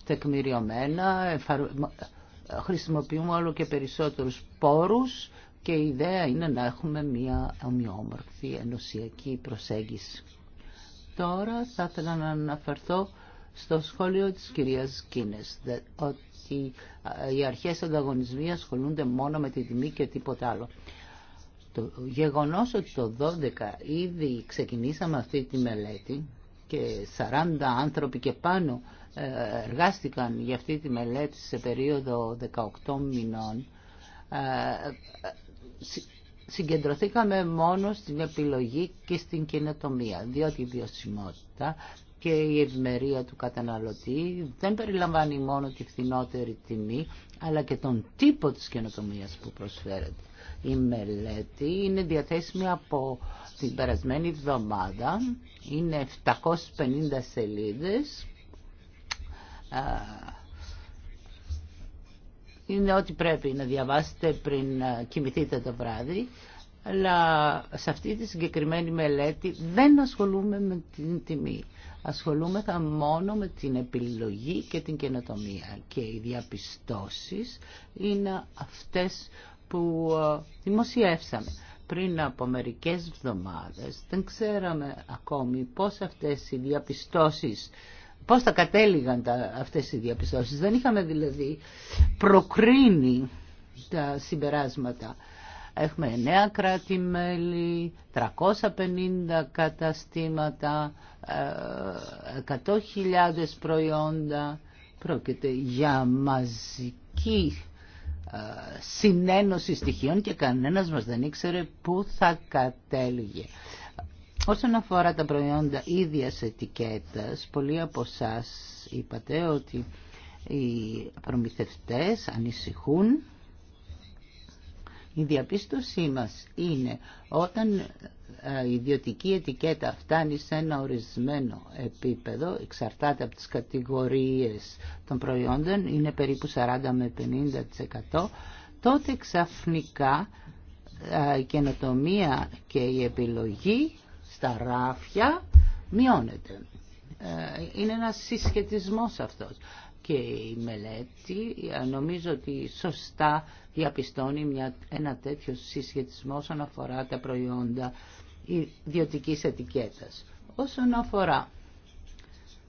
τεκμηριωμένα, χρησιμοποιούμε όλο και περισσότερους πόρους και η ιδέα είναι να έχουμε μια ομοιόμορφη ενωσιακή προσέγγιση. Τώρα θα ήθελα να αναφερθώ στο σχόλιο της κυρίας Κίνες ότι οι αρχές ανταγωνισμοί ασχολούνται μόνο με τη τιμή και τίποτα άλλο. Το γεγονός ότι το 2012 ήδη ξεκινήσαμε αυτή τη μελέτη και 40 άνθρωποι και πάνω ε, εργάστηκαν για αυτή τη μελέτη σε περίοδο 18 μηνών ε, συγκεντρωθήκαμε μόνο στην επιλογή και στην καινοτομία, διότι η βιωσιμότητα και η ευημερία του καταναλωτή δεν περιλαμβάνει μόνο τη φθηνότερη τιμή, αλλά και τον τύπο της καινοτομίας που προσφέρεται. Η μελέτη είναι διαθέσιμη από την περασμένη εβδομάδα. Είναι 750 σελίδες. Είναι ό,τι πρέπει να διαβάσετε πριν κοιμηθείτε το βράδυ. Αλλά σε αυτή τη συγκεκριμένη μελέτη δεν ασχολούμε με την τιμή. Ασχολούμεθα μόνο με την επιλογή και την καινοτομία. Και οι διαπιστώσεις είναι αυτές που ε, δημοσιεύσαμε πριν από μερικές εβδομάδες δεν ξέραμε ακόμη πώς αυτές οι διαπιστώσεις πώς θα κατέληγαν τα, αυτές οι διαπιστώσεις δεν είχαμε δηλαδή προκρίνει τα συμπεράσματα έχουμε 9 κράτη-μέλη 350 καταστήματα 100.000 ε, προϊόντα πρόκειται για μαζική συνένωση στοιχείων και κανένας μας δεν ήξερε πού θα κατέληγε. Όσον αφορά τα προϊόντα ίδιας ετικέτας, πολλοί από εσά είπατε ότι οι προμηθευτές ανησυχούν η διαπίστωσή μας είναι όταν ε, η ιδιωτική ετικέτα φτάνει σε ένα ορισμένο επίπεδο, εξαρτάται από τις κατηγορίες των προϊόντων, είναι περίπου 40 με 50%, τότε ξαφνικά ε, η καινοτομία και η επιλογή στα ράφια μειώνεται. Ε, είναι ένας συσχετισμός αυτός και η μελέτη νομίζω ότι σωστά διαπιστώνει μια, ένα τέτοιο συσχετισμό όσον αφορά τα προϊόντα ιδιωτική ετικέτας. Όσον αφορά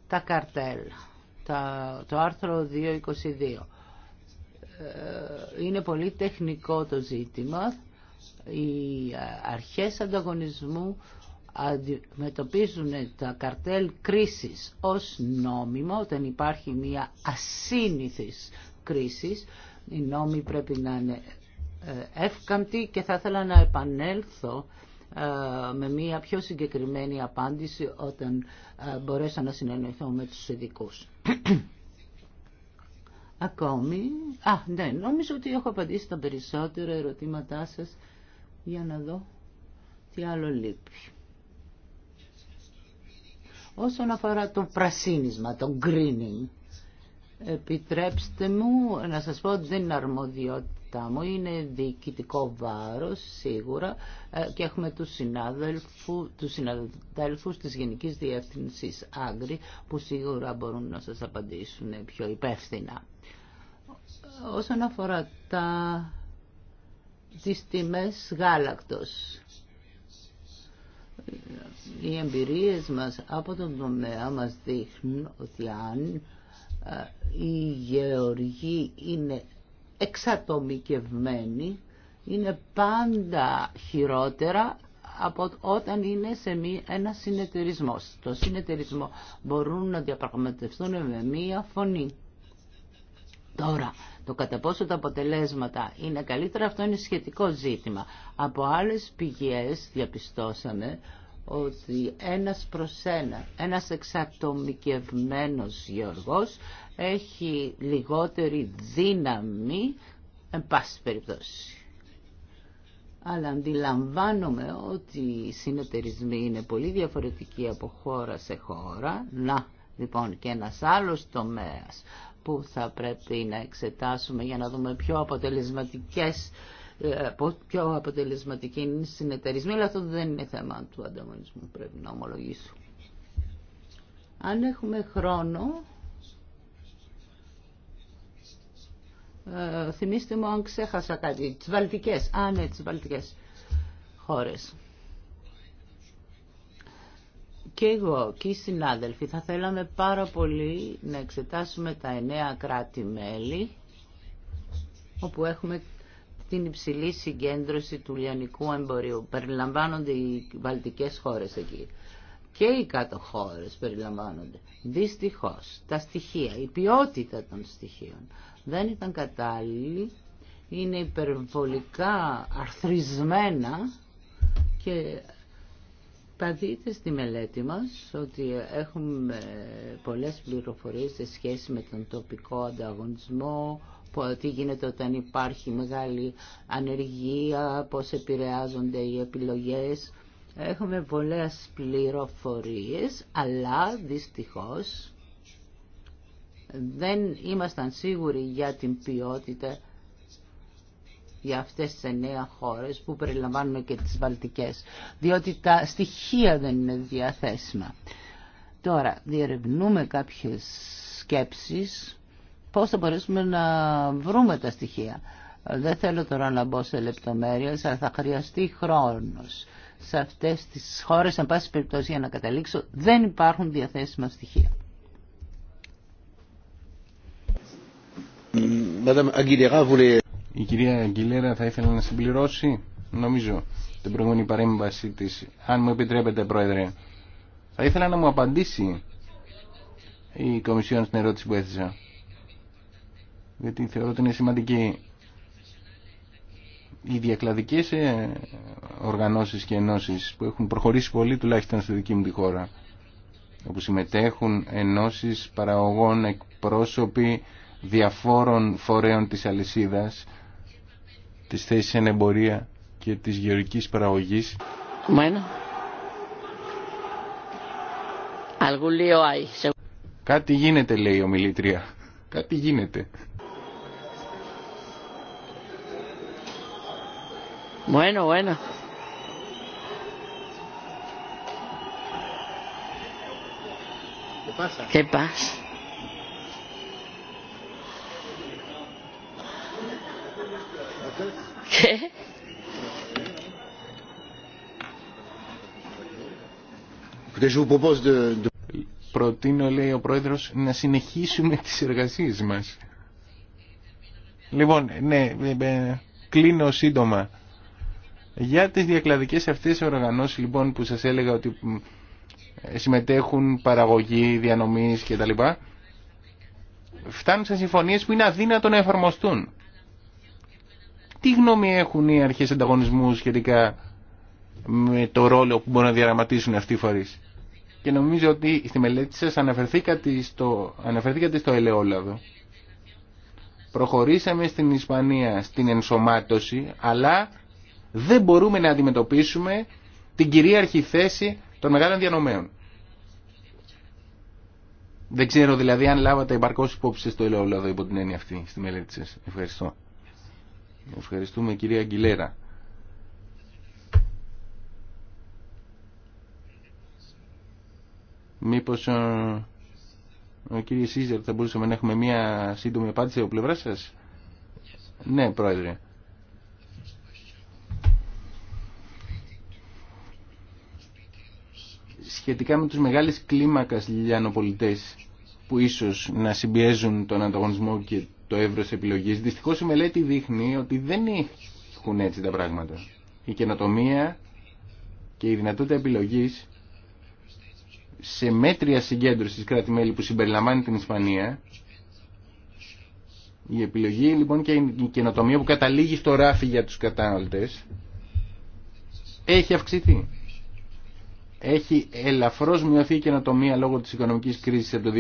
τα καρτέλ, τα, το άρθρο 222, ε, είναι πολύ τεχνικό το ζήτημα. Οι αρχές ανταγωνισμού αντιμετωπίζουν τα καρτέλ κρίσης ως νόμιμο όταν υπάρχει μια ασύνηθης κρίση. Οι νόμοι πρέπει να είναι ε, εύκαμπτοι και θα ήθελα να επανέλθω ε, με μια πιο συγκεκριμένη απάντηση όταν ε, μπορέσω να συνεννοηθώ με τους ειδικούς. (coughs) Ακόμη, α, ναι, νόμιζω ότι έχω απαντήσει τα περισσότερα ερωτήματά σας για να δω τι άλλο λείπει. Όσον αφορά το πρασίνισμα, το greening, επιτρέψτε μου να σας πω ότι δεν είναι αρμοδιότητά μου, είναι διοικητικό βάρος σίγουρα ε, και έχουμε τους, συνάδελφου, τους συναδέλφους της Γενικής Διεύθυνσης Άγκρη που σίγουρα μπορούν να σας απαντήσουν πιο υπεύθυνα. Όσον αφορά τα... τις τιμές γάλακτος, οι εμπειρίες μας από τον τομέα μας δείχνουν ότι αν ε, οι γεωργοί είναι εξατομικευμένοι είναι πάντα χειρότερα από όταν είναι σε μία, ένα συνεταιρισμό. Το συνεταιρισμό μπορούν να διαπραγματευτούν με μία φωνή. Τώρα, το κατά πόσο τα αποτελέσματα είναι καλύτερα, αυτό είναι σχετικό ζήτημα. Από άλλες πηγές διαπιστώσαμε ότι ένας προς ένα, ένας εξατομικευμένος γεωργός έχει λιγότερη δύναμη, εν πάση περιπτώσει. Αλλά αντιλαμβάνομαι ότι οι συνεταιρισμοί είναι πολύ διαφορετικοί από χώρα σε χώρα. Να, λοιπόν, και ένας άλλος τομέας που θα πρέπει να εξετάσουμε για να δούμε πιο αποτελεσματικές ε, πιο αποτελεσματική είναι συνεταιρισμή. αλλά αυτό δεν είναι θέμα του ανταγωνισμού, πρέπει να ομολογήσω. Αν έχουμε χρόνο, ε, θυμίστε μου αν ξέχασα κάτι, τις βαλτικές, α ναι, τις βαλτικές χώρες και εγώ και οι συνάδελφοι θα θέλαμε πάρα πολύ να εξετάσουμε τα εννέα κράτη-μέλη όπου έχουμε την υψηλή συγκέντρωση του λιανικού εμπορίου. Περιλαμβάνονται οι βαλτικές χώρες εκεί. Και οι κάτω χώρες περιλαμβάνονται. Δυστυχώς, τα στοιχεία, η ποιότητα των στοιχείων δεν ήταν κατάλληλη, είναι υπερβολικά αρθρισμένα και θα στη μελέτη μας ότι έχουμε πολλές πληροφορίες σε σχέση με τον τοπικό ανταγωνισμό, τι γίνεται όταν υπάρχει μεγάλη ανεργία, πώς επηρεάζονται οι επιλογές. Έχουμε πολλές πληροφορίες, αλλά δυστυχώς δεν ήμασταν σίγουροι για την ποιότητα για αυτές τις εννέα χώρες που περιλαμβάνουν και τις βαλτικές, διότι τα στοιχεία δεν είναι διαθέσιμα. Τώρα, διερευνούμε κάποιες σκέψεις πώς θα μπορέσουμε να βρούμε τα στοιχεία. Δεν θέλω τώρα να μπω σε λεπτομέρειες, αλλά θα χρειαστεί χρόνος. Σε αυτές τις χώρες, αν πάση περιπτώσει για να καταλήξω, δεν υπάρχουν διαθέσιμα στοιχεία. Η κυρία Αγγιλέρα θα ήθελα να συμπληρώσει, νομίζω, την προηγούμενη παρέμβαση της. Αν μου επιτρέπετε, Πρόεδρε, θα ήθελα να μου απαντήσει η Κομισιόν στην ερώτηση που έθεσα. Γιατί θεωρώ ότι είναι σημαντική. Οι διακλαδικές ε, οργανώσεις και ενώσεις που έχουν προχωρήσει πολύ τουλάχιστον στη δική μου τη χώρα όπου συμμετέχουν ενώσεις παραγωγών εκπρόσωποι διαφόρων φορέων της αλυσίδας της θέσης εν εμπορία και της γεωργικής παραγωγής. Bueno. Κάτι γίνεται λέει η ομιλήτρια. Κάτι γίνεται. Bueno, bueno. ¿Qué pasa? Προτείνω, λέει ο Πρόεδρος, να συνεχίσουμε τις εργασίες μας. Λοιπόν, ναι, ε, ε, κλείνω σύντομα. Για τις διακλαδικές αυτές οργανώσεις, λοιπόν, που σας έλεγα ότι ε, συμμετέχουν παραγωγή, διανομής κτλ. Φτάνουν σε συμφωνίες που είναι αδύνατο να εφαρμοστούν. Τι γνώμη έχουν οι αρχέ ανταγωνισμού σχετικά με το ρόλο που μπορούν να διαραματίσουν αυτοί οι φορεί. Και νομίζω ότι στη μελέτη σα αναφερθήκατε στο, αναφερθήκατε στο ελαιόλαδο. Προχωρήσαμε στην Ισπανία στην ενσωμάτωση, αλλά δεν μπορούμε να αντιμετωπίσουμε την κυρίαρχη θέση των μεγάλων διανομέων. Δεν ξέρω δηλαδή αν λάβατε υπαρκώς υπόψη στο ελαιόλαδο υπό την έννοια αυτή στη μελέτη σας. Ευχαριστώ. Ευχαριστούμε κυρία Αγγιλέρα. Μήπως ε, ο, ο κύριος Σίζερ θα μπορούσαμε να έχουμε μία σύντομη απάντηση από πλευρά σας. Ναι, πρόεδρε. Σχετικά με τους μεγάλες κλίμακας λιανοπολιτές που ίσως να συμπιέζουν τον ανταγωνισμό και το εύρος επιλογής. Δυστυχώς η μελέτη δείχνει ότι δεν έχουν έτσι τα πράγματα. Η καινοτομία και η δυνατότητα επιλογής σε μέτρια συγκέντρωση κράτη-μέλη που συμπεριλαμβάνει την Ισπανία η επιλογή λοιπόν και η καινοτομία που καταλήγει στο ράφι για τους κατάλληλτες έχει αυξηθεί. Έχει ελαφρώς μειωθεί η καινοτομία λόγω της οικονομικής κρίσης από το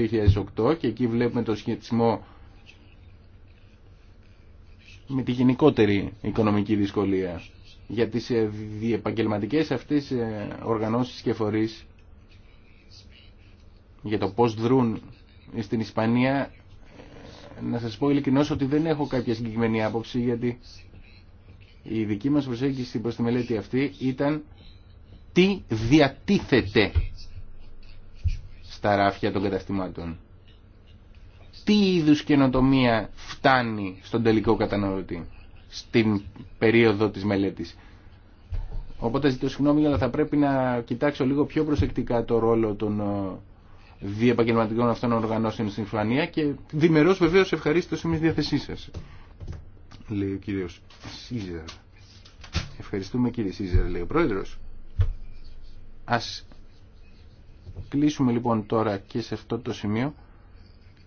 2008 και εκεί βλέπουμε το σχετισμό με τη γενικότερη οικονομική δυσκολία για τις ε, διεπαγγελματικές αυτές ε, οργανώσεις και φορείς για το πώς δρούν στην Ισπανία να σας πω ειλικρινώς ότι δεν έχω κάποια συγκεκριμένη άποψη γιατί η δική μας προσέγγιση προς τη μελέτη αυτή ήταν τι διατίθεται στα ράφια των καταστημάτων τι είδους καινοτομία φτάνει στον τελικό καταναλωτή στην περίοδο της μελέτης. Οπότε ζητώ συγγνώμη, αλλά θα πρέπει να κοιτάξω λίγο πιο προσεκτικά το ρόλο των ε, διεπαγγελματικών αυτών οργανώσεων στην συμφωνία και διμερώς βεβαίως ευχαρίστω είμαι στη διάθεσή σας. Λέει ο κύριος Σίζαρ. Ευχαριστούμε κύριε Σίζαρ, λέει ο πρόεδρος. Ας κλείσουμε λοιπόν τώρα και σε αυτό το σημείο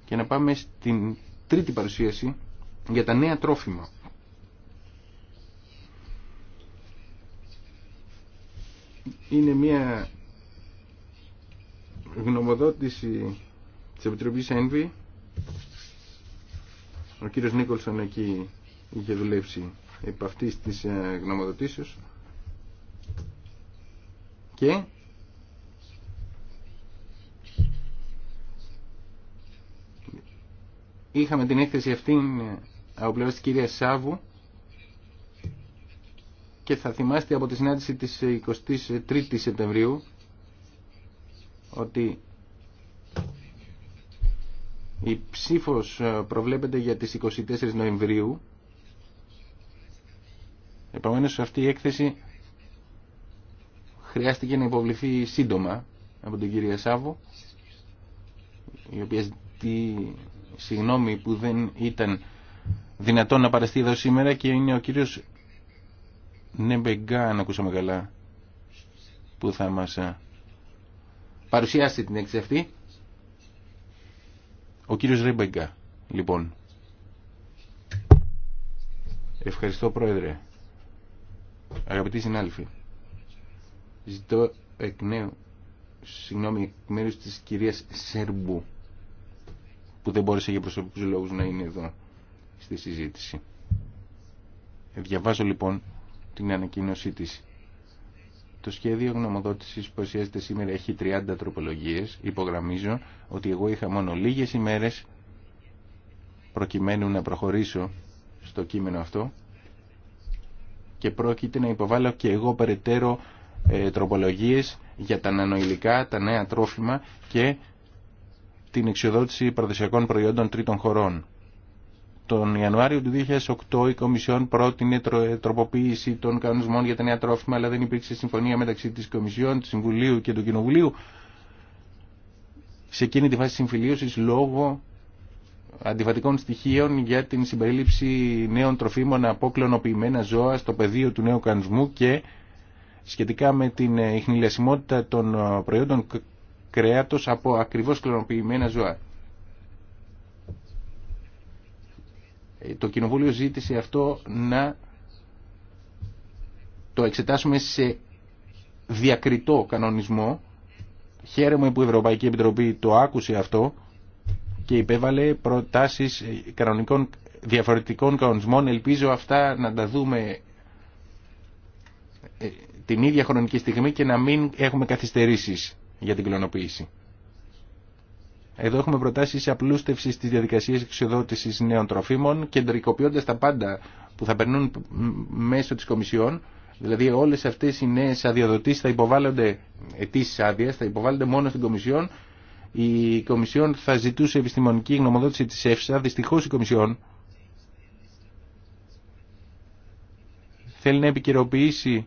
και να πάμε στην τρίτη παρουσίαση για τα νέα τρόφιμα. Είναι μια γνωμοδότηση της Επιτροπής ΕΝΒΗ. Ο κύριος Νίκολσον εκεί είχε δουλέψει επ' αυτής της ε, γνωμοδοτήσεως. Και είχαμε την έκθεση αυτή από πλευρά τη κυρία Σάβου και θα θυμάστε από τη συνάντηση της 23 η Σεπτεμβρίου ότι η ψήφος προβλέπεται για τις 24 Νοεμβρίου επομένως αυτή η έκθεση χρειάστηκε να υποβληθεί σύντομα από την κυρία Σάβου η οποία συγγνώμη που δεν ήταν δυνατόν να παραστεί εδώ σήμερα και είναι ο κύριος Νεμπεγκά, αν ακούσαμε καλά, που θα μας ε, παρουσιάσει την έκθεση αυτή. Ο κύριος Ρεμπεγκά, λοιπόν. Ευχαριστώ Πρόεδρε. Αγαπητοί συνάλφοι. Ζητώ εκ νέου συγγνώμη μέρους της κυρίας Σερμπού που δεν μπόρεσε για προσωπικούς λόγους να είναι εδώ στη συζήτηση. Ε, διαβάζω λοιπόν την ανακοίνωσή της. Το σχέδιο γνωμοδότησης που παρουσιάζεται σήμερα έχει 30 τροπολογίες. Υπογραμμίζω ότι εγώ είχα μόνο λίγες ημέρες προκειμένου να προχωρήσω στο κείμενο αυτό και πρόκειται να υποβάλω και εγώ περαιτέρω ε, τροπολογίες για τα νανοηλικά, τα νέα τρόφιμα και την εξοδότηση παραδοσιακών προϊόντων τρίτων χωρών. Τον Ιανουάριο του 2008 η Κομισιόν πρότεινε τροποποίηση των κανονισμών για τα νέα τρόφιμα, αλλά δεν υπήρξε συμφωνία μεταξύ της Κομισιόν, του Συμβουλίου και του Κοινοβουλίου σε εκείνη τη φάση συμφιλίωσης λόγω αντιβατικών στοιχείων για την συμπερίληψη νέων τροφίμων από κλωνοποιημένα ζώα στο πεδίο του νέου κανονισμού και σχετικά με την ιχνηλιασιμότητα ε, των ε, προϊόντων κρέατος από ακριβώς κλωνοποιημένα ζώα. Ε, το Κοινοβούλιο ζήτησε αυτό να το εξετάσουμε σε διακριτό κανονισμό. Χαίρομαι που η Ευρωπαϊκή Επιτροπή το άκουσε αυτό και υπέβαλε προτάσεις κανονικών, διαφορετικών κανονισμών. Ελπίζω αυτά να τα δούμε ε, την ίδια χρονική στιγμή και να μην έχουμε καθυστερήσεις για την κλωνοποίηση. Εδώ έχουμε προτάσει απλούστευση τη διαδικασία εξοδότηση νέων τροφίμων, κεντρικοποιώντα τα πάντα που θα περνούν μέσω τη Κομισιόν. Δηλαδή, όλε αυτέ οι νέε αδειοδοτήσει θα υποβάλλονται, αιτήσει άδεια, θα υποβάλλονται μόνο στην Κομισιόν. Η Κομισιόν θα ζητούσε επιστημονική γνωμοδότηση τη ΕΦΣΑ. Δυστυχώ η Κομισιόν θέλει να επικαιροποιήσει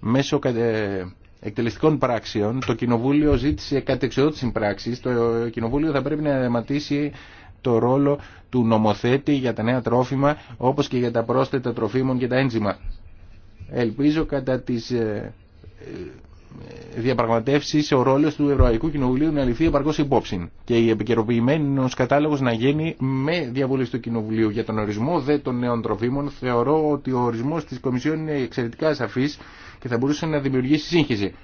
μέσω ε, εκτελεστικών πράξεων, το Κοινοβούλιο ζήτησε κατεξοδότηση πράξη. Το Κοινοβούλιο θα πρέπει να αιματήσει το ρόλο του νομοθέτη για τα νέα τρόφιμα, όπως και για τα πρόσθετα τροφίμων και τα ένζημα. Ελπίζω κατά τις ε, διαπραγματεύσει ο ρόλο του Ευρωπαϊκού Κοινοβουλίου να ληφθεί επαρκώ υπόψη και η επικαιροποιημένο κατάλογο να γίνει με διαβούλευση του Κοινοβουλίου. Για τον ορισμό δε των νέων τροφίμων, θεωρώ ότι ο ορισμό τη Κομισιόν είναι εξαιρετικά σαφή και θα μπορούσε να δημιουργήσει σύγχυση.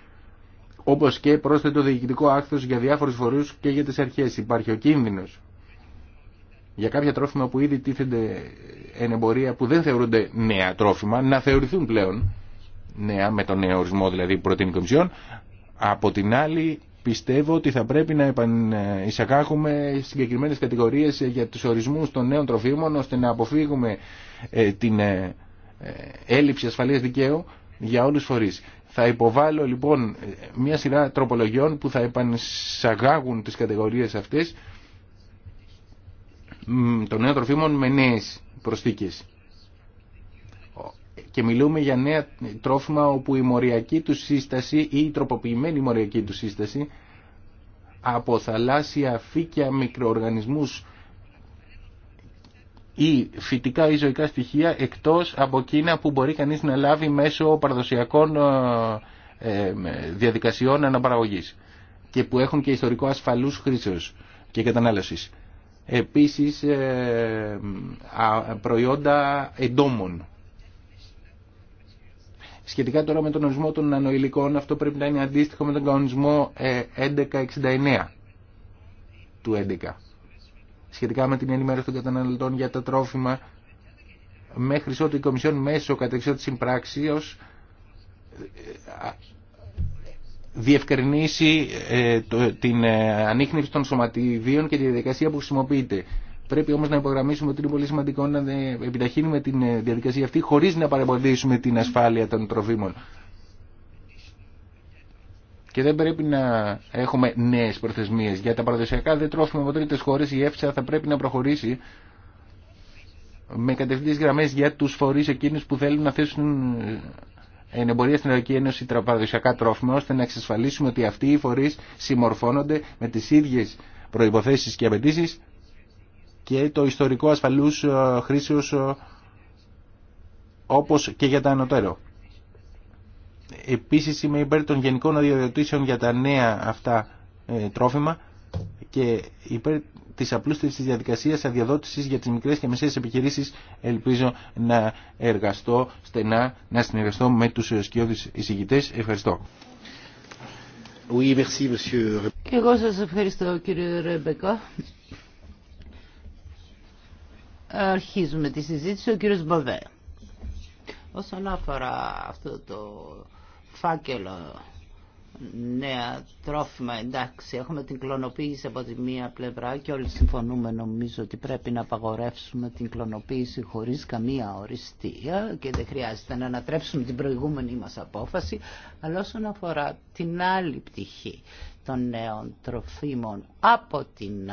Όπω και πρόσθετο διοικητικό άκτο για διάφορου φορεί και για τι αρχέ. Υπάρχει ο κίνδυνο για κάποια τρόφιμα που ήδη τίθενται εν εμπορία που δεν θεωρούνται νέα τρόφιμα να θεωρηθούν πλέον νέα, με τον νέο ορισμό δηλαδή που προτείνει η Κομισιόν. Από την άλλη πιστεύω ότι θα πρέπει να εισακάγουμε συγκεκριμένες κατηγορίες ε, για τους ορισμούς των νέων τροφίμων ώστε να αποφύγουμε ε, την ε, έλλειψη ασφαλείας δικαίου για όλους φορείς. Θα υποβάλω λοιπόν μια σειρά τροπολογιών που θα επανεισαγάγουν τις κατηγορίες αυτές των νέων τροφίμων με νέες προσθήκες και μιλούμε για νέα τρόφιμα όπου η μοριακή του σύσταση ή η τροποποιημένη μοριακή του σύσταση από θαλάσσια φύκια μικροοργανισμούς ή φυτικά ή ζωικά στοιχεία εκτός από εκείνα που μπορεί κανείς να λάβει μέσω παραδοσιακών ε, ε, διαδικασιών αναπαραγωγής και που έχουν και ιστορικό ασφαλούς χρήσεως και κατανάλωσης. Επίσης ε, προϊόντα εντόμων Σχετικά τώρα με τον ορισμό των ανοηλικών, αυτό πρέπει να είναι αντίστοιχο με τον κανονισμό 1169 ε, του 11. Σχετικά με την ενημέρωση των καταναλωτών για τα τρόφιμα, μέχρι ότου η Κομισιόν μέσω κατεξιότητας συμπράξεως ε, διευκρινίσει ε, την ανείχνευση των σωματιδίων και τη διαδικασία που χρησιμοποιείται. Πρέπει όμω να υπογραμμίσουμε ότι είναι πολύ σημαντικό να ε, επιταχύνουμε την ε, διαδικασία αυτή χωρί να παρεμποδίσουμε την ασφάλεια των τροφίμων. Και δεν πρέπει να έχουμε νέε προθεσμίε. Για τα παραδοσιακά δεν τρόφιμα από τρίτε χώρε η ΕΦΣΑ θα πρέπει να προχωρήσει με κατευθυντές γραμμές για τους φορείς εκείνους που θέλουν να θέσουν ε, εν εμπορία στην Ευρωπαϊκή Ένωση παραδοσιακά τρόφιμα, ώστε να εξασφαλίσουμε ότι αυτοί οι φορεί συμμορφώνονται με τι ίδιε προποθέσει και απαιτήσει και το ιστορικό ασφαλούς ε, χρήσεως ε, όπως και για τα ανωτέρω. Επίσης είμαι υπέρ των γενικών αδειοδοτήσεων για τα νέα αυτά ε, τρόφιμα και υπέρ της απλούστευσης της διαδικασίας αδειοδότησης για τις μικρές και μεσαίες επιχειρήσεις ελπίζω να εργαστώ στενά, να συνεργαστώ με τους σκιώδεις εισηγητές. Ευχαριστώ. Oui, merci, monsieur. Εγώ σας ευχαριστώ κύριε Ρέμπεκα. Αρχίζουμε τη συζήτηση. Ο κύριος Μποβέ. Όσον αφορά αυτό το φάκελο νέα τρόφιμα, εντάξει, έχουμε την κλωνοποίηση από τη μία πλευρά και όλοι συμφωνούμε νομίζω ότι πρέπει να απαγορεύσουμε την κλωνοποίηση χωρίς καμία οριστία και δεν χρειάζεται να ανατρέψουμε την προηγούμενη μας απόφαση, αλλά όσον αφορά την άλλη πτυχή των νέων τροφίμων από την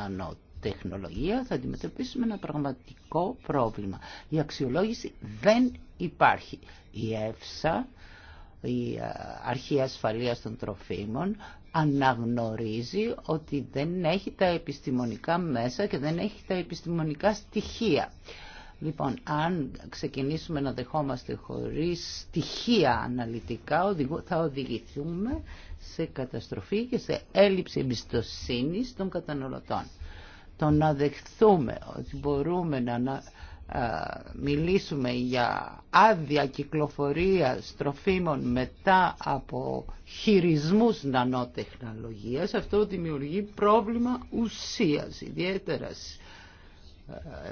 τεχνολογία θα αντιμετωπίσουμε ένα πραγματικό πρόβλημα. Η αξιολόγηση δεν υπάρχει. Η ΕΦΣΑ, η Αρχή Ασφαλείας των Τροφίμων, αναγνωρίζει ότι δεν έχει τα επιστημονικά μέσα και δεν έχει τα επιστημονικά στοιχεία. Λοιπόν, αν ξεκινήσουμε να δεχόμαστε χωρίς στοιχεία αναλυτικά, θα οδηγηθούμε σε καταστροφή και σε έλλειψη εμπιστοσύνη των καταναλωτών το να δεχθούμε ότι μπορούμε να μιλήσουμε για άδεια κυκλοφορία τροφίμων μετά από χειρισμούς νανοτεχνολογίας, αυτό δημιουργεί πρόβλημα ουσίας, ιδιαίτερα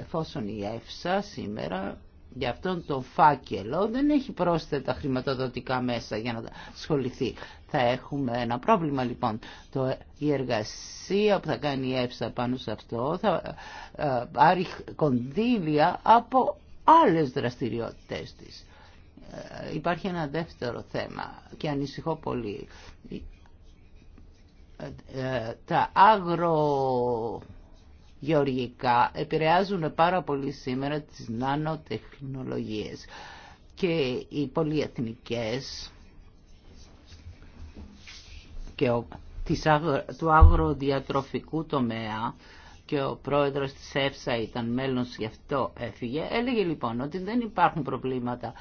εφόσον η ΕΦΣΑ σήμερα για αυτόν τον φάκελο δεν έχει πρόσθετα χρηματοδοτικά μέσα για να ασχοληθεί. Θα έχουμε ένα πρόβλημα λοιπόν. Το, η εργασία που θα κάνει η ΕΦΣΑ πάνω σε αυτό θα πάρει ε, κονδύλια από άλλες δραστηριότητες της. Ε, υπάρχει ένα δεύτερο θέμα και ανησυχώ πολύ. Ε, τα αγρογεωργικά επηρεάζουν πάρα πολύ σήμερα τις νανοτεχνολογίες και οι πολυεθνικές και ο, της, του αγροδιατροφικού τομέα και ο πρόεδρος της ΕΦΣΑ ήταν μέλος γι' αυτό έφυγε, έλεγε λοιπόν ότι δεν υπάρχουν προβλήματα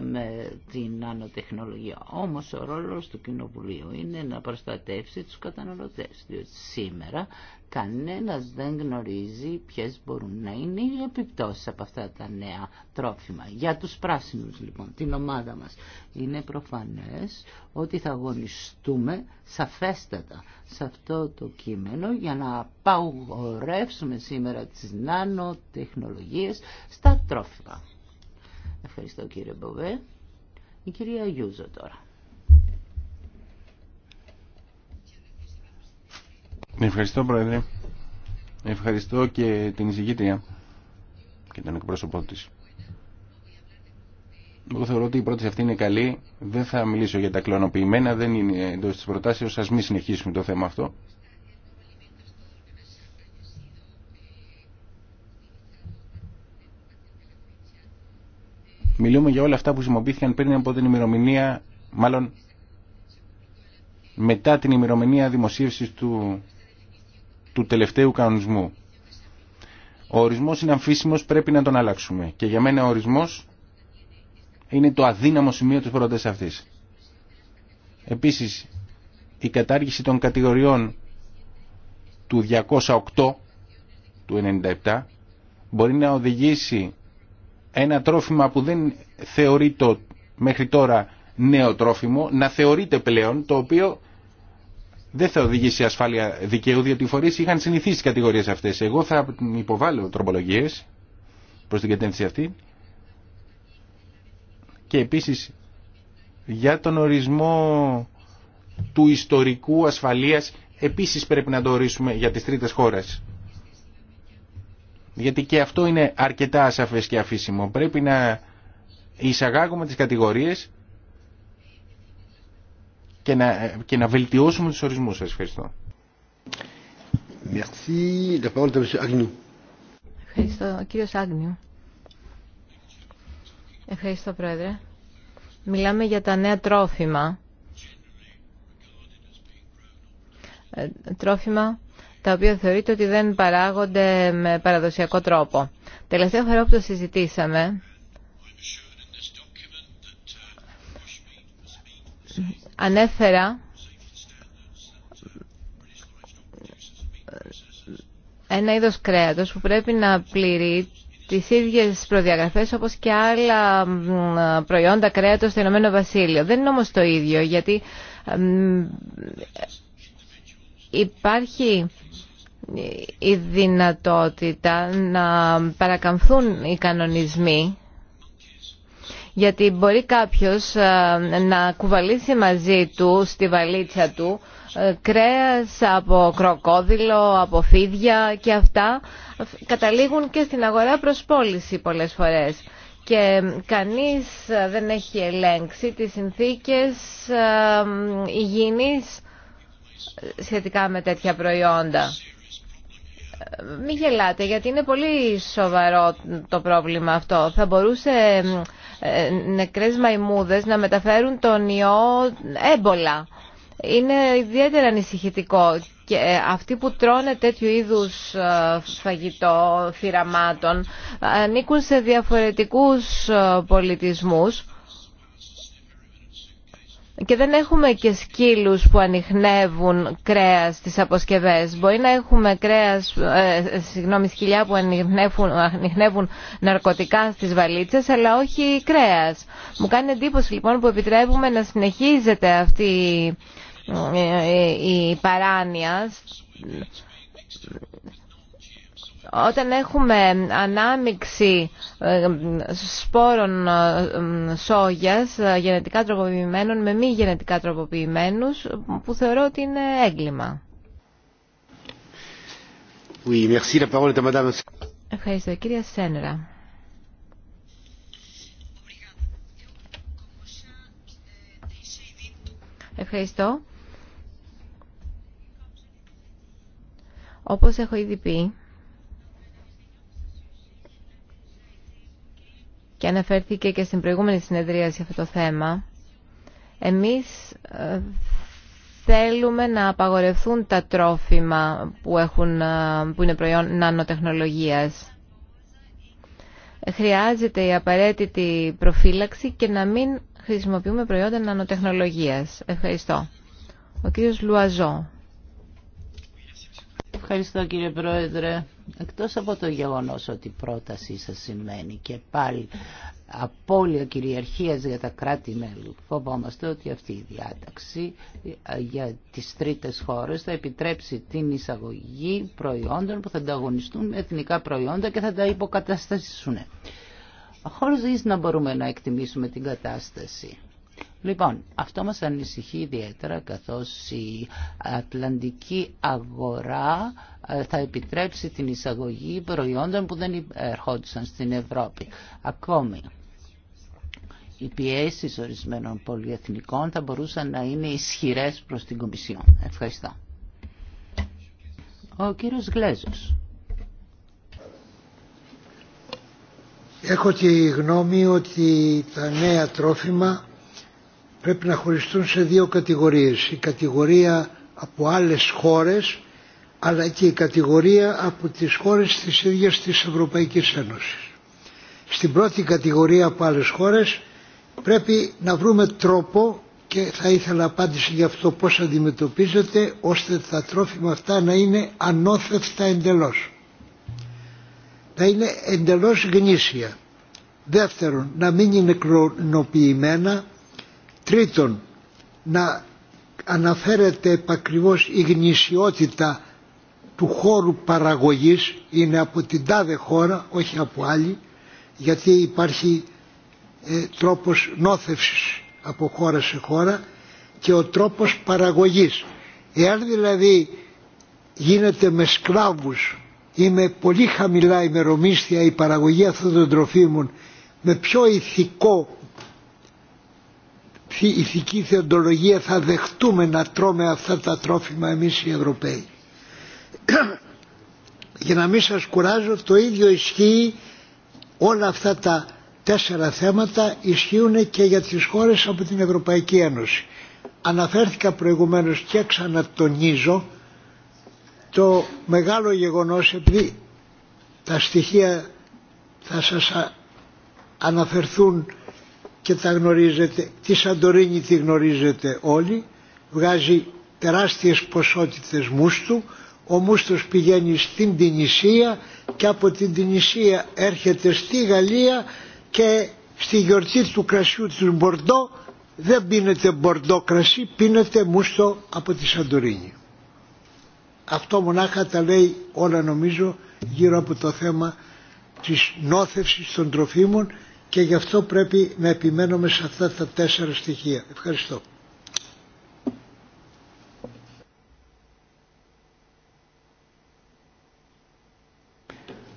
με την νανοτεχνολογία. Όμως ο ρόλος του Κοινοβουλίου είναι να προστατεύσει τους καταναλωτές, διότι σήμερα κανένας δεν γνωρίζει ποιες μπορούν να είναι οι επιπτώσεις από αυτά τα νέα τρόφιμα. Για τους πράσινους λοιπόν, την ομάδα μας, είναι προφανές ότι θα αγωνιστούμε σαφέστατα σε αυτό το κείμενο για να απαγορεύσουμε σήμερα τις νανοτεχνολογίες στα τρόφιμα. Ευχαριστώ κύριε Μποβέ. Η κυρία Γιούζο τώρα. Ευχαριστώ Πρόεδρε. Ευχαριστώ και την εισηγήτρια και τον εκπρόσωπό της. Εγώ θεωρώ ότι η πρόταση αυτή είναι καλή. Δεν θα μιλήσω για τα κλωνοποιημένα, δεν είναι εντό τη προτάσεω. Α μην συνεχίσουμε το θέμα αυτό. Μιλούμε για όλα αυτά που χρησιμοποιήθηκαν πριν από την ημερομηνία, μάλλον μετά την ημερομηνία δημοσίευση του του τελευταίου κανονισμού. Ο ορισμός είναι αμφίσιμος, πρέπει να τον αλλάξουμε. Και για μένα ο ορισμός είναι το αδύναμο σημείο της πρότασης αυτής. Επίσης, η κατάργηση των κατηγοριών του 208 του 97 μπορεί να οδηγήσει ένα τρόφιμα που δεν θεωρείται μέχρι τώρα νέο τρόφιμο να θεωρείται πλέον το οποίο δεν θα οδηγήσει ασφάλεια δικαίου, διότι οι φορεί είχαν συνηθίσει τι κατηγορίε αυτέ. Εγώ θα υποβάλω τροπολογίε προ την κατεύθυνση αυτή. Και επίση για τον ορισμό του ιστορικού ασφαλείας επίσης πρέπει να το ορίσουμε για τις τρίτες χώρες. Γιατί και αυτό είναι αρκετά ασαφές και αφήσιμο. Πρέπει να εισαγάγουμε τις κατηγορίες και να, και να βελτιώσουμε τους ορισμούς. Σας ευχαριστώ. Merci. Ευχαριστώ. κύριος Άγνιου. Ευχαριστώ, Πρόεδρε. Μιλάμε για τα νέα τρόφιμα. Ε, τρόφιμα τα οποία θεωρείται ότι δεν παράγονται με παραδοσιακό τρόπο. Τελευταία φορά που το συζητήσαμε, ανέφερα ένα είδος κρέατος που πρέπει να πληρεί τις ίδιες προδιαγραφές όπως και άλλα προϊόντα κρέατος στο Ηνωμένο Βασίλειο. Δεν είναι όμως το ίδιο γιατί υπάρχει η δυνατότητα να παρακαμφθούν οι κανονισμοί γιατί μπορεί κάποιος ε, να κουβαλήσει μαζί του στη βαλίτσα του ε, κρέας από κροκόδιλο, από φίδια και αυτά καταλήγουν και στην αγορά προς πώληση πολλές φορές και κανείς ε, δεν έχει ελέγξει τις συνθήκες υγιεινής σχετικά με τέτοια προϊόντα. Μην γελάτε, γιατί είναι πολύ σοβαρό το πρόβλημα αυτό. Θα μπορούσε ε, νεκρές μαϊμούδες να μεταφέρουν τον ιό έμπολα. Είναι ιδιαίτερα ανησυχητικό και ε, αυτοί που τρώνε τέτοιου είδους ε, φαγητό θυραμάτων ανήκουν σε διαφορετικούς πολιτισμούς και δεν έχουμε και σκύλους που ανοιχνεύουν κρέας στις αποσκευές. Μπορεί να έχουμε κρέας, ε, συγγνώμη, σκυλιά που ανιχνεύουν ναρκωτικά στις βαλίτσες, αλλά όχι κρέας. Μου κάνει εντύπωση λοιπόν που επιτρέπουμε να συνεχίζεται αυτή ε, ε, η παράνοια όταν έχουμε ανάμιξη ε, σπόρων ε, σόγιας ε, γενετικά τροποποιημένων με μη γενετικά τροποποιημένους που θεωρώ ότι είναι έγκλημα. Oui, merci. La parole à madame. Ευχαριστώ. Κυρία Σένερα. Ευχαριστώ. Όπως έχω ήδη πει, και αναφέρθηκε και στην προηγούμενη συνεδρία σε αυτό το θέμα, εμείς ε, θέλουμε να απαγορευτούν τα τρόφιμα που, έχουν, ε, που είναι προϊόν νανοτεχνολογίας. Χρειάζεται η απαραίτητη προφύλαξη και να μην χρησιμοποιούμε προϊόντα νανοτεχνολογίας. Ευχαριστώ. Ο κύριος Λουαζό. Ευχαριστώ κύριε Πρόεδρε. Εκτός από το γεγονός ότι η πρότασή σας σημαίνει και πάλι απώλεια κυριαρχίας για τα κράτη-μέλη. Φοβόμαστε ότι αυτή η διάταξη ε, για τις τρίτες χώρες θα επιτρέψει την εισαγωγή προϊόντων που θα ανταγωνιστούν με εθνικά προϊόντα και θα τα υποκαταστασίσουν. Χωρίς να μπορούμε να εκτιμήσουμε την κατάσταση. Λοιπόν, αυτό μας ανησυχεί ιδιαίτερα καθώς η ατλαντική αγορά ε, θα επιτρέψει την εισαγωγή προϊόντων που δεν ερχόντουσαν στην Ευρώπη. Ακόμη, οι πιέσει ορισμένων πολυεθνικών θα μπορούσαν να είναι ισχυρές προς την Κομισιόν. Ευχαριστώ. Ο κύριος Γλέζος. Έχω τη γνώμη ότι τα νέα τρόφιμα πρέπει να χωριστούν σε δύο κατηγορίες. Η κατηγορία από άλλες χώρες αλλά και η κατηγορία από τις χώρες της ίδιας της Ευρωπαϊκής Ένωσης. Στην πρώτη κατηγορία από άλλες χώρες πρέπει να βρούμε τρόπο και θα ήθελα απάντηση για αυτό πώς αντιμετωπίζεται ώστε τα τρόφιμα αυτά να είναι ανώθευτα εντελώς. Να είναι εντελώς γνήσια. Δεύτερον, να μην είναι κλωνοποιημένα Τρίτον, να αναφέρεται επακριβώς η γνησιότητα του χώρου παραγωγής είναι από την τάδε χώρα, όχι από άλλη, γιατί υπάρχει ε, τρόπος νόθευσης από χώρα σε χώρα και ο τρόπος παραγωγής. Εάν δηλαδή γίνεται με σκλάβους ή με πολύ χαμηλά ημερομίσθια η παραγωγή αυτών των τροφίμων με πιο ηθικό ηθική θεοντολογία θα δεχτούμε να τρώμε αυτά τα τρόφιμα εμείς οι Ευρωπαίοι. (clears throat) Για να μην σας κουράζω το ίδιο ισχύει όλα αυτά τα τέσσερα θέματα ισχύουν και για τις χώρες από την Ευρωπαϊκή Ένωση. Αναφέρθηκα προηγουμένως και ξανατονίζω το μεγάλο γεγονός επειδή τα στοιχεία θα σας αναφερθούν και τα γνωρίζετε, τη Σαντορίνη τη γνωρίζετε όλοι, βγάζει τεράστιες ποσότητες μουστου, ο μουστος πηγαίνει στην Τινησία και από την Τινησία έρχεται στη Γαλλία και στη γιορτή του κρασιού του Μπορντό δεν πίνεται Μπορντό κρασί, πίνεται μουστο από τη Σαντορίνη. Αυτό μονάχα τα λέει όλα νομίζω γύρω από το θέμα της νόθευσης των τροφίμων και γι' αυτό πρέπει να επιμένουμε σε αυτά τα τέσσερα στοιχεία. Ευχαριστώ.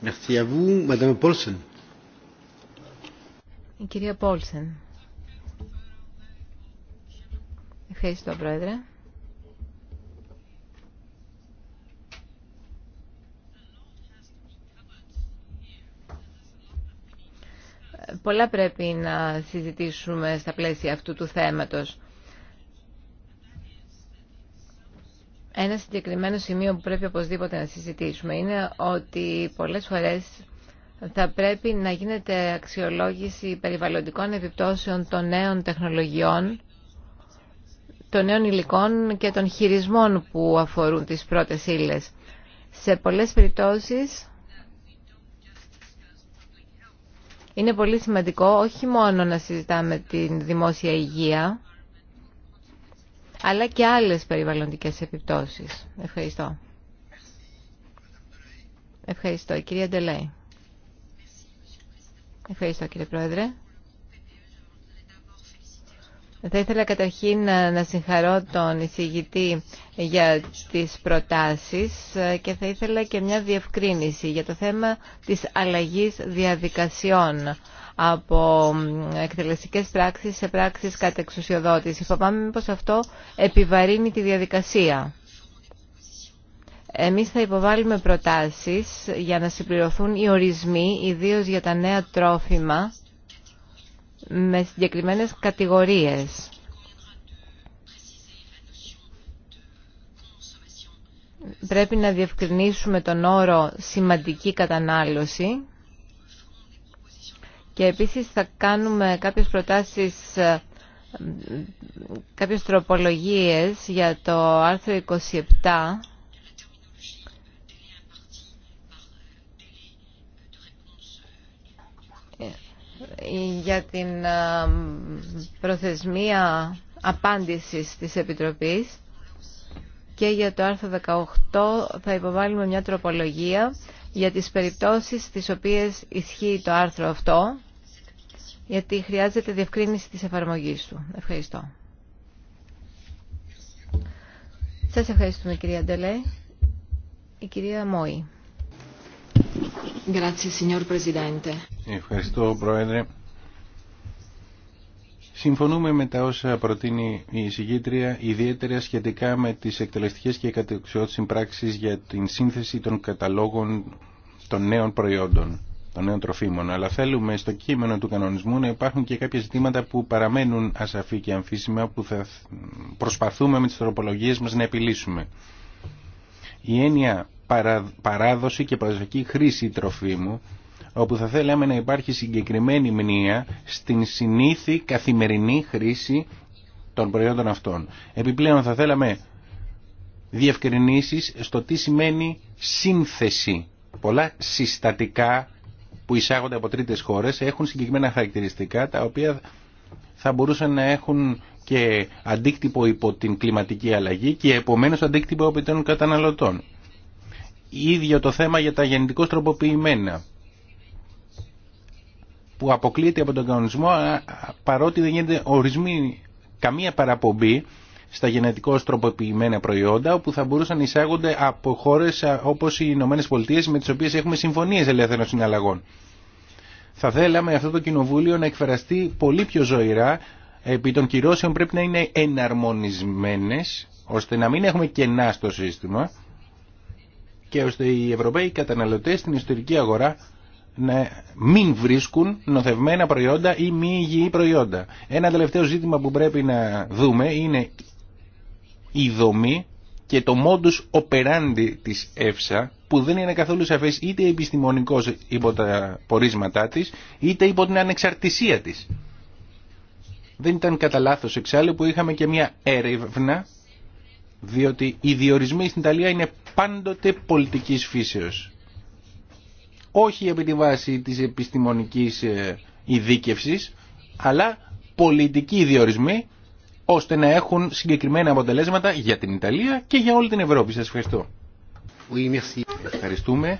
Merci à vous, Madame Paulsen. Η κυρία Πόλσεν. Ευχαριστώ, Πρόεδρε. Πολλά πρέπει να συζητήσουμε στα πλαίσια αυτού του θέματος. Ένα συγκεκριμένο σημείο που πρέπει οπωσδήποτε να συζητήσουμε είναι ότι πολλές φορές θα πρέπει να γίνεται αξιολόγηση περιβαλλοντικών επιπτώσεων των νέων τεχνολογιών, των νέων υλικών και των χειρισμών που αφορούν τις πρώτες ύλες. Σε πολλές περιπτώσεις Είναι πολύ σημαντικό όχι μόνο να συζητάμε την δημόσια υγεία, αλλά και άλλες περιβαλλοντικές επιπτώσεις. Ευχαριστώ. Ευχαριστώ. Κυρία Ντελέη. Ευχαριστώ κύριε Πρόεδρε. Θα ήθελα καταρχήν να συγχαρώ τον εισηγητή για τις προτάσεις και θα ήθελα και μια διευκρίνηση για το θέμα της αλλαγής διαδικασιών από εκτελεστικές πράξεις σε πράξεις εξουσιοδότηση. Φοβάμαι μήπως αυτό επιβαρύνει τη διαδικασία. Εμείς θα υποβάλουμε προτάσεις για να συμπληρωθούν οι ορισμοί, ιδίως για τα νέα τρόφιμα με συγκεκριμένες κατηγορίες. Πρέπει να διευκρινίσουμε τον όρο «σημαντική κατανάλωση» και επίσης θα κάνουμε κάποιες προτάσεις, ε, κάποιες τροπολογίες για το άρθρο 27 για την ε, προθεσμία απάντησης της Επιτροπής και για το άρθρο 18 θα υποβάλουμε μια τροπολογία για τις περιπτώσεις στις οποίες ισχύει το άρθρο αυτό γιατί χρειάζεται διευκρίνηση της εφαρμογής του. Ευχαριστώ. Σας ευχαριστούμε κυρία Ντελέ. Η κυρία Μόη. Grazie signor Presidente. Ευχαριστώ Πρόεδρε. Συμφωνούμε με τα όσα προτείνει η συγκήτρια, ιδιαίτερα σχετικά με τις εκτελεστικές και κατεξιότητες συμπράξεις για την σύνθεση των καταλόγων των νέων προϊόντων, των νέων τροφίμων. Αλλά θέλουμε στο κείμενο του κανονισμού να υπάρχουν και κάποια ζητήματα που παραμένουν ασαφή και αμφίσιμα που θα προσπαθούμε με τις τροπολογίες μας να επιλύσουμε. Η έννοια παράδοση και παραδοσιακή χρήση τροφίμου όπου θα θέλαμε να υπάρχει συγκεκριμένη μνήμα στην συνήθη καθημερινή χρήση των προϊόντων αυτών. Επιπλέον θα θέλαμε διευκρινήσεις στο τι σημαίνει σύνθεση. Πολλά συστατικά που εισάγονται από τρίτες χώρες έχουν συγκεκριμένα χαρακτηριστικά τα οποία θα μπορούσαν να έχουν και αντίκτυπο υπό την κλιματική αλλαγή και επομένως αντίκτυπο επί των καταναλωτών. Ίδιο το θέμα για τα γεννητικώς τροποποιημένα που αποκλείεται από τον κανονισμό ε, παρότι δεν γίνεται ορισμή καμία παραπομπή στα γενετικώς τροποποιημένα προϊόντα όπου θα μπορούσαν να εισάγονται από χώρε όπω οι Ηνωμένε Πολιτείε με τι οποίε έχουμε συμφωνίε ελεύθερων συναλλαγών. Θα θέλαμε αυτό το κοινοβούλιο να εκφραστεί πολύ πιο ζωηρά επί των κυρώσεων πρέπει να είναι εναρμονισμένες ώστε να μην έχουμε κενά στο σύστημα και ώστε οι Ευρωπαίοι καταναλωτέ στην ιστορική αγορά να μην βρίσκουν νοθευμένα προϊόντα ή μη υγιή προϊόντα. Ένα τελευταίο ζήτημα που πρέπει να δούμε είναι η δομή και το modus οπεράντη της ΕΦΣΑ που δεν είναι καθόλου σαφές είτε επιστημονικός υπό τα πορίσματά της είτε υπό την ανεξαρτησία της. Δεν ήταν κατά λάθο εξάλλου που είχαμε και μια έρευνα διότι οι διορισμοί στην Ιταλία είναι πάντοτε πολιτικής φύσεως όχι επί τη βάση της επιστημονικής ε, ειδίκευσης, αλλά πολιτικοί διορισμοί, ώστε να έχουν συγκεκριμένα αποτελέσματα για την Ιταλία και για όλη την Ευρώπη. Σας ευχαριστώ. Ευχαριστούμε.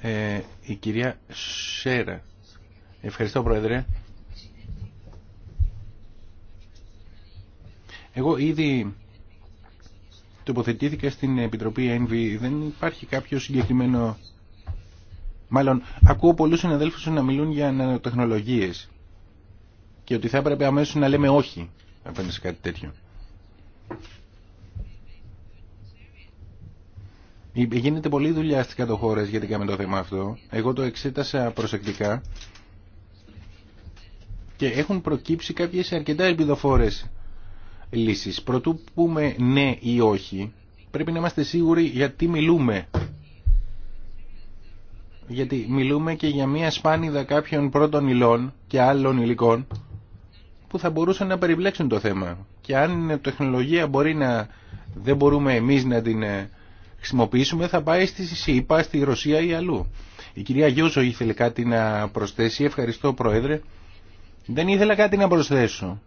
Ε, η κυρία Σέρα. Ευχαριστώ, Πρόεδρε. Εγώ ήδη τοποθετήθηκα στην Επιτροπή ΕΝΒΗ. Δεν υπάρχει κάποιο συγκεκριμένο... Μάλλον, ακούω πολλούς συναδέλφους να μιλούν για νανοτεχνολογίες και ότι θα έπρεπε αμέσως να λέμε όχι απέναντι σε κάτι τέτοιο. Ε, γίνεται πολλή δουλειά στις κατοχώρες γιατί με το θέμα αυτό. Εγώ το εξέτασα προσεκτικά και έχουν προκύψει κάποιες αρκετά ελπιδοφόρες λύσεις. Προτού πούμε ναι ή όχι, πρέπει να είμαστε σίγουροι γιατί μιλούμε. Γιατί μιλούμε και για μια σπάνιδα κάποιων πρώτων υλών και άλλων υλικών που θα μπορούσαν να περιπλέξουν το θέμα. Και αν η τεχνολογία μπορεί να δεν μπορούμε εμείς να την ε, χρησιμοποιήσουμε θα πάει στη ΣΥΠΑ, στη Ρωσία ή αλλού. Η κυρία Γιώσο γιουσο ηθελε κάτι να προσθέσει. Ευχαριστώ Πρόεδρε. Δεν ήθελα κάτι να προσθέσω.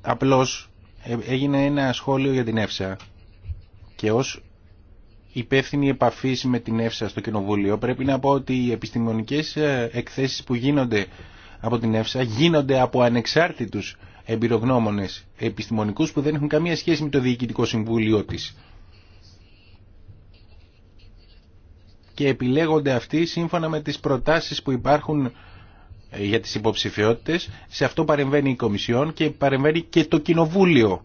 Απλώς ε, έγινε ένα σχόλιο για την ΕΦΣΑ και ως υπεύθυνη επαφή με την ΕΦΣΑ στο Κοινοβούλιο πρέπει να πω ότι οι επιστημονικές ε, εκθέσεις που γίνονται από την ΕΦΣΑ γίνονται από ανεξάρτητους εμπειρογνώμονες επιστημονικούς που δεν έχουν καμία σχέση με το Διοικητικό Συμβούλιο της. Και επιλέγονται αυτοί σύμφωνα με τις προτάσεις που υπάρχουν για τις υποψηφιότητες. Σε αυτό παρεμβαίνει η Κομισιόν και παρεμβαίνει και το Κοινοβούλιο,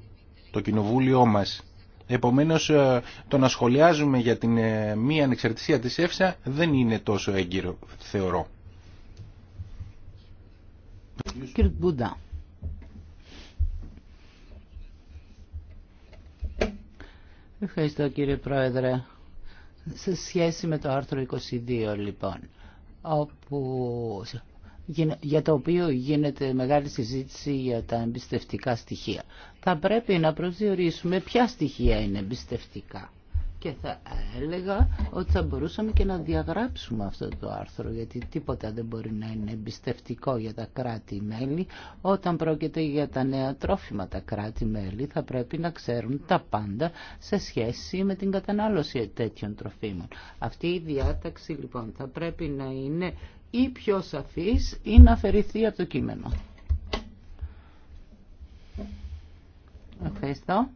το Κοινοβούλιο μας. Επομένως ε, το να σχολιάζουμε για την ε, μη ανεξαρτησία της ΕΦΣΑ δεν είναι τόσο έγκυρο, θεωρώ. Κύριε Μπούντα. Ευχαριστώ κύριε Πρόεδρε. Σε σχέση με το άρθρο 22 λοιπόν, όπου για το οποίο γίνεται μεγάλη συζήτηση για τα εμπιστευτικά στοιχεία. Θα πρέπει να προσδιορίσουμε ποια στοιχεία είναι εμπιστευτικά. Και θα έλεγα ότι θα μπορούσαμε και να διαγράψουμε αυτό το άρθρο, γιατί τίποτα δεν μπορεί να είναι εμπιστευτικό για τα κράτη-μέλη. Όταν πρόκειται για τα νέα τρόφιμα, τα κράτη-μέλη θα πρέπει να ξέρουν τα πάντα σε σχέση με την κατανάλωση τέτοιων τροφίμων. Αυτή η διάταξη λοιπόν θα πρέπει να είναι ή πιο σαφής ή να αφαιρηθεί από το κείμενο. Ευχαριστώ.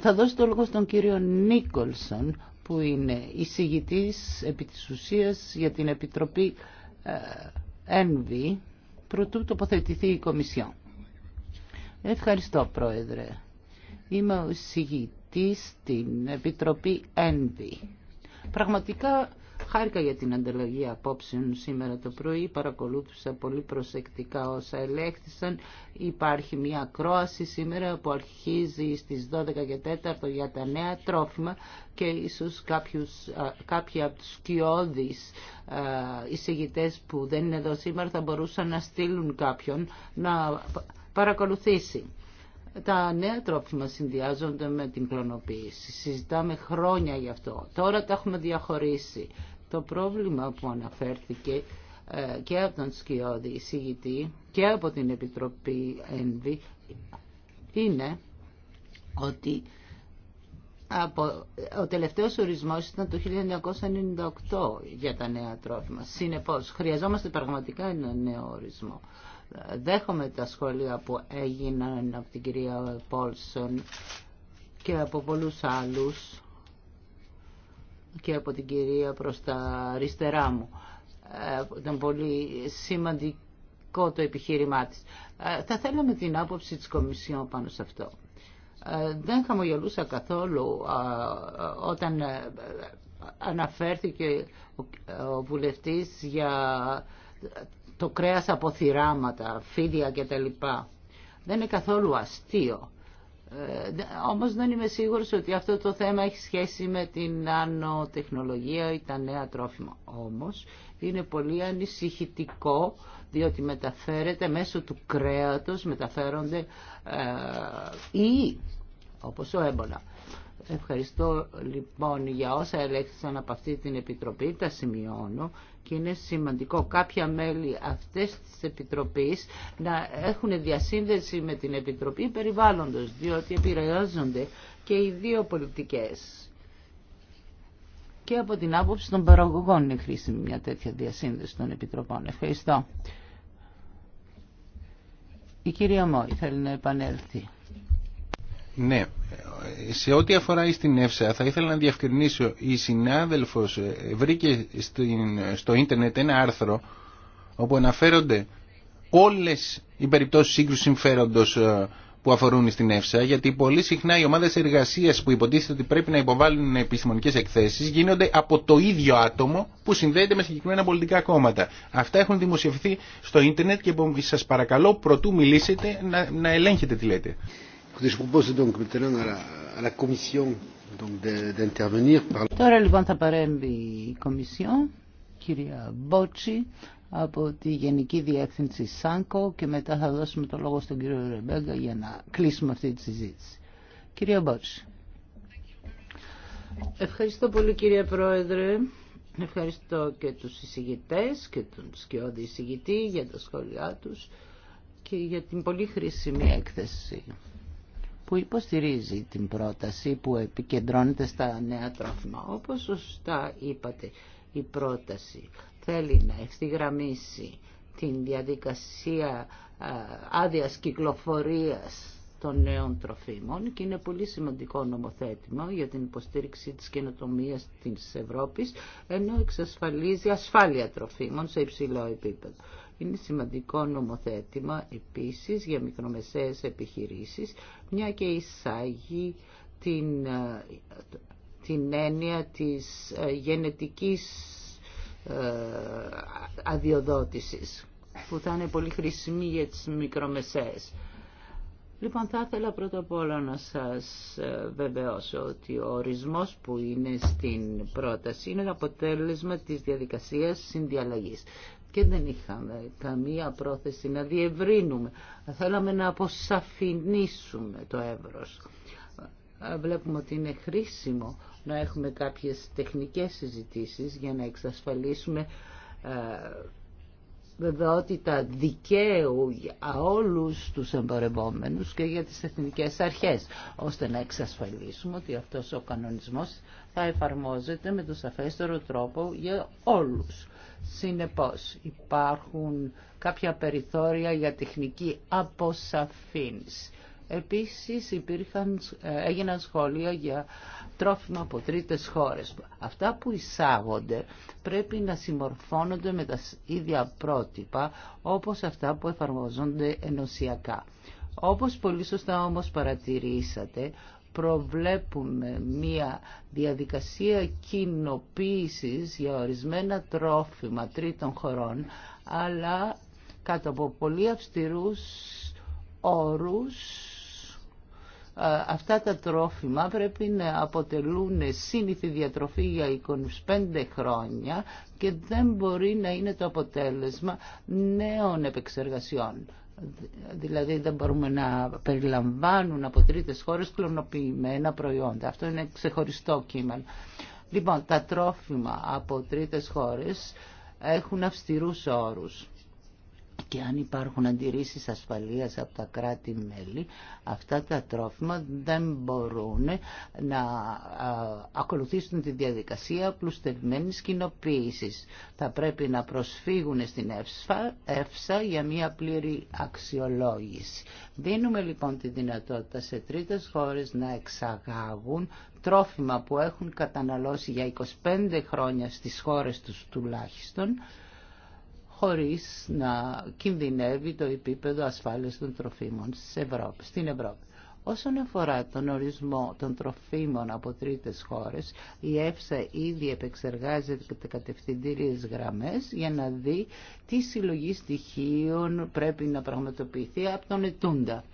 Θα δώσω το λόγο στον κύριο Νίκολσον που είναι εισηγητής επί της ουσίας για την Επιτροπή ΕΝΒΗ προτού τοποθετηθεί η Κομισιόν. Ευχαριστώ Πρόεδρε. Είμαι ο εισηγητής στην Επιτροπή ΕΝΒΗ. Πραγματικά Χάρηκα για την ανταλλαγή απόψεων σήμερα το πρωί, παρακολούθησα πολύ προσεκτικά όσα ελέγχθησαν. Υπάρχει μια κρόαση σήμερα που αρχίζει στις 12 και 4 για τα νέα τρόφιμα και ίσως κάποιους, κάποιοι από τους κοιόδης εισηγητές που δεν είναι εδώ σήμερα θα μπορούσαν να στείλουν κάποιον να παρακολουθήσει. Τα νέα τρόφιμα συνδυάζονται με την κλωνοποίηση. Συζητάμε χρόνια γι' αυτό. Τώρα τα έχουμε διαχωρίσει το πρόβλημα που αναφέρθηκε ε, και από τον Σκιώδη εισηγητή και από την Επιτροπή ΕΝΒΗ είναι ότι από, ο τελευταίος ορισμός ήταν το 1998 για τα νέα τρόφιμα. Συνεπώς, χρειαζόμαστε πραγματικά ένα νέο ορισμό. Δέχομαι τα σχόλια που έγιναν από την κυρία Πόλσον και από πολλούς άλλους και από την κυρία προς τα αριστερά μου. Ε, ήταν πολύ σημαντικό το επιχείρημά της. Ε, θα θέλαμε την άποψη της Κομισιόν πάνω σε αυτό. Ε, δεν χαμογελούσα καθόλου όταν αναφέρθηκε ο βουλευτής για το κρέας από θυράματα, φίδια κτλ. Δεν είναι καθόλου αστείο ε, όμως δεν είμαι σίγουρος ότι αυτό το θέμα έχει σχέση με την νανοτεχνολογία ή τα νέα τρόφιμα. Όμως είναι πολύ ανησυχητικό διότι μεταφέρεται μέσω του κρέατος, μεταφέρονται ε, ή όπως ο έμπονα. Ευχαριστώ λοιπόν για όσα ελέγχθησαν από αυτή την Επιτροπή, τα σημειώνω και είναι σημαντικό κάποια μέλη αυτές της Επιτροπής να έχουν διασύνδεση με την Επιτροπή Περιβάλλοντος, διότι επηρεάζονται και οι δύο πολιτικές. Και από την άποψη των παραγωγών είναι χρήσιμη μια τέτοια διασύνδεση των Επιτροπών. Ευχαριστώ. Η κυρία Μόη θέλει να επανέλθει. Ναι, σε ό,τι αφορά στην ΕΦΣΑ θα ήθελα να διευκρινίσω η συνάδελφος ε, βρήκε στο ίντερνετ ένα άρθρο όπου αναφέρονται όλες οι περιπτώσεις σύγκρουσης συμφέροντος ε, που αφορούν στην ΕΦΣΑ, γιατί πολύ συχνά οι ομάδε εργασία που υποτίθεται ότι πρέπει να υποβάλουν επιστημονικέ εκθέσει γίνονται από το ίδιο άτομο που συνδέεται με συγκεκριμένα πολιτικά κόμματα. Αυτά έχουν δημοσιευθεί στο ίντερνετ και σα παρακαλώ, προτού μιλήσετε, να, να ελέγχετε τι λέτε. Τώρα λοιπόν θα παρέμβει η Κομισιόν, κυρία Μπότσι, από τη Γενική Διεύθυνση ΣΑΝΚΟ και μετά θα δώσουμε το λόγο στον κύριο Ρεμπέγκα για να κλείσουμε αυτή τη συζήτηση. Κυρία Μπότσι. Ευχαριστώ πολύ κύριε Πρόεδρε. Ευχαριστώ και τους εισηγητές και τον σκιώδη εισηγητή για τα σχόλιά τους και για την πολύ χρήσιμη έκθεση που υποστηρίζει την πρόταση που επικεντρώνεται στα νέα τρόφιμα. Όπως σωστά είπατε, η πρόταση θέλει να ευθυγραμμίσει την διαδικασία άδεια κυκλοφορίας των νέων τροφίμων και είναι πολύ σημαντικό νομοθέτημα για την υποστήριξη της καινοτομία της Ευρώπης ενώ εξασφαλίζει ασφάλεια τροφίμων σε υψηλό επίπεδο. Είναι σημαντικό νομοθέτημα επίσης για μικρομεσαίες επιχειρήσεις, μια και εισάγει την, ε, την έννοια της ε, γενετικής ε, αδειοδότησης που θα είναι πολύ χρήσιμη για τις μικρομεσαίες. Λοιπόν, θα ήθελα πρώτα απ' όλα να σας βεβαιώσω ότι ο ορισμός που είναι στην πρόταση είναι το αποτέλεσμα της διαδικασίας συνδιαλλαγής και δεν είχαμε καμία πρόθεση να διευρύνουμε. Θέλαμε να αποσαφηνίσουμε το εύρος. Ε, βλέπουμε ότι είναι χρήσιμο να έχουμε κάποιες τεχνικές συζητήσεις για να εξασφαλίσουμε ε, βεβαιότητα δικαίου για όλους τους εμπορευόμενους και για τις εθνικές αρχές, ώστε να εξασφαλίσουμε ότι αυτός ο κανονισμός θα εφαρμόζεται με τον σαφέστερο τρόπο για όλους. Συνεπώς υπάρχουν κάποια περιθώρια για τεχνική αποσαφήνιση. Επίσης υπήρχαν, ε, έγιναν σχόλια για τρόφιμα από τρίτες χώρες. Αυτά που εισάγονται πρέπει να συμμορφώνονται με τα ίδια πρότυπα όπως αυτά που εφαρμοζόνται ενωσιακά. Όπως πολύ σωστά όμως παρατηρήσατε, προβλέπουμε μία διαδικασία κοινοποίησης για ορισμένα τρόφιμα τρίτων χωρών, αλλά κάτω από πολύ αυστηρούς όρους αυτά τα τρόφιμα πρέπει να αποτελούν σύνηθη διατροφή για 25 χρόνια και δεν μπορεί να είναι το αποτέλεσμα νέων επεξεργασιών δηλαδή δεν μπορούμε να περιλαμβάνουν από τρίτες χώρες κλωνοποιημένα προϊόντα. Αυτό είναι ξεχωριστό κείμενο. Λοιπόν, τα τρόφιμα από τρίτες χώρες έχουν αυστηρούς όρους και αν υπάρχουν αντιρρήσεις ασφαλείας από τα κράτη-μέλη, αυτά τα τρόφιμα δεν μπορούν να ακολουθήσουν τη διαδικασία πλουστευμένης κοινοποίηση. Θα πρέπει να προσφύγουν στην ΕΦΣΑ για μια πλήρη αξιολόγηση. Δίνουμε λοιπόν τη δυνατότητα σε τρίτες χώρες να εξαγάγουν τρόφιμα που έχουν καταναλώσει για 25 χρόνια στις χώρες τους τουλάχιστον, χωρίς να κινδυνεύει το επίπεδο ασφάλειας των τροφίμων στην Ευρώπη. Όσον αφορά τον ορισμό των τροφίμων από τρίτες χώρες, η ΕΦΣΑ ήδη επεξεργάζεται κατευθυντήριες γραμμές για να δει τι συλλογή στοιχείων πρέπει να πραγματοποιηθεί από τον ετούντα.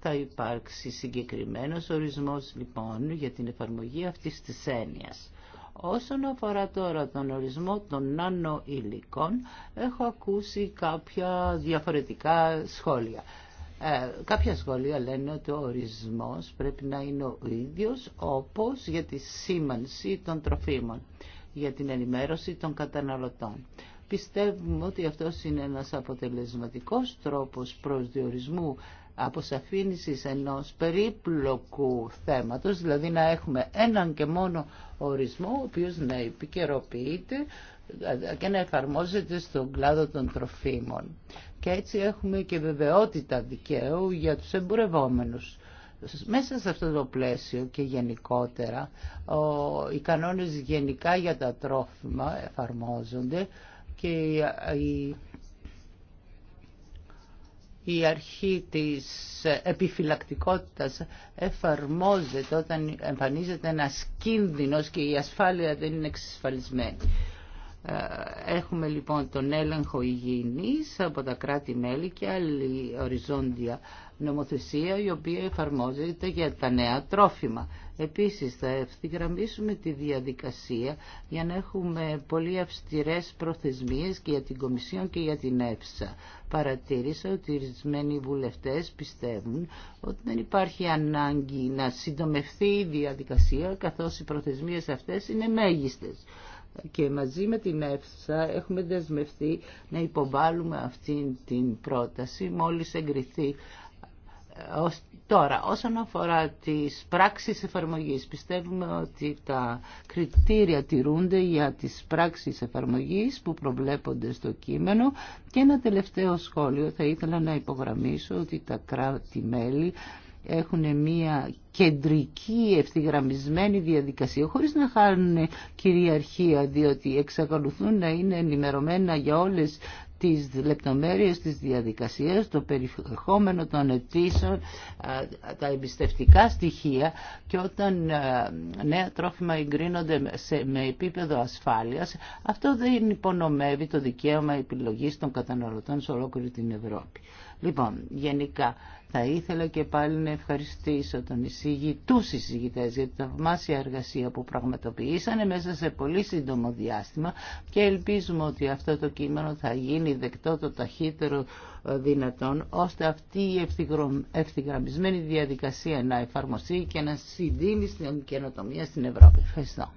Θα υπάρξει συγκεκριμένος ορισμός λοιπόν για την εφαρμογή αυτής της έννοιας. Όσον αφορά τώρα τον ορισμό των νάνο υλικών, έχω ακούσει κάποια διαφορετικά σχόλια. Ε, κάποια σχόλια λένε ότι ο ορισμός πρέπει να είναι ο ίδιος όπως για τη σήμανση των τροφίμων, για την ενημέρωση των καταναλωτών. Πιστεύουμε ότι αυτός είναι ένας αποτελεσματικός τρόπος προσδιορισμού αποσαφήνισης ενός περίπλοκου θέματος, δηλαδή να έχουμε έναν και μόνο ορισμό, ο οποίος να επικαιροποιείται και να εφαρμόζεται στον κλάδο των τροφίμων. Και έτσι έχουμε και βεβαιότητα δικαίου για τους εμπορευόμενους. Μέσα σε αυτό το πλαίσιο και γενικότερα, οι κανόνες γενικά για τα τρόφιμα εφαρμόζονται και η αρχή της επιφυλακτικότητας εφαρμόζεται όταν εμφανίζεται ένας κίνδυνος και η ασφάλεια δεν είναι εξασφαλισμένη. Ε, έχουμε λοιπόν τον έλεγχο υγιεινής από τα κράτη-μέλη και άλλη οριζόντια νομοθεσία η οποία εφαρμόζεται για τα νέα τρόφιμα. Επίσης θα ευθυγραμμίσουμε τη διαδικασία για να έχουμε πολύ αυστηρές προθεσμίες και για την Κομισιόν και για την ΕΦΣΑ. Παρατήρησα ότι ορισμένοι βουλευτές πιστεύουν ότι δεν υπάρχει ανάγκη να συντομευθεί η διαδικασία καθώς οι προθεσμίες αυτές είναι μέγιστες και μαζί με την ΕΦΣΑ έχουμε δεσμευτεί να υποβάλουμε αυτή την πρόταση μόλις εγκριθεί Τώρα, όσον αφορά τις πράξεις εφαρμογής, πιστεύουμε ότι τα κριτήρια τηρούνται για τις πράξεις εφαρμογής που προβλέπονται στο κείμενο και ένα τελευταίο σχόλιο θα ήθελα να υπογραμμίσω ότι τα κράτη-μέλη έχουν μια κεντρική ευθυγραμμισμένη διαδικασία χωρίς να χάνουν κυριαρχία διότι εξακολουθούν να είναι ενημερωμένα για όλες τις λεπτομέρειες της διαδικασίας, το περιεχόμενο των αιτήσεων, τα εμπιστευτικά στοιχεία και όταν νέα τρόφιμα εγκρίνονται με επίπεδο ασφάλειας, αυτό δεν υπονομεύει το δικαίωμα επιλογής των καταναλωτών σε ολόκληρη την Ευρώπη. Λοιπόν, γενικά θα ήθελα και πάλι να ευχαριστήσω τον εισηγη, τους εισηγητές για τη θαυμάσια εργασία που πραγματοποιήσανε μέσα σε πολύ σύντομο διάστημα και ελπίζουμε ότι αυτό το κείμενο θα γίνει δεκτό το ταχύτερο ε, δυνατόν ώστε αυτή η ευθυγραμμισμένη διαδικασία να εφαρμοστεί και να συντείνει στην καινοτομία στην Ευρώπη. Ευχαριστώ.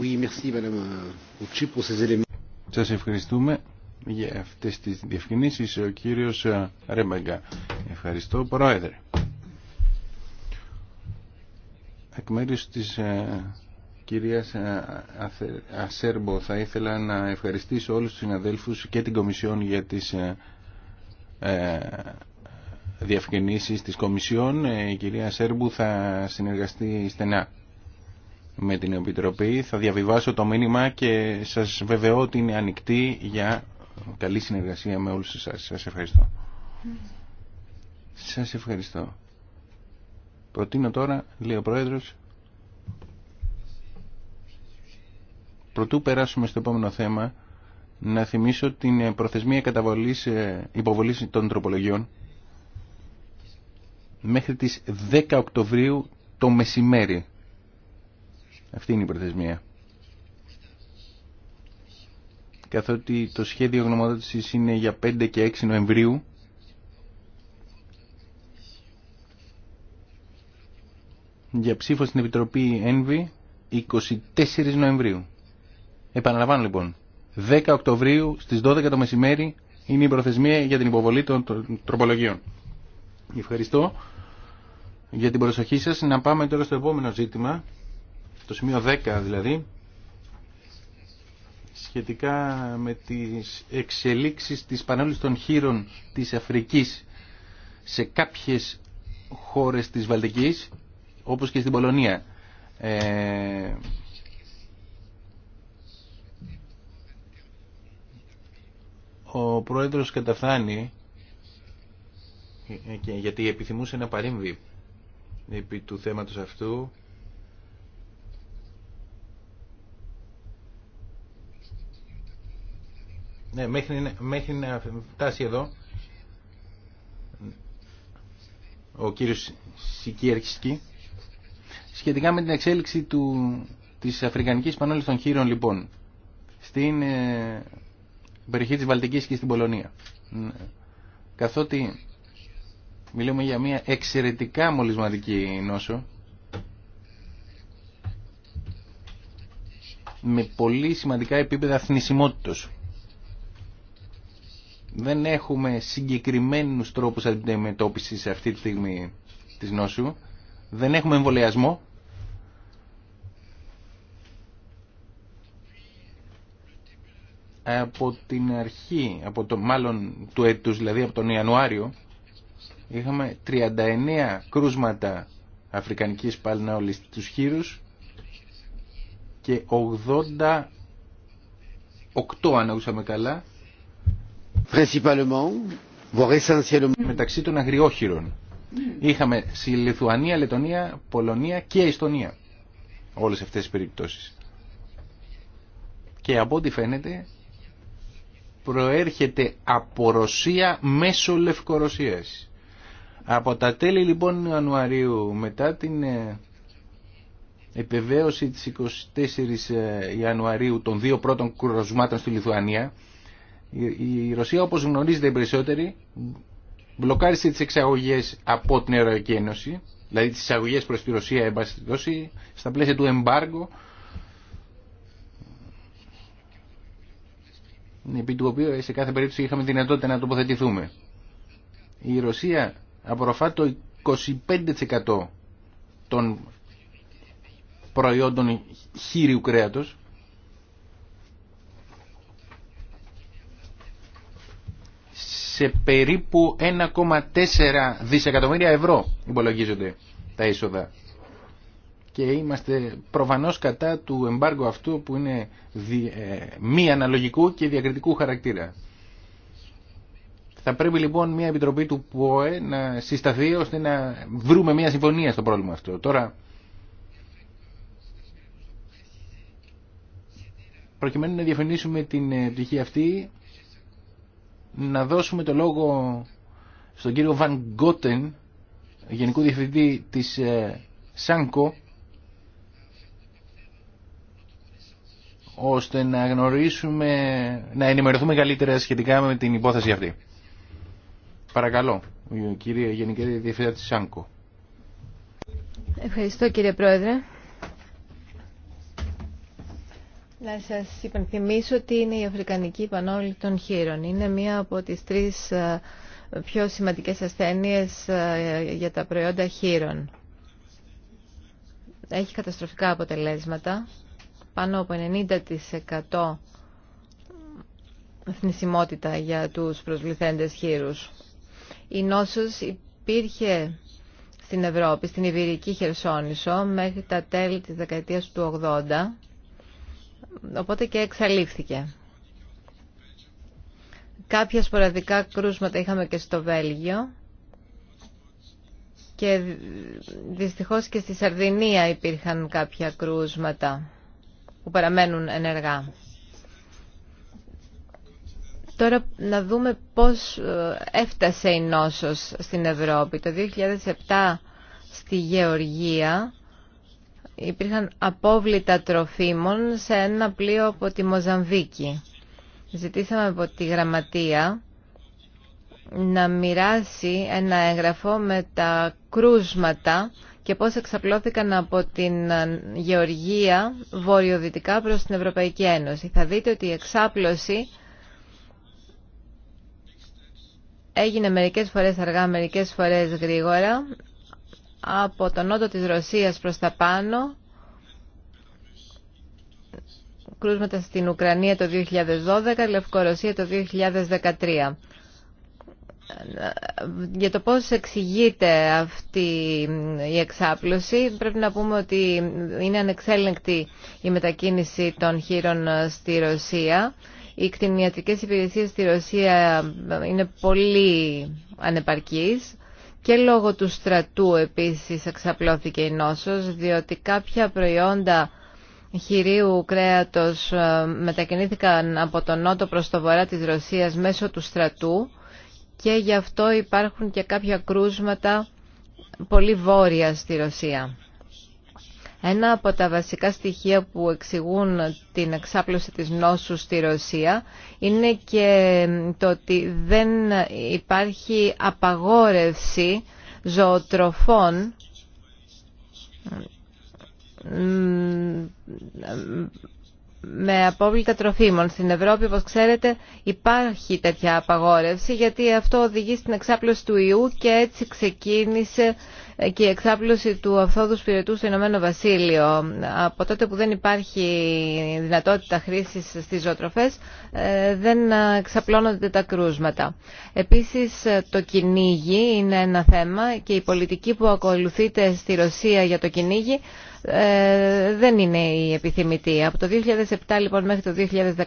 Oui, merci, Madame Σας ευχαριστούμε για αυτές τις διευκρινήσεις ο κύριος ε, Ρέμπαγκα. Ευχαριστώ Πρόεδρε. Εκ μέρους της ε, κυρίας ε, Ασέρμπο θα ήθελα να ευχαριστήσω όλους τους συναδέλφους και την Κομισιόν για τις διευκρινήσεις της Κομισιόν. Η κυρία Ασέρμπου θα συνεργαστεί στενά με την Επιτροπή. Θα διαβιβάσω το μήνυμα και σας βεβαιώ ότι είναι ανοιχτή για καλή συνεργασία με όλους εσάς. Σας ευχαριστώ. Σας ευχαριστώ. Προτείνω τώρα, λέει ο Πρόεδρος, προτού περάσουμε στο επόμενο θέμα, να θυμίσω την προθεσμία καταβολής, ε, υποβολής των τροπολογιών μέχρι τις 10 Οκτωβρίου το μεσημέρι. Αυτή είναι η προθεσμία καθότι το σχέδιο γνωμοδότησης είναι για 5 και 6 Νοεμβρίου. Για ψήφο στην Επιτροπή ΕΝΒΗ 24 Νοεμβρίου. Επαναλαμβάνω λοιπόν, 10 Οκτωβρίου στις 12 το μεσημέρι είναι η προθεσμία για την υποβολή των τροπολογιών. Ευχαριστώ για την προσοχή σας. Να πάμε τώρα στο επόμενο ζήτημα, το σημείο 10 δηλαδή, σχετικά με τις εξελίξεις της πανέλης των χείρων της Αφρικής σε κάποιες χώρες της Βαλτικής, όπως και στην Πολωνία. Ε... Ο πρόεδρος καταφθάνει ε, ε, γιατί επιθυμούσε να παρέμβει επί του θέματος αυτού Ναι, μέχρι, μέχρι να φτάσει εδώ ο κύριος σχετικά με την εξέλιξη του, της Αφρικανικής Πανόλης των Χείρων λοιπόν στην ε, περιοχή της Βαλτικής και στην Πολωνία καθότι μιλούμε για μια εξαιρετικά μολυσματική νόσο με πολύ σημαντικά επίπεδα θνησιμότητος δεν έχουμε συγκεκριμένους τρόπους αντιμετώπισης αυτή τη στιγμή της νόσου. Δεν έχουμε εμβολιασμό. Από την αρχή, από το, μάλλον του έτους, δηλαδή από τον Ιανουάριο, είχαμε 39 κρούσματα αφρικανικής παλναόλης στους χείρους και 88, αν ακούσαμε καλά, μεταξύ των αγριόχειρων. Είχαμε στη Λιθουανία, Λετωνία, Πολωνία και Ιστονία όλες αυτές τις περιπτώσεις. Και από ό,τι φαίνεται προέρχεται από Ρωσία μέσω Λευκορωσίας. Από τα τέλη λοιπόν Ιανουαρίου μετά την ε, επιβέωση της 24 ε, Ιανουαρίου των δύο πρώτων κρουσμάτων στη Λιθουανία η Ρωσία όπως γνωρίζετε οι περισσότεροι μπλοκάρισε τις εξαγωγές από την Ευρωπαϊκή Ένωση, δηλαδή τις εξαγωγές προς τη Ρωσία εμπαστητώσει, στα πλαίσια του εμπάργου, επί του οποίου ε, σε κάθε περίπτωση είχαμε δυνατότητα να τοποθετηθούμε. Η Ρωσία απορροφά το 25% των προϊόντων χείριου κρέατος σε περίπου 1,4 δισεκατομμύρια ευρώ υπολογίζονται τα είσοδα. Και είμαστε προφανώς κατά του εμπάργου αυτού που είναι ε, μη αναλογικού και διακριτικού χαρακτήρα. Θα πρέπει λοιπόν μια επιτροπή του ΠΟΕ να συσταθεί ώστε να βρούμε μια συμφωνία στο πρόβλημα αυτό. Τώρα, προκειμένου να διαφωνήσουμε την ε, πτυχή αυτή, να δώσουμε το λόγο στον κύριο Βαν Γκότεν, Γενικού Διευθυντή της ε, ΣΑΝΚΟ, ώστε να γνωρίσουμε, να ενημερωθούμε καλύτερα σχετικά με την υπόθεση αυτή. Παρακαλώ, κύριε Γενική Διευθυντή της ΣΑΝΚΟ. Ευχαριστώ κύριε Πρόεδρε. Να σας υπενθυμίσω ότι είναι η Αφρικανική Πανόλη των Χείρων. Είναι μία από τις τρεις ε, πιο σημαντικές ασθένειες ε, για τα προϊόντα χείρων. Έχει καταστροφικά αποτελέσματα. Πάνω από 90% θνησιμότητα για τους προσβληθέντες χείρους. Η νόσος υπήρχε στην Ευρώπη, στην Ιβηρική Χερσόνησο, μέχρι τα τέλη της δεκαετίας του 80 οπότε και εξαλείφθηκε. Κάποια σποραδικά κρούσματα είχαμε και στο Βέλγιο και δυστυχώς και στη Σαρδινία υπήρχαν κάποια κρούσματα που παραμένουν ενεργά. Τώρα να δούμε πώς ε, έφτασε η νόσος στην Ευρώπη. Το 2007 στη Γεωργία υπήρχαν απόβλητα τροφίμων σε ένα πλοίο από τη Μοζαμβίκη. Ζητήσαμε από τη γραμματεία να μοιράσει ένα έγγραφο με τα κρούσματα και πώς εξαπλώθηκαν από την Γεωργία βορειοδυτικά προς την Ευρωπαϊκή Ένωση. Θα δείτε ότι η εξάπλωση έγινε μερικές φορές αργά, μερικές φορές γρήγορα, από τον νότο της Ρωσίας προς τα πάνω κρούσματα στην Ουκρανία το 2012, Λευκορωσία το 2013. Για το πώς εξηγείται αυτή η εξάπλωση, πρέπει να πούμε ότι είναι ανεξέλεγκτη η μετακίνηση των χείρων στη Ρωσία. Οι κτηνιατρικές υπηρεσίες στη Ρωσία είναι πολύ ανεπαρκείς. Και λόγω του στρατού επίσης εξαπλώθηκε η νόσος, διότι κάποια προϊόντα χειρίου κρέατος ε, μετακινήθηκαν από τον νότο προς το βορρά της Ρωσίας μέσω του στρατού και γι' αυτό υπάρχουν και κάποια κρούσματα πολύ βόρεια στη Ρωσία. Ένα από τα βασικά στοιχεία που εξηγούν την εξάπλωση της νόσου στη Ρωσία είναι και το ότι δεν υπάρχει απαγόρευση ζωοτροφών με απόβλητα τροφίμων. Στην Ευρώπη, όπως ξέρετε, υπάρχει τέτοια απαγόρευση γιατί αυτό οδηγεί στην εξάπλωση του ιού και έτσι ξεκίνησε ε, και η εξάπλωση του αυθόδου πυρετού στο Ηνωμένο Βασίλειο. Από τότε που δεν υπάρχει δυνατότητα χρήσης στις ζωοτροφές, ε, δεν εξαπλώνονται τα κρούσματα. Επίσης, ε, το κυνήγι είναι ένα θέμα και η πολιτική που ακολουθείται στη Ρωσία για το κυνήγι ε, δεν είναι η επιθυμητή. Από το 2007 λοιπόν μέχρι το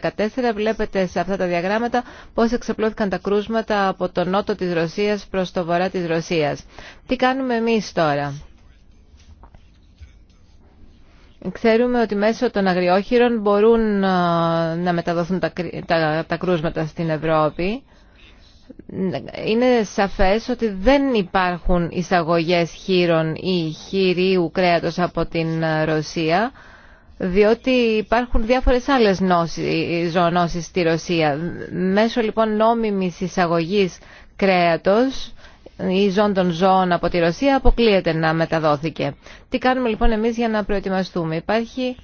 2014 βλέπετε σε αυτά τα διαγράμματα πώς εξαπλώθηκαν τα κρούσματα από το νότο της Ρωσίας προς το βορρά της Ρωσίας. Τι κάνουμε εμείς τώρα. Ξέρουμε ότι μέσω των αγριόχειρων μπορούν ε, να μεταδοθούν τα κρούσματα στην Ευρώπη είναι σαφές ότι δεν υπάρχουν εισαγωγές χείρων ή χειρίου κρέατος από την Ρωσία διότι υπάρχουν διάφορες άλλες νόσεις, ζωονόσεις στη Ρωσία. Μέσω λοιπόν νόμιμης εισαγωγής κρέατος ή ζών των ζώων από τη Ρωσία αποκλείεται να μεταδόθηκε. Τι κάνουμε λοιπόν εμείς για να προετοιμαστούμε. Υπάρχει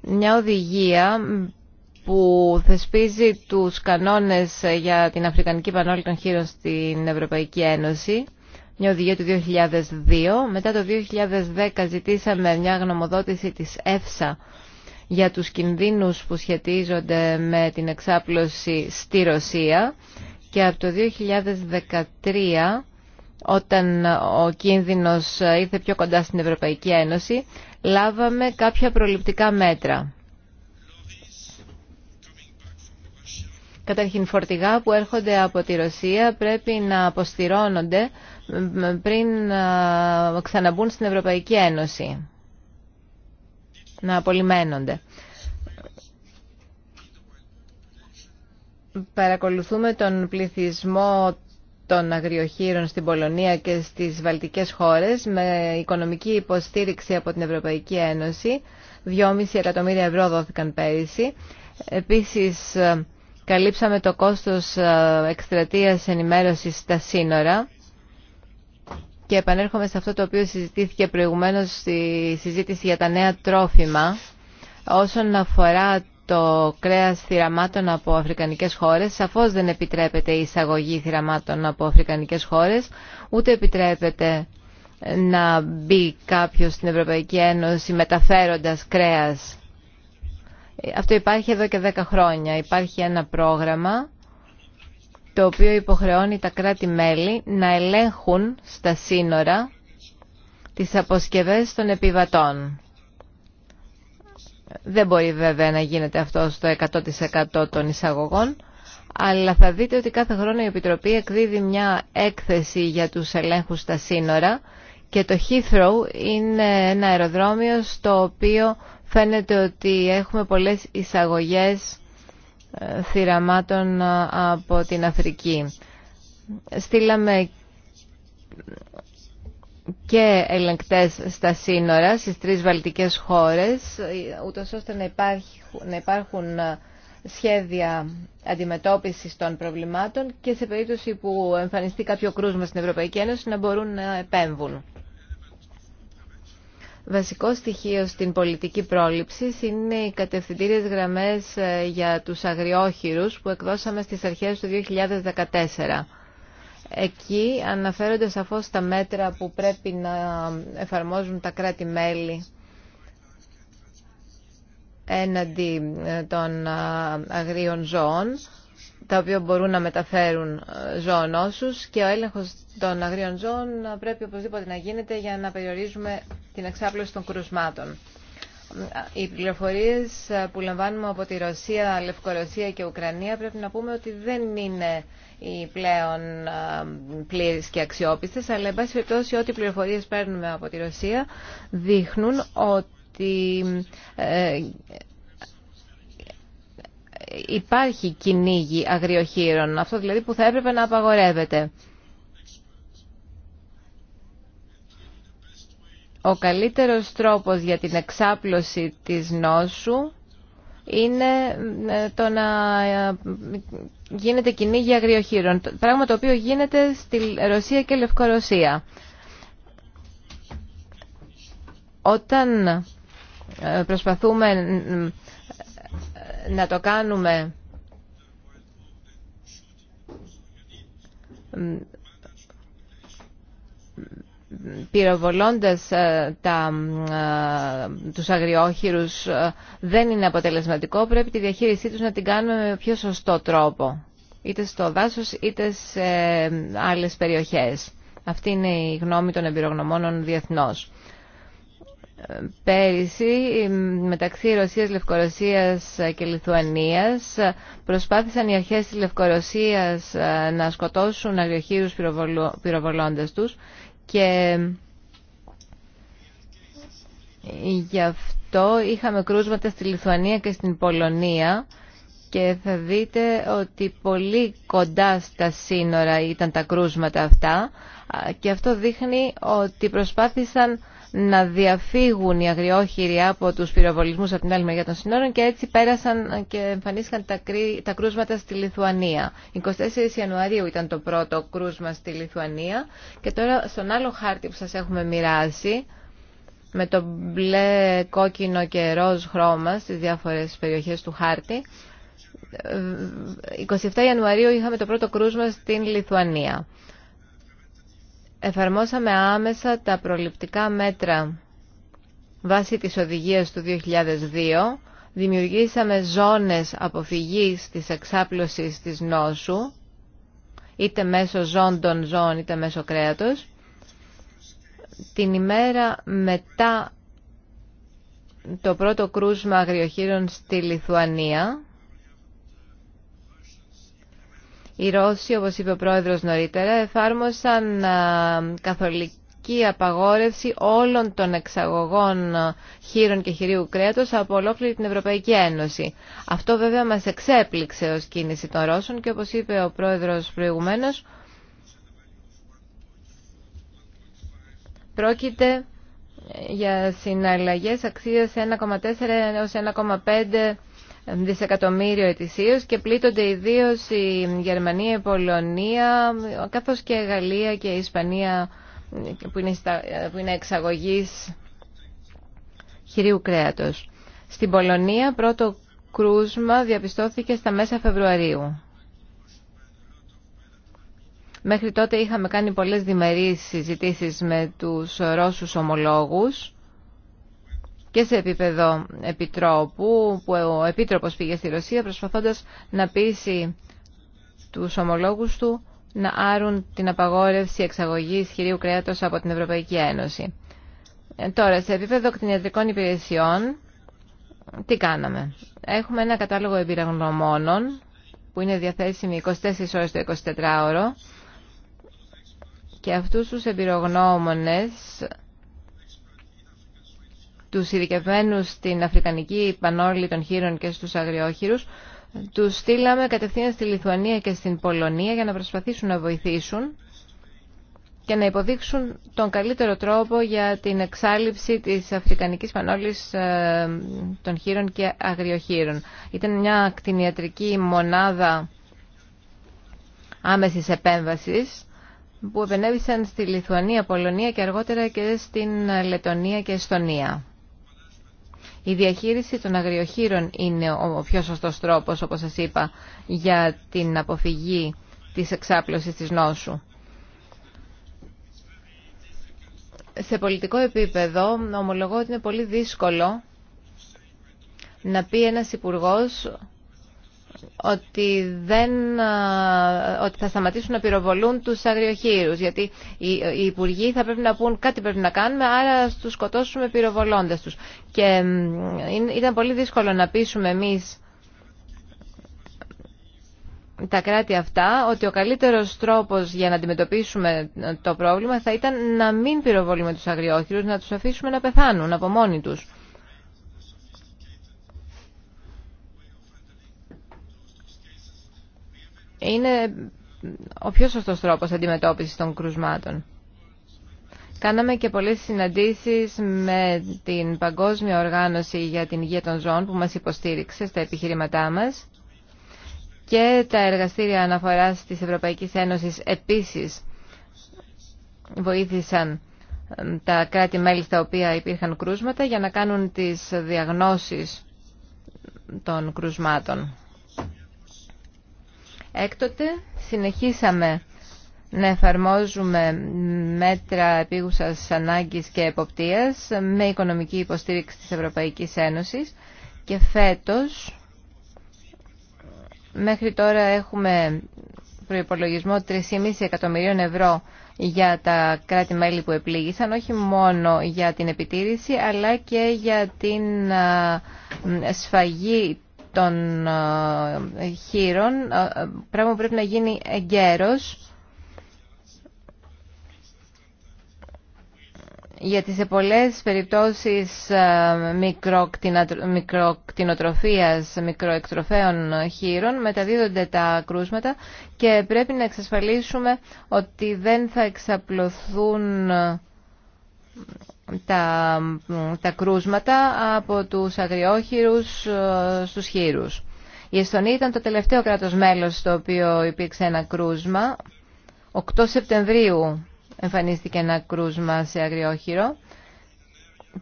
μια οδηγία που θεσπίζει τους κανόνες για την Αφρικανική Πανόλη των Χείρων στην Ευρωπαϊκή Ένωση, μια οδηγία του 2002. Μετά το 2010 ζητήσαμε μια γνωμοδότηση της ΕΦΣΑ για τους κινδύνους που σχετίζονται με την εξάπλωση στη Ρωσία και από το 2013 όταν ο κίνδυνος ήρθε πιο κοντά στην Ευρωπαϊκή Ένωση, λάβαμε κάποια προληπτικά μέτρα. Καταρχήν φορτηγά που έρχονται από τη Ρωσία πρέπει να αποστηρώνονται πριν ξαναμπούν στην Ευρωπαϊκή Ένωση. Να απολυμένονται. Παρακολουθούμε τον πληθυσμό των αγριοχείρων στην Πολωνία και στις βαλτικές χώρες με οικονομική υποστήριξη από την Ευρωπαϊκή Ένωση. 2,5 εκατομμύρια ευρώ δόθηκαν πέρυσι. Επίσης, Καλύψαμε το κόστος ε, εκστρατείας ενημέρωσης στα σύνορα και επανέρχομαι σε αυτό το οποίο συζητήθηκε προηγουμένως στη συζήτηση για τα νέα τρόφιμα. Όσον αφορά το κρέας θυραμάτων από αφρικανικές χώρες, σαφώς δεν επιτρέπεται η εισαγωγή θυραμάτων από αφρικανικές χώρες, ούτε επιτρέπεται να μπει κάποιος στην Ευρωπαϊκή Ένωση μεταφέροντας κρέας ε, αυτό υπάρχει εδώ και 10 χρόνια. Υπάρχει ένα πρόγραμμα το οποίο υποχρεώνει τα κράτη-μέλη να ελέγχουν στα σύνορα τις αποσκευές των επιβατών. Δεν μπορεί βέβαια να γίνεται αυτό στο 100% των εισαγωγών, αλλά θα δείτε ότι κάθε χρόνο η Επιτροπή εκδίδει μια έκθεση για τους ελέγχους στα σύνορα και το Heathrow είναι ένα αεροδρόμιο στο οποίο φαίνεται ότι έχουμε πολλές εισαγωγές ε, θυραμάτων ε, από την Αφρική. Στείλαμε και ελεγκτές στα σύνορα στις τρεις βαλτικές χώρες, ε, ούτως ώστε να υπάρχουν, σχέδια αντιμετώπισης των προβλημάτων και σε περίπτωση που εμφανιστεί κάποιο κρούσμα στην Ευρωπαϊκή Ένωση να μπορούν να επέμβουν. Βασικό στοιχείο στην πολιτική πρόληψη είναι οι κατευθυντήριες γραμμές ε, για τους αγριόχειρου που εκδώσαμε στις αρχές του 2014. Εκεί αναφέρονται σαφώς τα μέτρα που πρέπει να εφαρμόζουν τα κράτη-μέλη έναντι ε, των ε, αγρίων ζώων τα οποία μπορούν να μεταφέρουν ε, ζώων όσους και ο έλεγχος των αγρίων ζώων πρέπει οπωσδήποτε να γίνεται για να περιορίζουμε την εξάπλωση των κρουσμάτων. Ε, οι πληροφορίες ε, που λαμβάνουμε από τη Ρωσία, Λευκορωσία και Ουκρανία πρέπει να πούμε ότι δεν είναι οι πλέον πλήρε και αξιόπιστες, αλλά εν πάση περιπτώσει ό,τι πληροφορίε παίρνουμε από τη Ρωσία δείχνουν ότι υπάρχει κυνήγι αγριοχείρων, αυτό δηλαδή που θα έπρεπε να απαγορεύεται. Ο καλύτερος τρόπος για την εξάπλωση της νόσου είναι ε, το να ε, γίνεται κυνήγι αγριοχείρων, πράγμα το οποίο γίνεται στη Ρωσία και Λευκορωσία. Όταν ε, προσπαθούμε να το κάνουμε πυροβολώντας ε, τα, ε, τους αγριόχειρους ε, δεν είναι αποτελεσματικό. Πρέπει τη διαχείρισή τους να την κάνουμε με πιο σωστό τρόπο. Είτε στο δάσος είτε σε άλλες περιοχές. Αυτή είναι η γνώμη των εμπειρογνωμόνων διεθνώς. Πέρυσι, μεταξύ Ρωσίας, Λευκορωσίας και Λιθουανίας, προσπάθησαν οι αρχές της Λευκορωσίας ε, να σκοτώσουν αγριοχείρους πυροβολώντας τους και γι' αυτό είχαμε κρούσματα στη Λιθουανία και στην Πολωνία και θα δείτε ότι πολύ κοντά στα σύνορα ήταν τα κρούσματα αυτά ε, και αυτό δείχνει ότι προσπάθησαν να διαφύγουν οι αγριόχειροι από τους πυροβολισμούς από την άλλη μεριά των συνόρων και έτσι πέρασαν και εμφανίστηκαν τα κρούσματα στη Λιθουανία. 24 Ιανουαρίου ήταν το πρώτο κρούσμα στη Λιθουανία και τώρα στον άλλο χάρτη που σας έχουμε μοιράσει με το μπλε, κόκκινο και ροζ χρώμα στις διάφορες περιοχές του χάρτη 27 Ιανουαρίου είχαμε το πρώτο κρούσμα στην Λιθουανία εφαρμόσαμε άμεσα τα προληπτικά μέτρα βάσει της οδηγίας του 2002 δημιουργήσαμε ζώνες αποφυγής της εξάπλωσης της νόσου είτε μέσω ζώντων ζώων είτε μέσω κρέατος την ημέρα μετά το πρώτο κρούσμα αγριοχείρων στη Λιθουανία Οι Ρώσοι, όπως είπε ο πρόεδρος νωρίτερα, εφάρμοσαν καθολική απαγόρευση όλων των εξαγωγών χείρων και χειρίου κρέατος από ολόκληρη την Ευρωπαϊκή Ένωση. Αυτό βέβαια μας εξέπληξε ως κίνηση των Ρώσων και όπως είπε ο πρόεδρος προηγουμένως, πρόκειται για συναλλαγές αξίας 1,4 έως 1,5 δισεκατομμύριο ετησίως και πλήττονται ιδίως η Γερμανία, η Πολωνία, καθώς και η Γαλλία και η Ισπανία που είναι, που είναι εξαγωγής χειρίου κρέατος. Στην Πολωνία πρώτο κρούσμα διαπιστώθηκε στα μέσα Φεβρουαρίου. Μέχρι τότε είχαμε κάνει πολλές διμερείς συζητήσεις με τους Ρώσους ομολόγους και σε επίπεδο επιτρόπου που ο επίτροπος πήγε στη Ρωσία προσπαθώντας να πείσει τους ομολόγους του να άρουν την απαγόρευση εξαγωγής χειρίου κρέατος από την Ευρωπαϊκή Ένωση. Ε, τώρα, σε επίπεδο κτηνιατρικών υπηρεσιών, τι κάναμε. Έχουμε ένα κατάλογο εμπειρογνωμόνων που είναι διαθέσιμοι 24 ώρες το 24ωρο και αυτούς τους εμπειρογνώμονες τους ειδικευμένου στην Αφρικανική Πανόλη των Χείρων και στους Αγριόχειρους, τους στείλαμε κατευθείαν στη Λιθουανία και στην Πολωνία για να προσπαθήσουν να βοηθήσουν και να υποδείξουν τον καλύτερο τρόπο για την εξάλληψη της Αφρικανικής Πανόλης ε, των Χείρων και Αγριοχείρων. Ήταν μια κτηνιατρική μονάδα άμεσης επέμβασης που επενέβησαν στη Λιθουανία, Πολωνία και αργότερα και στην Λετωνία και Εστονία. Η διαχείριση των αγριοχείρων είναι ο πιο σωστός τρόπος, όπως σας είπα, για την αποφυγή της εξάπλωσης της νόσου. Σε πολιτικό επίπεδο, ομολογώ ότι είναι πολύ δύσκολο να πει ένας υπουργός ότι, δεν, ότι θα σταματήσουν να πυροβολούν τους αγριοχείρους. Γιατί οι υπουργοί θα πρέπει να πούν κάτι πρέπει να κάνουμε, άρα τους σκοτώσουμε πυροβολώντας τους. Και ήταν πολύ δύσκολο να πείσουμε εμείς τα κράτη αυτά ότι ο καλύτερος τρόπος για να αντιμετωπίσουμε το πρόβλημα θα ήταν να μην πυροβολούμε τους αγριόχειρους, να τους αφήσουμε να πεθάνουν από μόνοι τους. είναι ο πιο σωστός τρόπος αντιμετώπισης των κρουσμάτων. Κάναμε και πολλές συναντήσεις με την Παγκόσμια Οργάνωση για την Υγεία των Ζώων που μας υποστήριξε στα επιχειρήματά μας και τα εργαστήρια αναφοράς της Ευρωπαϊκής Ένωσης επίσης βοήθησαν τα κράτη-μέλη στα οποία υπήρχαν κρούσματα για να κάνουν τις διαγνώσεις των κρουσμάτων. Έκτοτε συνεχίσαμε να εφαρμόζουμε μέτρα επίγουσας ανάγκης και εποπτείας με οικονομική υποστήριξη της Ευρωπαϊκής Ένωσης και φέτος μέχρι τώρα έχουμε προϋπολογισμό 3,5 εκατομμυρίων ευρώ για τα κράτη-μέλη που επλήγησαν, όχι μόνο για την επιτήρηση, αλλά και για την σφαγή των ε, χείρων, ε, πράγμα που πρέπει να γίνει εγκαίρος, γιατί σε πολλές περιπτώσεις ε, μικροκτηνοτροφίας, μικροεκτροφέων χείρων μεταδίδονται τα κρούσματα και πρέπει να εξασφαλίσουμε ότι δεν θα εξαπλωθούν τα, κρούσματα από τους αγριόχειρους ε, στους χείρους. Η Εστονία ήταν το τελευταίο κράτος μέλος στο οποίο υπήρξε ένα κρούσμα. 8 Σεπτεμβρίου εμφανίστηκε ένα κρούσμα σε αγριόχειρο.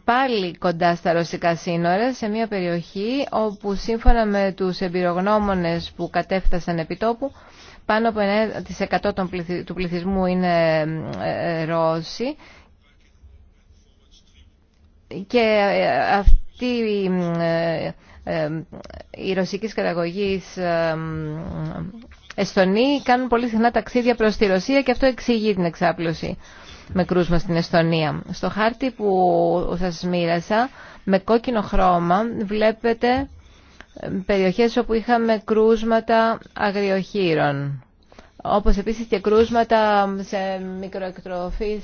Πάλι κοντά στα ρωσικά σύνορα, σε μια περιοχή όπου σύμφωνα με τους εμπειρογνώμονες που κατέφτασαν επιτόπου, πάνω από 9% του πληθυσμού είναι ε, ε, Ρώσοι και ε, αυτή ε, ε, η Ρωσικοί καταγωγοί Εστονοί κάνουν πολύ συχνά ταξίδια προς τη Ρωσία και αυτό εξηγεί την εξάπλωση με κρούσμα στην Εστονία. Στο χάρτη που σας μοίρασα με κόκκινο χρώμα βλέπετε περιοχές όπου είχαμε κρούσματα αγριοχείρων όπως επίσης και κρούσματα σε μικροεκτροφής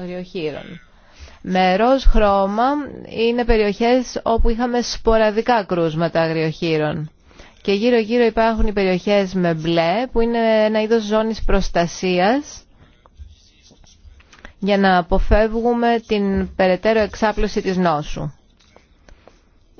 αγριοχείρων. Με ροζ χρώμα είναι περιοχές όπου είχαμε σποραδικά κρούσματα αγριοχείρων. Και γύρω-γύρω υπάρχουν οι περιοχές με μπλε που είναι ένα είδος ζώνης προστασίας για να αποφεύγουμε την περαιτέρω εξάπλωση της νόσου.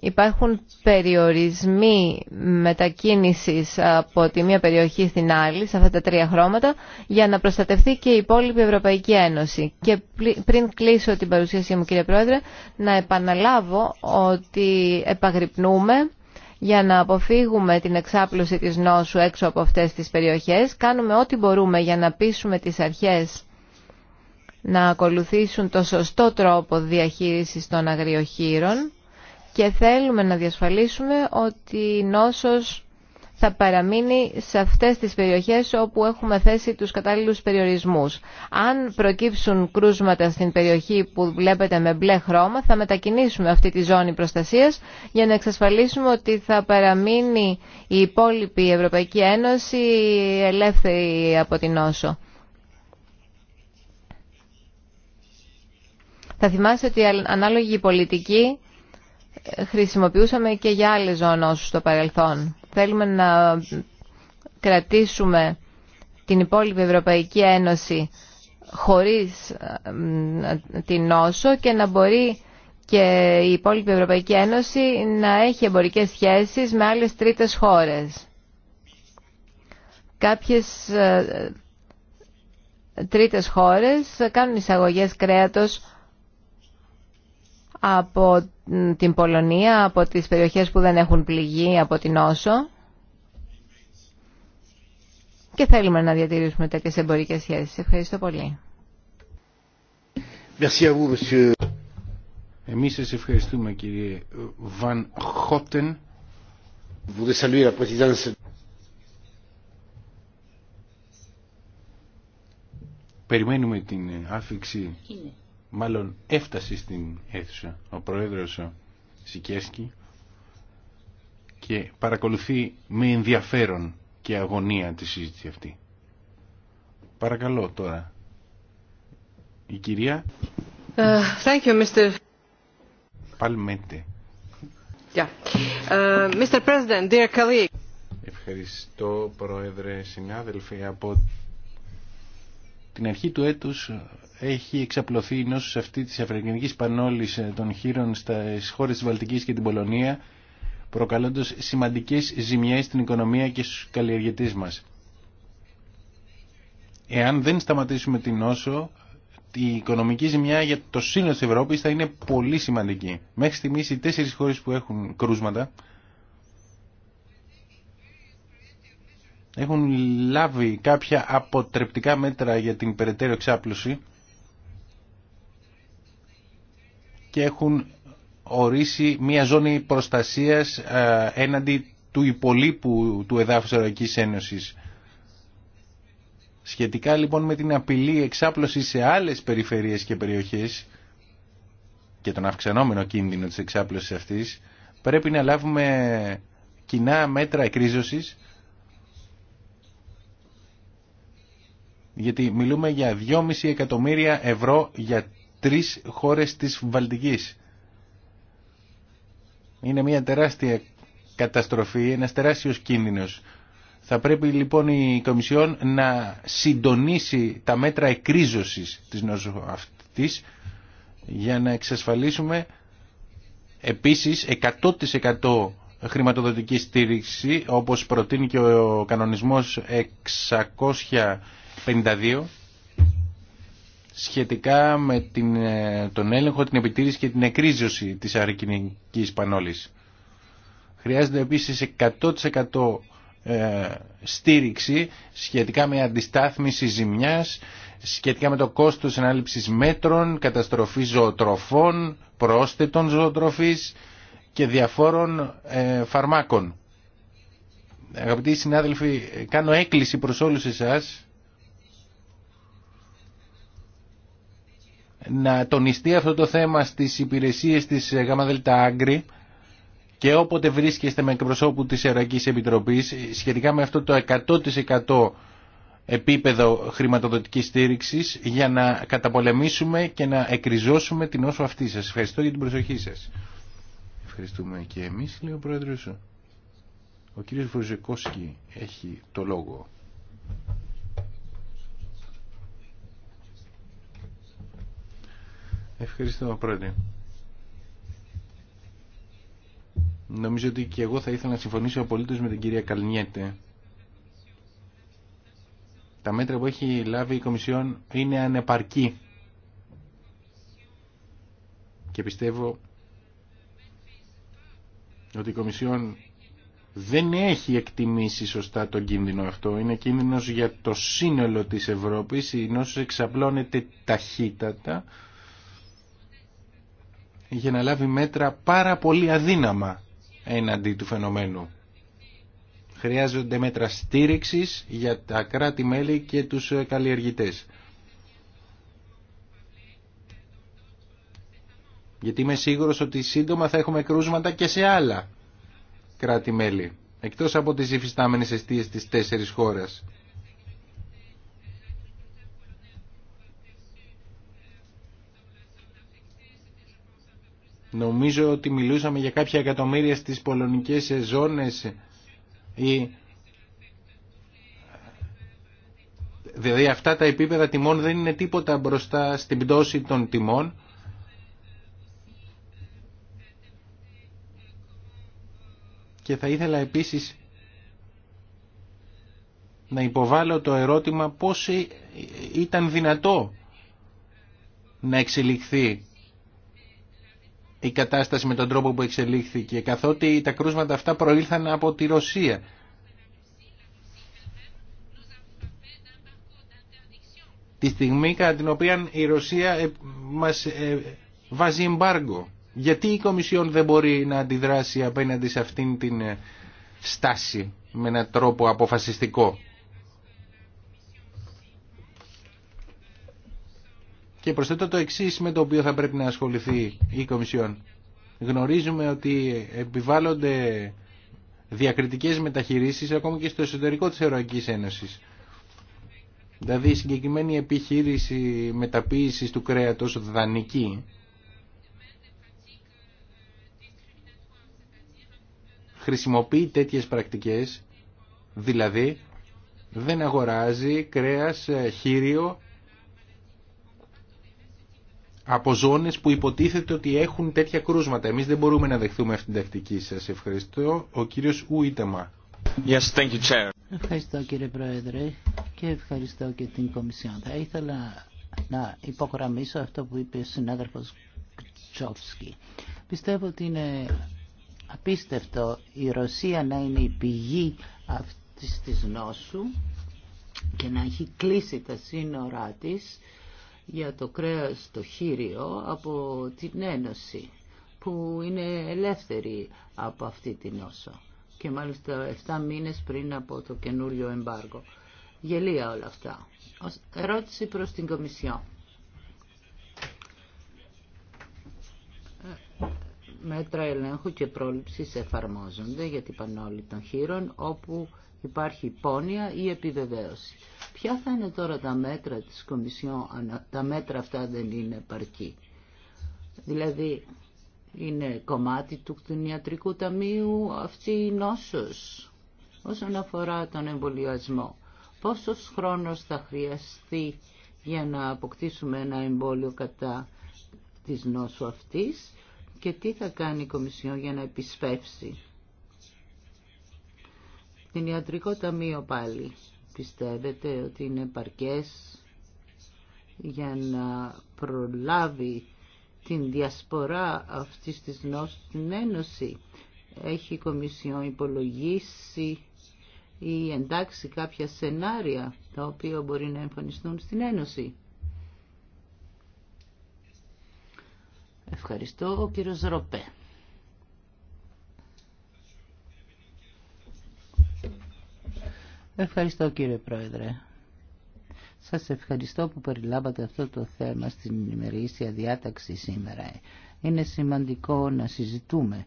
Υπάρχουν περιορισμοί μετακίνησης από τη μία περιοχή στην άλλη, σε αυτά τα τρία χρώματα, για να προστατευτεί και η υπόλοιπη Ευρωπαϊκή Ένωση. Και πριν κλείσω την παρουσίασή μου, κύριε Πρόεδρε, να επαναλάβω ότι επαγρυπνούμε για να αποφύγουμε την εξάπλωση της νόσου έξω από αυτές τις περιοχές. Κάνουμε ό,τι μπορούμε για να πείσουμε τις αρχές να ακολουθήσουν το σωστό τρόπο διαχείρισης των αγριοχείρων και θέλουμε να διασφαλίσουμε ότι η νόσος θα παραμείνει σε αυτές τις περιοχές όπου έχουμε θέσει τους κατάλληλους περιορισμούς. Αν προκύψουν κρούσματα στην περιοχή που βλέπετε με μπλε χρώμα, θα μετακινήσουμε αυτή τη ζώνη προστασίας για να εξασφαλίσουμε ότι θα παραμείνει η υπόλοιπη Ευρωπαϊκή Ένωση ελεύθερη από την νόσο. Θα θυμάστε ότι η ανάλογη πολιτική χρησιμοποιούσαμε και για άλλες ζωνώσεις στο παρελθόν. Θέλουμε να κρατήσουμε την υπόλοιπη Ευρωπαϊκή Ένωση χωρίς ε, την νόσο και να μπορεί και η υπόλοιπη Ευρωπαϊκή Ένωση να έχει εμπορικές σχέσεις με άλλες τρίτες χώρες. Κάποιες ε, τρίτες χώρες κάνουν εισαγωγές κρέατος από την Πολωνία, από τις περιοχές που δεν έχουν πληγεί από την όσο και θέλουμε να διατηρήσουμε τέτοιες εμπορικές σχέσεις. Ευχαριστώ πολύ. Εμείς σας ευχαριστούμε κύριε Βαν Χότεν. Περιμένουμε την άφηξη μάλλον έφτασε στην αίθουσα ο πρόεδρος Σικέσκι και παρακολουθεί με ενδιαφέρον και αγωνία τη συζήτηση αυτή. Παρακαλώ τώρα. Η κυρία... Uh, thank you, Mr. Παλμέντε. Yeah. Ε, Mr. President, dear Ευχαριστώ, Πρόεδρε, συνάδελφοι. Από την αρχή του έτους έχει εξαπλωθεί η σε αυτή της αφρικανικής πανόλης ε, των χείρων στις χώρες της Βαλτικής και την Πολωνία, προκαλώντας σημαντικές ζημιές στην οικονομία και στους καλλιεργητές μας. Εάν δεν σταματήσουμε την νόσο, η οικονομική ζημιά για το σύνολο της Ευρώπης θα είναι πολύ σημαντική. Μέχρι στιγμής οι τέσσερις χώρες που έχουν κρούσματα έχουν λάβει κάποια αποτρεπτικά μέτρα για την περαιτέρω εξάπλωση και έχουν ορίσει μια ζώνη προστασίας ε, έναντι του υπολείπου του εδάφους Ευρωπαϊκής Ένωσης. Σχετικά λοιπόν με την απειλή εξάπλωση σε άλλες περιφερειές και περιοχές και τον αυξανόμενο κίνδυνο της εξάπλωσης αυτής, πρέπει να λάβουμε κοινά μέτρα εκρίζωσης γιατί μιλούμε για 2,5 εκατομμύρια ευρώ για τρεις χώρες της Βαλτικής. Είναι μια τεράστια καταστροφή, ένας τεράστιο κίνδυνος. Θα πρέπει λοιπόν η Κομισιόν να συντονίσει τα μέτρα εκρίζωσης της νόσου αυτής για να εξασφαλίσουμε επίσης 100% χρηματοδοτική στήριξη όπως προτείνει και ο κανονισμός 652 σχετικά με την, ε, τον έλεγχο, την επιτήρηση και την εκρίζωση της αρκινικής πανόλης. Χρειάζεται επίσης 100% ε, στήριξη σχετικά με αντιστάθμιση ζημιάς, σχετικά με το κόστος ανάληψης μέτρων, καταστροφή ζωοτροφών, πρόσθετων ζωοτροφής και διαφόρων ε, φαρμάκων. Αγαπητοί συνάδελφοι, κάνω έκκληση προς όλους εσάς να τονιστεί αυτό το θέμα στις υπηρεσίες της ΓΔΑ Άγκρη και όποτε βρίσκεστε με εκπροσώπου της Ευρωπαϊκής Επιτροπής σχετικά με αυτό το 100% επίπεδο χρηματοδοτικής στήριξης για να καταπολεμήσουμε και να εκριζώσουμε την όσο αυτή σας. Ευχαριστώ για την προσοχή σας. Ευχαριστούμε και εμείς, λέει ο Πρόεδρος. Ο κύριος Βουζεκόσκι έχει το λόγο. Ευχαριστώ, πρώτη. Νομίζω ότι και εγώ θα ήθελα να συμφωνήσω απολύτως με την κυρία Καλνιέτε. Τα μέτρα που έχει λάβει η Κομισιόν είναι ανεπαρκή. Και πιστεύω ότι η Κομισιόν δεν έχει εκτιμήσει σωστά τον κίνδυνο αυτό. Είναι κίνδυνος για το σύνολο της Ευρώπης, η νόσος εξαπλώνεται ταχύτατα για να λάβει μέτρα πάρα πολύ αδύναμα έναντι του φαινομένου. Χρειάζονται μέτρα στήριξης για τα κράτη-μέλη και τους ε, καλλιεργητές. Γιατί είμαι σίγουρος ότι σύντομα θα έχουμε κρούσματα και σε άλλα κράτη-μέλη, εκτός από τις υφιστάμενες αιστείες της τέσσερις χώρας. Νομίζω ότι μιλούσαμε για κάποια εκατομμύρια στις πολωνικές ζώνες ή... Δηλαδή αυτά τα επίπεδα τιμών δεν είναι τίποτα μπροστά στην πτώση των τιμών. Και θα ήθελα επίσης να υποβάλω το ερώτημα πώς ε- ήταν δυνατό να εξελιχθεί η κατάσταση με τον τρόπο που εξελίχθηκε, καθότι τα κρούσματα αυτά προήλθαν από τη Ρωσία. Τη στιγμή κατά την οποία η Ρωσία ε, μας ε, βάζει εμπάργκο. Γιατί η Κομισιόν δεν μπορεί να αντιδράσει απέναντι σε αυτήν την ε, στάση με έναν τρόπο αποφασιστικό. Και προσθέτω το εξή με το οποίο θα πρέπει να ασχοληθεί η Κομισιόν. Γνωρίζουμε ότι επιβάλλονται διακριτικές μεταχειρήσεις ακόμη και στο εσωτερικό της Ευρωπαϊκής Ένωσης. Δηλαδή η συγκεκριμένη επιχείρηση μεταποίησης του κρέατος δανική χρησιμοποιεί τέτοιες πρακτικές, δηλαδή δεν αγοράζει κρέας ε, χείριο από ζώνες που υποτίθεται ότι έχουν τέτοια κρούσματα. Εμείς δεν μπορούμε να δεχθούμε αυτήν την τακτική σας. Ευχαριστώ. Ο κύριος Ουίτεμα. Yes, thank you, Chair. Ευχαριστώ κύριε Πρόεδρε και ευχαριστώ και την Κομισιόν. Θα ήθελα να υπογραμμίσω αυτό που είπε ο συνάδελφος Κτσόφσκι. Πιστεύω ότι είναι απίστευτο η Ρωσία να είναι η πηγή αυτής της νόσου και να έχει κλείσει τα σύνορά της για το κρέας το χείριο από την Ένωση που είναι ελεύθερη από αυτή την νόσο και μάλιστα 7 μήνες πριν από το καινούριο εμπάργο. Γελία όλα αυτά. ερώτηση προς την Κομισιό. Μέτρα ελέγχου και πρόληψης εφαρμόζονται για την πανόλη των χείρων όπου υπάρχει πόνοια ή επιβεβαίωση. Ποια θα είναι τώρα τα μέτρα της Κομισιόν αν τα μέτρα αυτά δεν είναι επαρκή. Δηλαδή είναι κομμάτι του κτηνιατρικού ταμείου αυτή η νόσος όσον αφορά τον εμβολιασμό. Πόσος χρόνος θα χρειαστεί για να αποκτήσουμε ένα εμβόλιο κατά της νόσου αυτής και τι θα κάνει η Κομισιόν για να επισπεύσει Την Ιατρικό Ταμείο πάλι πιστεύετε ότι είναι παρκές για να προλάβει την διασπορά αυτής της Γνώση. στην Ένωση. Έχει η Κομισιόν υπολογίσει ή εντάξει κάποια σενάρια τα οποία μπορεί να εμφανιστούν στην Ένωση. Ευχαριστώ ο κύριος Ροπέ. Ευχαριστώ κύριε Πρόεδρε. Σας ευχαριστώ που περιλάβατε αυτό το θέμα στην ημερήσια διάταξη σήμερα. Είναι σημαντικό να συζητούμε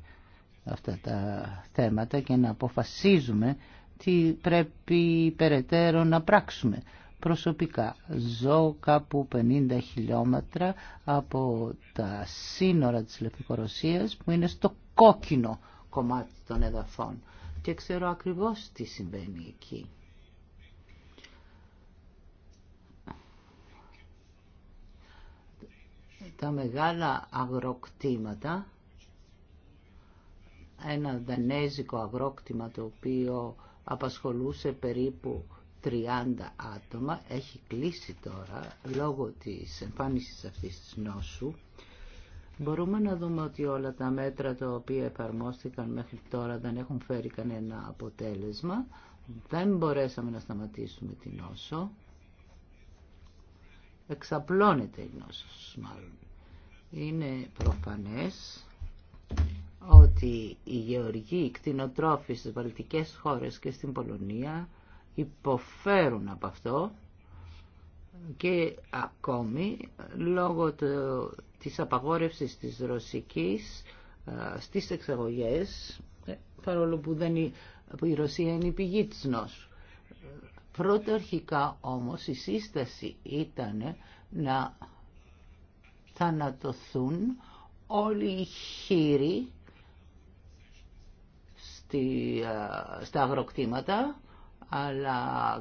αυτά τα θέματα και να αποφασίζουμε τι πρέπει περαιτέρω να πράξουμε. Προσωπικά ζω κάπου 50 χιλιόμετρα από τα σύνορα της Λευκορωσίας που είναι στο κόκκινο κομμάτι των εδαφών και ξέρω ακριβώς τι συμβαίνει εκεί. τα μεγάλα αγροκτήματα ένα δανέζικο αγρόκτημα το οποίο απασχολούσε περίπου 30 άτομα έχει κλείσει τώρα λόγω της εμφάνισης αυτής της νόσου μπορούμε να δούμε ότι όλα τα μέτρα τα οποία εφαρμόστηκαν μέχρι τώρα δεν έχουν φέρει κανένα αποτέλεσμα δεν μπορέσαμε να σταματήσουμε την νόσο εξαπλώνεται η νόσος μάλλον είναι προφανές ότι οι γεωργοί, οι κτηνοτρόφοι στις βαλτικές χώρες και στην Πολωνία υποφέρουν από αυτό και ακόμη λόγω το, της απαγόρευσης της ρωσικής στις εξαγωγές ε, παρόλο που, δεν, που η Ρωσία είναι η πηγή της νόσου. Πρώτα αρχικά όμως η σύσταση ήταν να θανατωθούν όλοι οι χείροι στη, στα αγροκτήματα, αλλά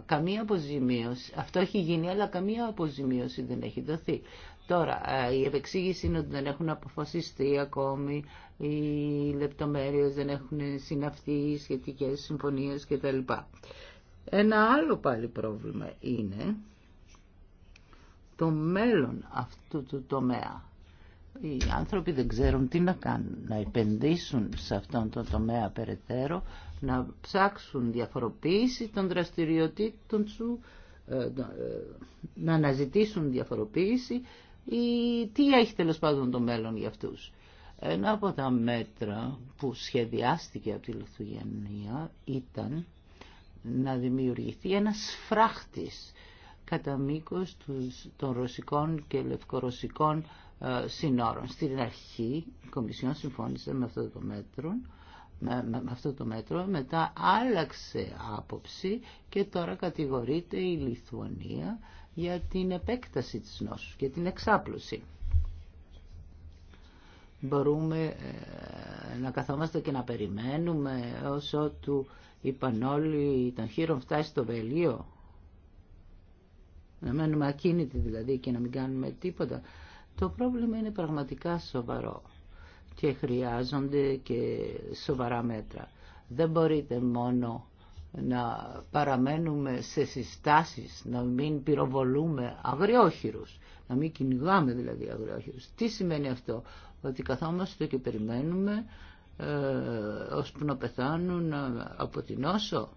καμία αποζημίωση, αυτό έχει γίνει, αλλά καμία αποζημίωση δεν έχει δοθεί. Τώρα, η επεξήγηση είναι ότι δεν έχουν αποφασιστεί ακόμη οι λεπτομέρειες, δεν έχουν συναυτεί οι σχετικές συμφωνίες κτλ. Ένα άλλο πάλι πρόβλημα είναι το μέλλον αυτού του τομέα. Οι άνθρωποι δεν ξέρουν τι να κάνουν, να επενδύσουν σε αυτόν τον τομέα περαιτέρω, να ψάξουν διαφοροποίηση των δραστηριοτήτων σου, ε, ε, να αναζητήσουν διαφοροποίηση ή τι έχει τέλο πάντων το μέλλον για αυτούς. Ένα από τα μέτρα που σχεδιάστηκε από τη Λουθουγεννία ήταν να δημιουργηθεί ένας φράχτης κατά μήκο των ρωσικών και λευκορωσικών ε, συνόρων. Στην αρχή η Κομισιόν συμφώνησε με αυτό το μέτρο, αυτό το μέτρο, μετά άλλαξε άποψη και τώρα κατηγορείται η Λιθουανία για την επέκταση της νόσου και την εξάπλωση. Μπορούμε ε, να καθόμαστε και να περιμένουμε όσο του είπαν όλοι ήταν χείρον φτάσει στο Βελίο να μένουμε ακίνητοι δηλαδή και να μην κάνουμε τίποτα. Το πρόβλημα είναι πραγματικά σοβαρό και χρειάζονται και σοβαρά μέτρα. Δεν μπορείτε μόνο να παραμένουμε σε συστάσεις, να μην πυροβολούμε αγριόχειρους, να μην κυνηγάμε δηλαδή αγριόχειρους. Τι σημαίνει αυτό, ότι καθόμαστε και περιμένουμε ε, ώσπου να πεθάνουν ε, από την όσο.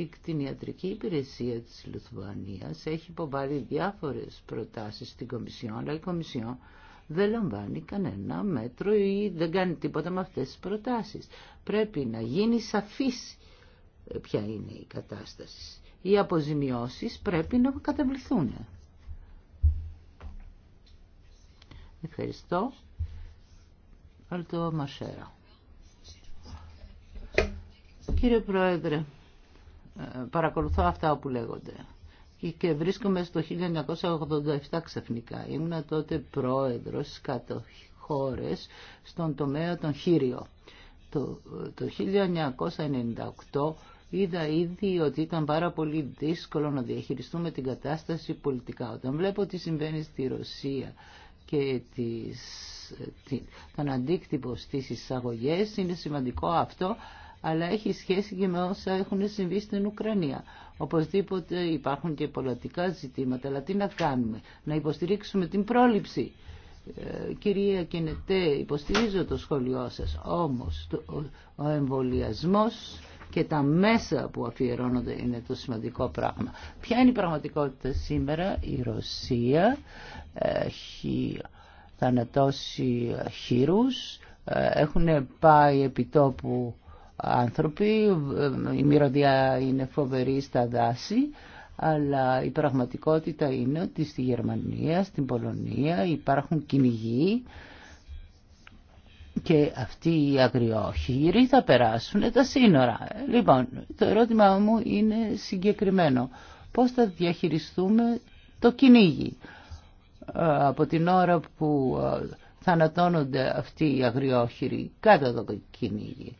Η κτηνιατρική υπηρεσία της Λουθουανίας έχει υποβάλει διάφορες προτάσεις στην Κομισιόν, αλλά η Κομισιόν δεν λαμβάνει κανένα μέτρο ή δεν κάνει τίποτα με αυτές τις προτάσεις. Πρέπει να γίνει σαφής ε, ποια είναι η κατάσταση. Οι αποζημιώσεις πρέπει να καταβληθούν. Ευχαριστώ. Αλτό Μασέρα. Κύριε Πρόεδρε, παρακολουθώ αυτά που λέγονται. Και βρίσκομαι στο 1987 ξαφνικά. Ήμουνα τότε πρόεδρος κάτω χώρες στον τομέα των Χίριο. Το, το 1998 είδα ήδη ότι ήταν πάρα πολύ δύσκολο να διαχειριστούμε την κατάσταση πολιτικά. Όταν βλέπω τι συμβαίνει στη Ρωσία και τις, την, τον αντίκτυπο στις εισαγωγές είναι σημαντικό αυτό αλλά έχει σχέση και με όσα έχουν συμβεί στην Ουκρανία. Οπωσδήποτε υπάρχουν και πολιτικά ζητήματα, αλλά τι να κάνουμε, να υποστηρίξουμε την πρόληψη. Ε, κυρία Κενετέ, υποστηρίζω το σχόλιο σας, όμως ο εμβολιασμό και τα μέσα που αφιερώνονται είναι το σημαντικό πράγμα. Ποια είναι η πραγματικότητα σήμερα, η Ρωσία έχει θανατώσει χείρους, ε, έχουν πάει επιτόπου άνθρωποι, ε, η μυρωδιά είναι φοβερή στα δάση, αλλά η πραγματικότητα είναι ότι στη Γερμανία, στην Πολωνία υπάρχουν κυνηγοί και αυτοί οι αγριόχειροι θα περάσουν τα σύνορα. Λοιπόν, το ερώτημά μου είναι συγκεκριμένο. Πώς θα διαχειριστούμε το κυνήγι ε, από την ώρα που ε, θανατώνονται αυτοί οι αγριόχειροι κάτω από το κυνήγι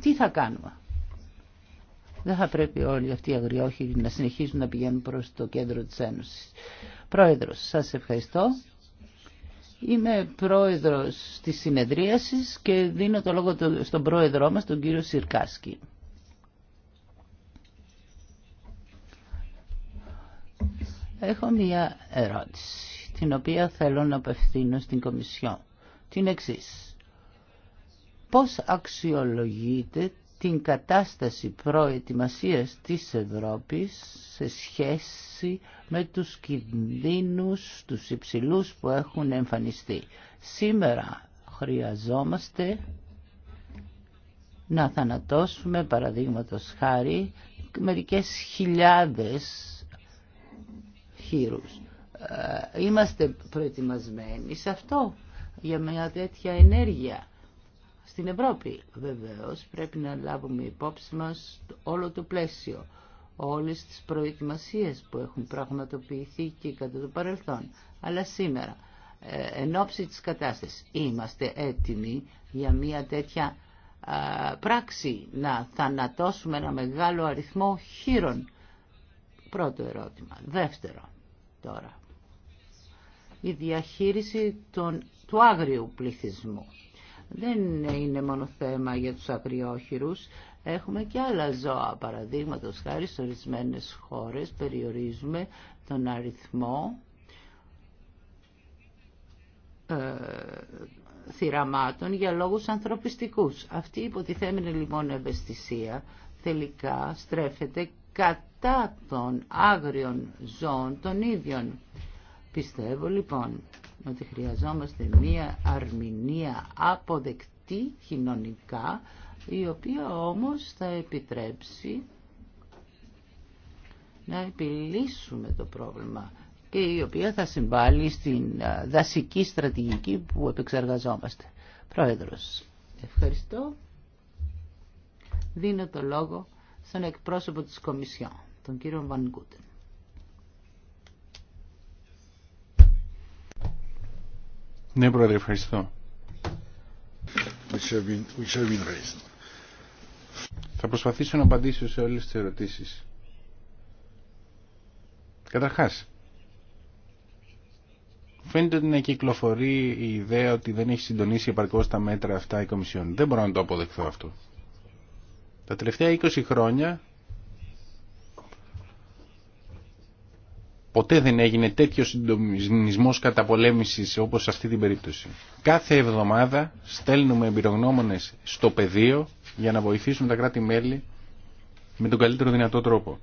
τι θα κάνουμε. Δεν θα πρέπει όλοι αυτοί οι αγριόχοι να συνεχίζουν να πηγαίνουν προς το κέντρο της Ένωσης. Πρόεδρος, σας ευχαριστώ. Είμαι πρόεδρος της συνεδρίασης και δίνω το λόγο στον πρόεδρό μας, τον κύριο Συρκάσκη. Έχω μία ερώτηση, την οποία θέλω να απευθύνω στην Κομισιόν. Την εξής. Πώς αξιολογείτε την κατάσταση προετοιμασίας της Ευρώπης σε σχέση με τους κινδύνους, τους υψηλούς που έχουν εμφανιστεί. Σήμερα χρειαζόμαστε να θανατώσουμε παραδείγματος χάρη μερικές χιλιάδες χείρους. Ε, είμαστε προετοιμασμένοι σε αυτό για μια τέτοια ενέργεια στην Ευρώπη. Βεβαίως πρέπει να λάβουμε υπόψη μας όλο το πλαίσιο, όλες τις προετοιμασίες που έχουν πραγματοποιηθεί και κατά το παρελθόν. Αλλά σήμερα, ε, εν ώψη της κατάστασης, είμαστε έτοιμοι για μια τέτοια πράξη να θανατώσουμε ένα μεγάλο αριθμό χείρων. Πρώτο ερώτημα. Δεύτερο τώρα. Η διαχείριση των, του άγριου πληθυσμού δεν είναι μόνο θέμα για τους ακριόχειρους. Έχουμε και άλλα ζώα. Παραδείγματος χάρη σε ορισμένε χώρες περιορίζουμε τον αριθμό ε, θυραμάτων για λόγους ανθρωπιστικούς. Αυτή η υποτιθέμενη λοιπόν ευαισθησία τελικά στρέφεται κατά των άγριων ζώων των ίδιων. Πιστεύω λοιπόν ότι χρειαζόμαστε μία αρμηνία αποδεκτή κοινωνικά, η οποία όμως θα επιτρέψει να επιλύσουμε το πρόβλημα και η οποία θα συμβάλλει στην δασική στρατηγική που επεξεργαζόμαστε. Πρόεδρος, ευχαριστώ. Δίνω το λόγο στον εκπρόσωπο της Κομισιόν, τον κύριο Βανγκούτεν. Ναι, Πρόεδρε, ευχαριστώ. Θα προσπαθήσω να απαντήσω σε όλες τις ερωτήσεις. Καταρχάς, φαίνεται ότι να κυκλοφορεί η ιδέα ότι δεν έχει συντονίσει επαρκώς τα μέτρα αυτά η Κομισιόν. Δεν μπορώ να το αποδεχθώ αυτό. Τα τελευταία 20 χρόνια Ποτέ δεν έγινε τέτοιο συντομισμός καταπολέμησης όπως σε αυτή την περίπτωση. Κάθε εβδομάδα στέλνουμε εμπειρογνώμονες στο πεδίο για να βοηθήσουν τα κράτη-μέλη με τον καλύτερο δυνατό τρόπο.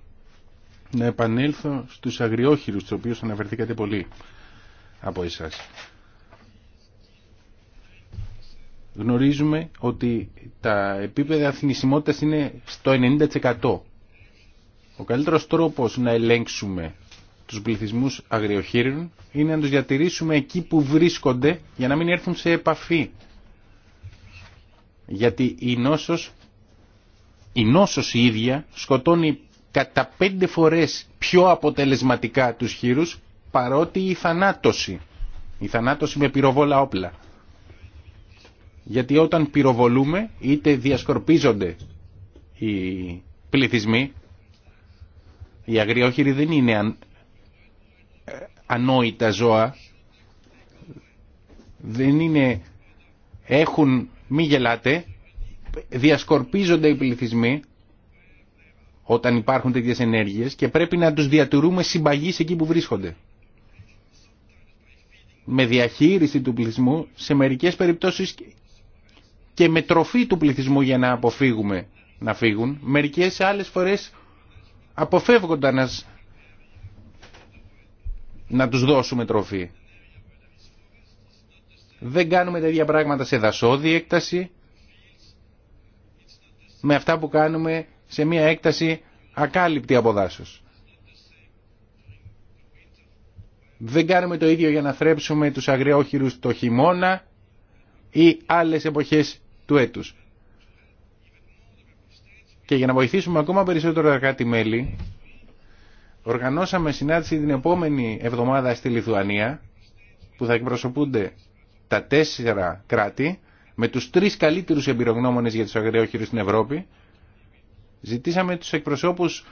Να επανέλθω στους αγριόχειρους, του οποίους αναφερθήκατε πολύ από εσάς. Γνωρίζουμε ότι τα επίπεδα θνησιμότητας είναι στο 90%. Ο καλύτερος τρόπος να ελέγξουμε τους πληθυσμούς αγριοχείρων... είναι να τους διατηρήσουμε εκεί που βρίσκονται για να μην έρθουν σε επαφή. Γιατί η νόσος, η νόσος ίδια σκοτώνει κατά πέντε φορές πιο αποτελεσματικά τους χείρους παρότι η θανάτωση. Η θανάτωση με πυροβόλα όπλα. Γιατί όταν πυροβολούμε είτε διασκορπίζονται οι πληθυσμοί οι αγριόχειροι δεν είναι ανόητα ζώα δεν είναι έχουν μη γελάτε διασκορπίζονται οι πληθυσμοί όταν υπάρχουν τέτοιες ενέργειες και πρέπει να τους διατηρούμε συμπαγής... εκεί που βρίσκονται με διαχείριση του πληθυσμού σε μερικές περιπτώσεις και με τροφή του πληθυσμού για να αποφύγουμε να φύγουν. Μερικές άλλες φορές αποφεύγοντας να τους δώσουμε τροφή. Δεν κάνουμε τα ίδια πράγματα σε δασόδη έκταση με αυτά που κάνουμε σε μια έκταση ακάλυπτη από δάσος. Δεν κάνουμε το ίδιο για να θρέψουμε τους αγριόχειρους το χειμώνα ή άλλες εποχές του έτους. Και για να βοηθήσουμε ακόμα περισσότερο τα τη μελη Οργανώσαμε συνάντηση την επόμενη εβδομάδα στη Λιθουανία που θα εκπροσωπούνται τα τέσσερα κράτη με τους τρεις καλύτερους εμπειρογνώμονες για τους αγριόχειρους στην Ευρώπη. Ζητήσαμε τους εκπροσώπους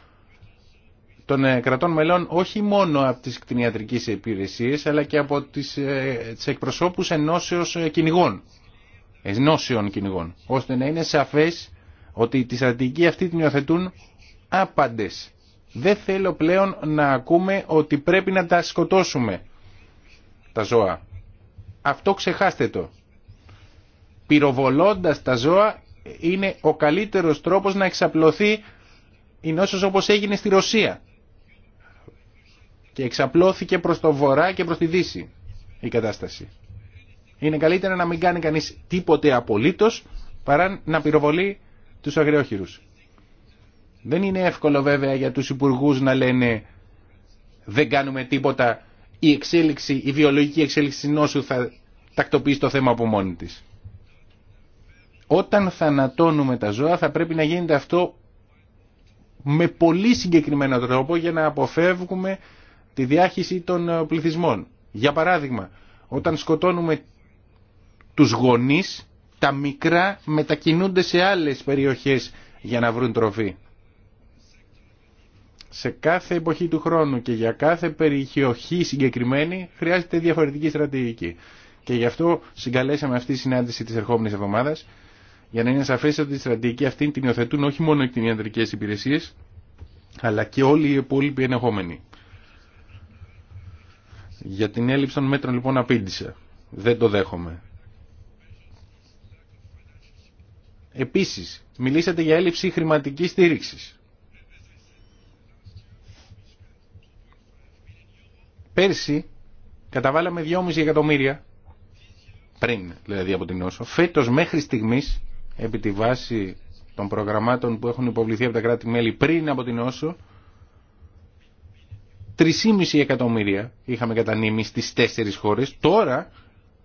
των ε, κρατών μελών όχι μόνο από τις κτηνιατρικές υπηρεσίες αλλά και από τις, ε, τις εκπροσώπους ενώσεως ε, κυνηγών, ενώσεων κυνηγών, ώστε να είναι σαφές ότι τη στρατηγική αυτή την υιοθετούν άπαντες δεν θέλω πλέον να ακούμε ότι πρέπει να τα σκοτώσουμε τα ζώα. Αυτό ξεχάστε το. Πυροβολώντας τα ζώα είναι ο καλύτερος τρόπος να εξαπλωθεί η νόσος όπως έγινε στη Ρωσία. Και εξαπλώθηκε προς το βορρά και προς τη δύση η κατάσταση. Είναι καλύτερα να μην κάνει κανείς τίποτε απολύτως παρά να πυροβολεί τους αγριόχειρους. Δεν είναι εύκολο βέβαια για τους υπουργούς να λένε δεν κάνουμε τίποτα, η εξέλιξη, η βιολογική εξέλιξη νόσου θα τακτοποιήσει το θέμα από μόνη της. Όταν θανατώνουμε τα ζώα θα πρέπει να γίνεται αυτό με πολύ συγκεκριμένο τρόπο για να αποφεύγουμε τη διάχυση των ε, πληθυσμών. Για παράδειγμα, όταν σκοτώνουμε τους γονείς, τα μικρά μετακινούνται σε άλλες περιοχές για να βρουν τροφή σε κάθε εποχή του χρόνου και για κάθε περιοχή συγκεκριμένη χρειάζεται διαφορετική στρατηγική. Και γι' αυτό συγκαλέσαμε αυτή τη συνάντηση τη ερχόμενη εβδομάδα για να είναι σαφέ ότι η στρατηγική αυτή την υιοθετούν όχι μόνο οι κτηνιατρικέ υπηρεσίε αλλά και όλοι οι υπόλοιποι ενεχόμενοι. Για την έλλειψη των μέτρων λοιπόν απήντησα. Δεν το δέχομαι. Επίσης, μιλήσατε για έλλειψη χρηματικής στήριξης. Πέρσι καταβάλαμε 2,5 εκατομμύρια, πριν δηλαδή από την Όσο. Φέτος μέχρι στιγμής, επί τη βάση των προγραμμάτων που έχουν υποβληθεί από τα κράτη-μέλη πριν από την Όσο, 3,5 εκατομμύρια είχαμε κατανείμει στις τέσσερις χώρες. Τώρα,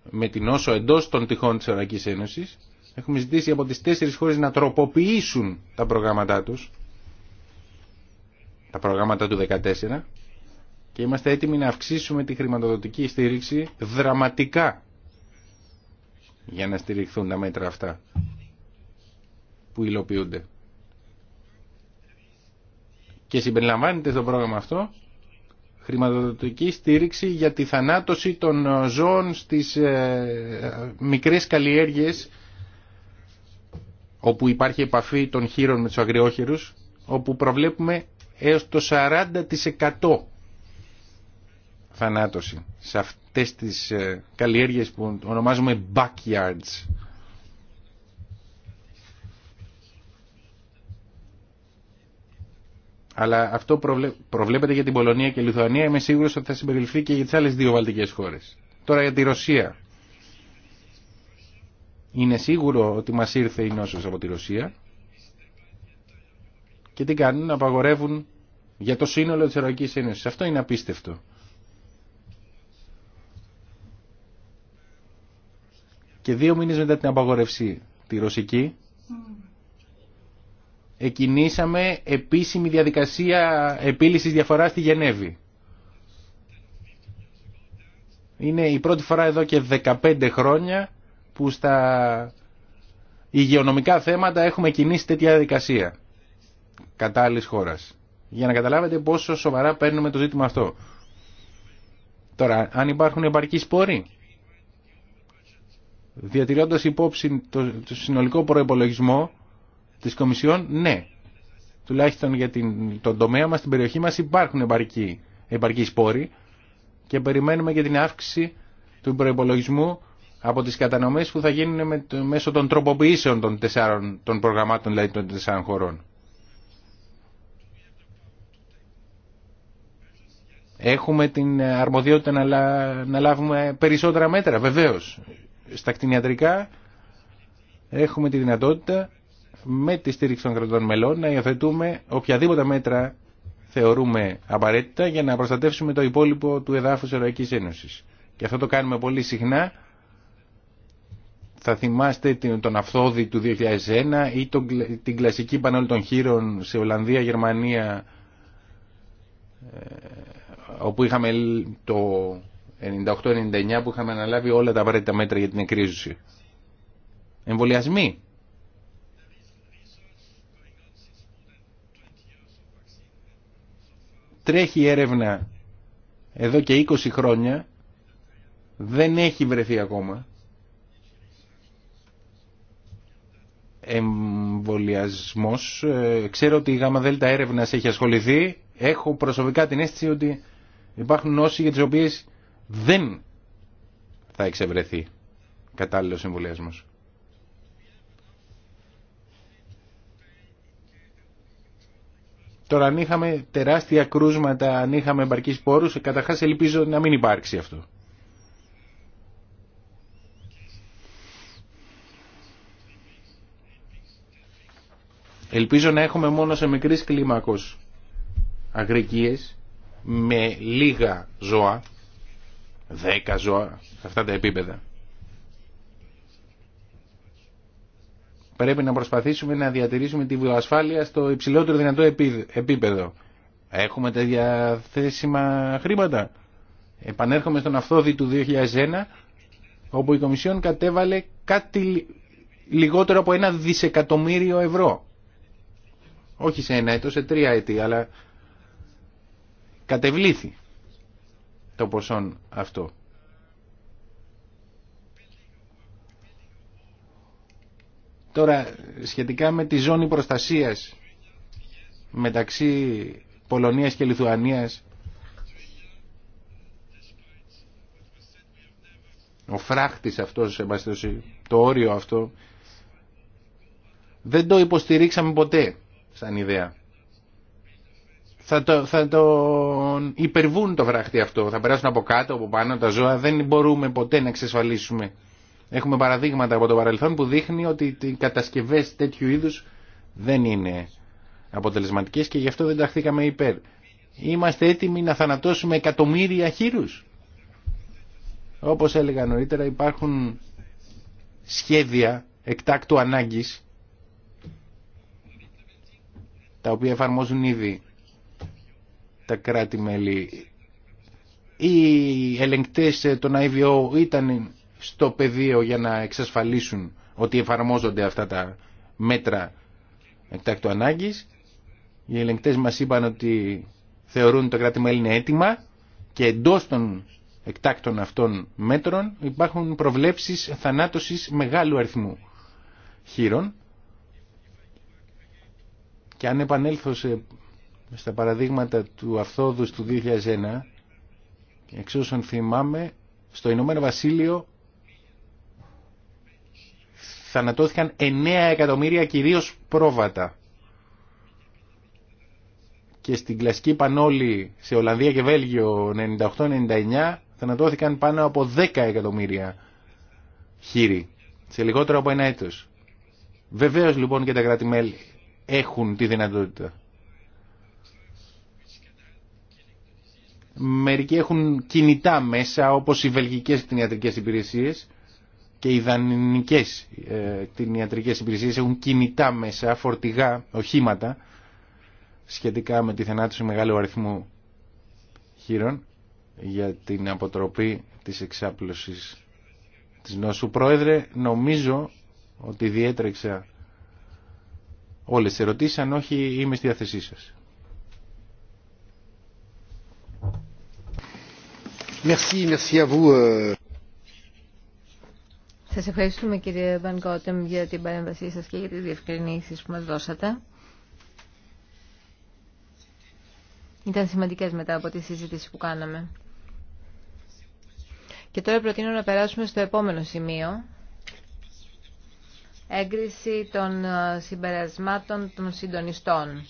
με την όσο εντός των τυχών της Ευρωπαϊκής Ένωσης, έχουμε ζητήσει από τις τέσσερις χώρες να τροποποιήσουν τα προγράμματά τους, τα προγράμματα του 2014, και είμαστε έτοιμοι να αυξήσουμε τη χρηματοδοτική στήριξη δραματικά για να στηριχθούν τα μέτρα αυτά που υλοποιούνται. Και συμπεριλαμβάνεται στο πρόγραμμα αυτό χρηματοδοτική στήριξη για τη θανάτωση των ζώων στις ε, μικρές καλλιέργειες όπου υπάρχει επαφή των χείρων με τους αγριόχειρους όπου προβλέπουμε έως το 40% θανάτωση σε αυτές τις ε, καλλιέργειες που ονομάζουμε backyards. Αλλά αυτό προβλέπεται για την Πολωνία και η Λιθουανία. Είμαι σίγουρος ότι θα συμπεριληφθεί και για τις άλλες δύο βαλτικές χώρες. Τώρα για τη Ρωσία. Είναι σίγουρο ότι μας ήρθε η νόσος από τη Ρωσία. Και τι κάνουν, απαγορεύουν για το σύνολο της Ευρωπαϊκής Ένωσης. Αυτό είναι απίστευτο. και δύο μήνες μετά την απαγορευσή τη ρωσική εκινήσαμε επίσημη διαδικασία επίλυσης διαφοράς στη Γενέβη. Είναι η πρώτη φορά εδώ και 15 χρόνια που στα υγειονομικά θέματα έχουμε κινήσει τέτοια διαδικασία κατά άλλης χώρας. Για να καταλάβετε πόσο σοβαρά παίρνουμε το ζήτημα αυτό. Τώρα, αν υπάρχουν επαρκή σπόροι, διατηρώντας υπόψη το, το συνολικό προϋπολογισμό της Κομισιόν, ναι. Τουλάχιστον για την, τον τομέα μας, την περιοχή μας υπάρχουν επαρκή, επαρκή σπόροι και περιμένουμε και την αύξηση του προϋπολογισμού από τις κατανομές που θα γίνουν μέσω των τροποποιήσεων των, τεσσάρων, των προγραμμάτων δηλαδή των τεσσάρων χωρών. Έχουμε την αρμοδιότητα να, να λάβουμε περισσότερα μέτρα, βεβαίως. Στα κτηνιατρικά έχουμε τη δυνατότητα με τη στήριξη των κρατών μελών να υιοθετούμε οποιαδήποτε μέτρα θεωρούμε απαραίτητα για να προστατεύσουμε το υπόλοιπο του εδάφους Ευρωπαϊκής Ένωσης. Και αυτό το κάνουμε πολύ συχνά. Θα θυμάστε τον Αυθόδη του 2001 ή τον, την κλασική πανόλη των χείρων σε Ολλανδία, Γερμανία, ε, όπου είχαμε το 98-99 που είχαμε αναλάβει όλα τα απαραίτητα μέτρα για την εκρίζωση. Εμβολιασμοί. Τρέχει έρευνα εδώ και 20 χρόνια. Δεν έχει βρεθεί ακόμα. Εμβολιασμός. Ε, ξέρω ότι η ΓΑΜΑ ΔΕΛΤΑ έρευνας έχει ασχοληθεί. Έχω προσωπικά την αίσθηση ότι υπάρχουν νόσοι για τις οποίες δεν θα εξευρεθεί κατάλληλο εμβολιασμό. Τώρα αν είχαμε τεράστια κρούσματα, αν είχαμε εμπαρκείς πόρους, καταρχάς ελπίζω να μην υπάρξει αυτό. Ελπίζω να έχουμε μόνο σε μικρής κλίμακος αγρικίες με λίγα ζώα Δέκα ζώα, σε αυτά τα επίπεδα. Πρέπει να προσπαθήσουμε να διατηρήσουμε τη βιοασφάλεια στο υψηλότερο δυνατό επίπεδο. Έχουμε τα διαθέσιμα χρήματα. Επανέρχομαι στον αυθόδη του 2001, όπου η Κομισιόν κατέβαλε κάτι λιγότερο από ένα δισεκατομμύριο ευρώ. Όχι σε ένα έτος, σε τρία έτη, αλλά κατεβλήθη το ποσό αυτό. Τώρα, σχετικά με τη ζώνη προστασίας μεταξύ Πολωνίας και Λιθουανίας, ο φράχτης αυτός, το όριο αυτό, δεν το υποστηρίξαμε ποτέ σαν ιδέα θα, το, θα τον υπερβούν το βράχτη αυτό. Θα περάσουν από κάτω, από πάνω τα ζώα. Δεν μπορούμε ποτέ να εξασφαλίσουμε. Έχουμε παραδείγματα από το παρελθόν που δείχνει ότι οι κατασκευές τέτοιου είδους δεν είναι αποτελεσματικές και γι' αυτό δεν ταχθήκαμε υπέρ. Είμαστε έτοιμοι να θανατώσουμε εκατομμύρια χείρους. Όπως έλεγα νωρίτερα υπάρχουν σχέδια εκτάκτου ανάγκης τα οποία εφαρμόζουν ήδη τα κράτη-μέλη. Οι ελεγκτές των IVO ήταν στο πεδίο για να εξασφαλίσουν ότι εφαρμόζονται αυτά τα μέτρα εκτάκτου ανάγκης. Οι ελεγκτές μας είπαν ότι θεωρούν το κράτη-μέλη είναι έτοιμα και εντός των εκτάκτων αυτών μέτρων υπάρχουν προβλέψεις θανάτωσης μεγάλου αριθμού χείρων. Και αν επανέλθω σε στα παραδείγματα του αυθόδους του 2001 εξ όσων θυμάμαι στο Ηνωμένο Βασίλειο θανατώθηκαν 9 εκατομμύρια κυρίως πρόβατα και στην κλασική πανόλη σε Ολλανδία και Βέλγιο 98-99 θανατώθηκαν πάνω από 10 εκατομμύρια χείρι σε λιγότερο από ένα έτος. Βεβαίως λοιπόν και τα κράτη-μέλη έχουν τη δυνατότητα Μερικοί έχουν κινητά μέσα όπως οι βελγικές κτηνιατρικές υπηρεσίες και οι δανεινικές ε, κτηνιατρικές υπηρεσίες έχουν κινητά μέσα, φορτηγά, οχήματα σχετικά με τη θανάτωση μεγάλου αριθμού χείρων για την αποτροπή της εξάπλωσης της νόσου. Πρόεδρε, νομίζω ότι διέτρεξα όλες τις ερωτήσεις, αν όχι είμαι στη διάθεσή σας. Merci, euh. Σας ευχαριστούμε κύριε Μπανκότεμ για την παρέμβασή σας και για τις διευκρινήσεις που μας δώσατε. Ήταν σημαντικές μετά από τη συζήτηση που κάναμε. Και τώρα προτείνω να περάσουμε στο επόμενο σημείο. Έγκριση των ε, συμπερασμάτων των συντονιστών.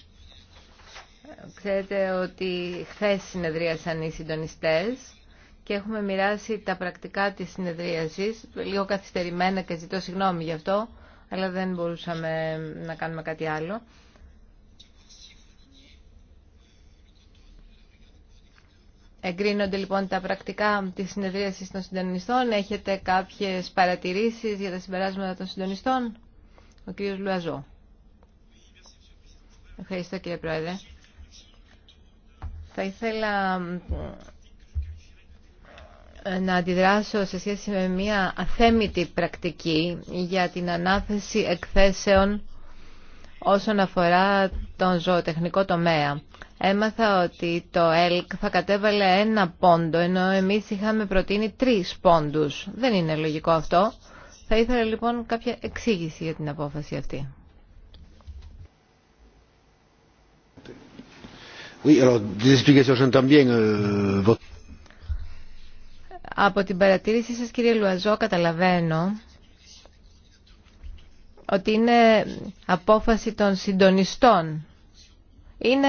Ξέρετε ότι χθες συνεδρίασαν οι συντονιστές και έχουμε μοιράσει τα πρακτικά της συνεδρίασης, λίγο καθυστερημένα και ζητώ συγγνώμη γι' αυτό, αλλά δεν μπορούσαμε να κάνουμε κάτι άλλο. Εγκρίνονται λοιπόν τα πρακτικά της συνεδρίασης των συντονιστών. Έχετε κάποιες παρατηρήσεις για τα συμπεράσματα των συντονιστών. Ο κύριος Λουαζό. Ευχαριστώ κύριε Πρόεδρε. Θα ήθελα ε, να αντιδράσω σε σχέση με μια αθέμητη πρακτική για την ανάθεση εκθέσεων όσον αφορά τον ζωοτεχνικό τομέα. Έμαθα ότι το ΕΛΚ θα κατέβαλε ένα πόντο, ενώ εμείς είχαμε προτείνει τρεις πόντους. Δεν είναι λογικό αυτό. Θα ήθελα λοιπόν κάποια εξήγηση για την απόφαση αυτή. Oui, από την παρατήρησή σας, κύριε Λουαζό, καταλαβαίνω ότι είναι απόφαση των συντονιστών. Είναι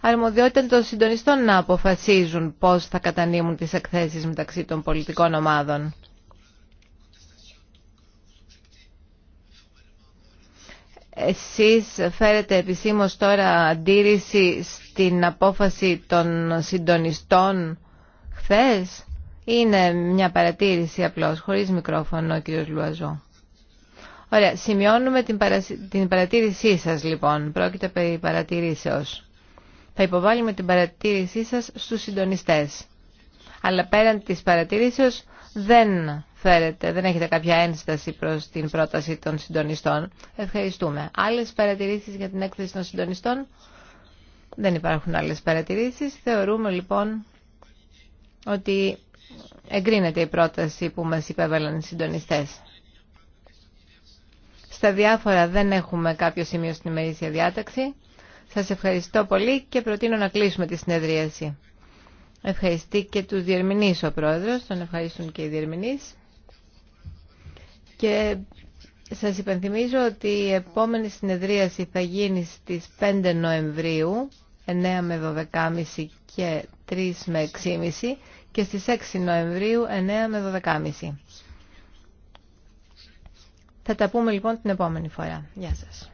αρμοδιότητα των συντονιστών να αποφασίζουν πώς θα κατανείμουν τις εκθέσεις μεταξύ των πολιτικών ομάδων. Εσείς φέρετε επισήμως τώρα αντίρρηση στην απόφαση των συντονιστών χθες. Είναι μια παρατήρηση απλώς, χωρίς μικρόφωνο, κύριος Λουαζό. Ωραία, σημειώνουμε την, την παρατήρησή σας λοιπόν. Πρόκειται περί παρατηρήσεως. Θα υποβάλουμε την παρατήρησή σας στους συντονιστές. Αλλά πέραν της παρατηρήσεως δεν φέρετε, δεν έχετε κάποια ένσταση προς την πρόταση των συντονιστών. Ευχαριστούμε. Άλλες παρατηρήσεις για την έκθεση των συντονιστών. Δεν υπάρχουν άλλες παρατηρήσεις. Θεωρούμε λοιπόν ότι εγκρίνεται η πρόταση που μας υπέβαλαν οι συντονιστές. Στα διάφορα δεν έχουμε κάποιο σημείο στην ημερήσια διάταξη. Σας ευχαριστώ πολύ και προτείνω να κλείσουμε τη συνεδρίαση. Ευχαριστεί και του διερμηνείς ο Πρόεδρος, τον ευχαριστούν και οι διερμηνείς. Και σας υπενθυμίζω ότι η επόμενη συνεδρίαση θα γίνει στις 5 Νοεμβρίου, 9 με 12.30 και 3 με 6.30 και στις 6 Νοεμβρίου 9 με 12.30. Θα τα πούμε λοιπόν την επόμενη φορά. Γεια σας.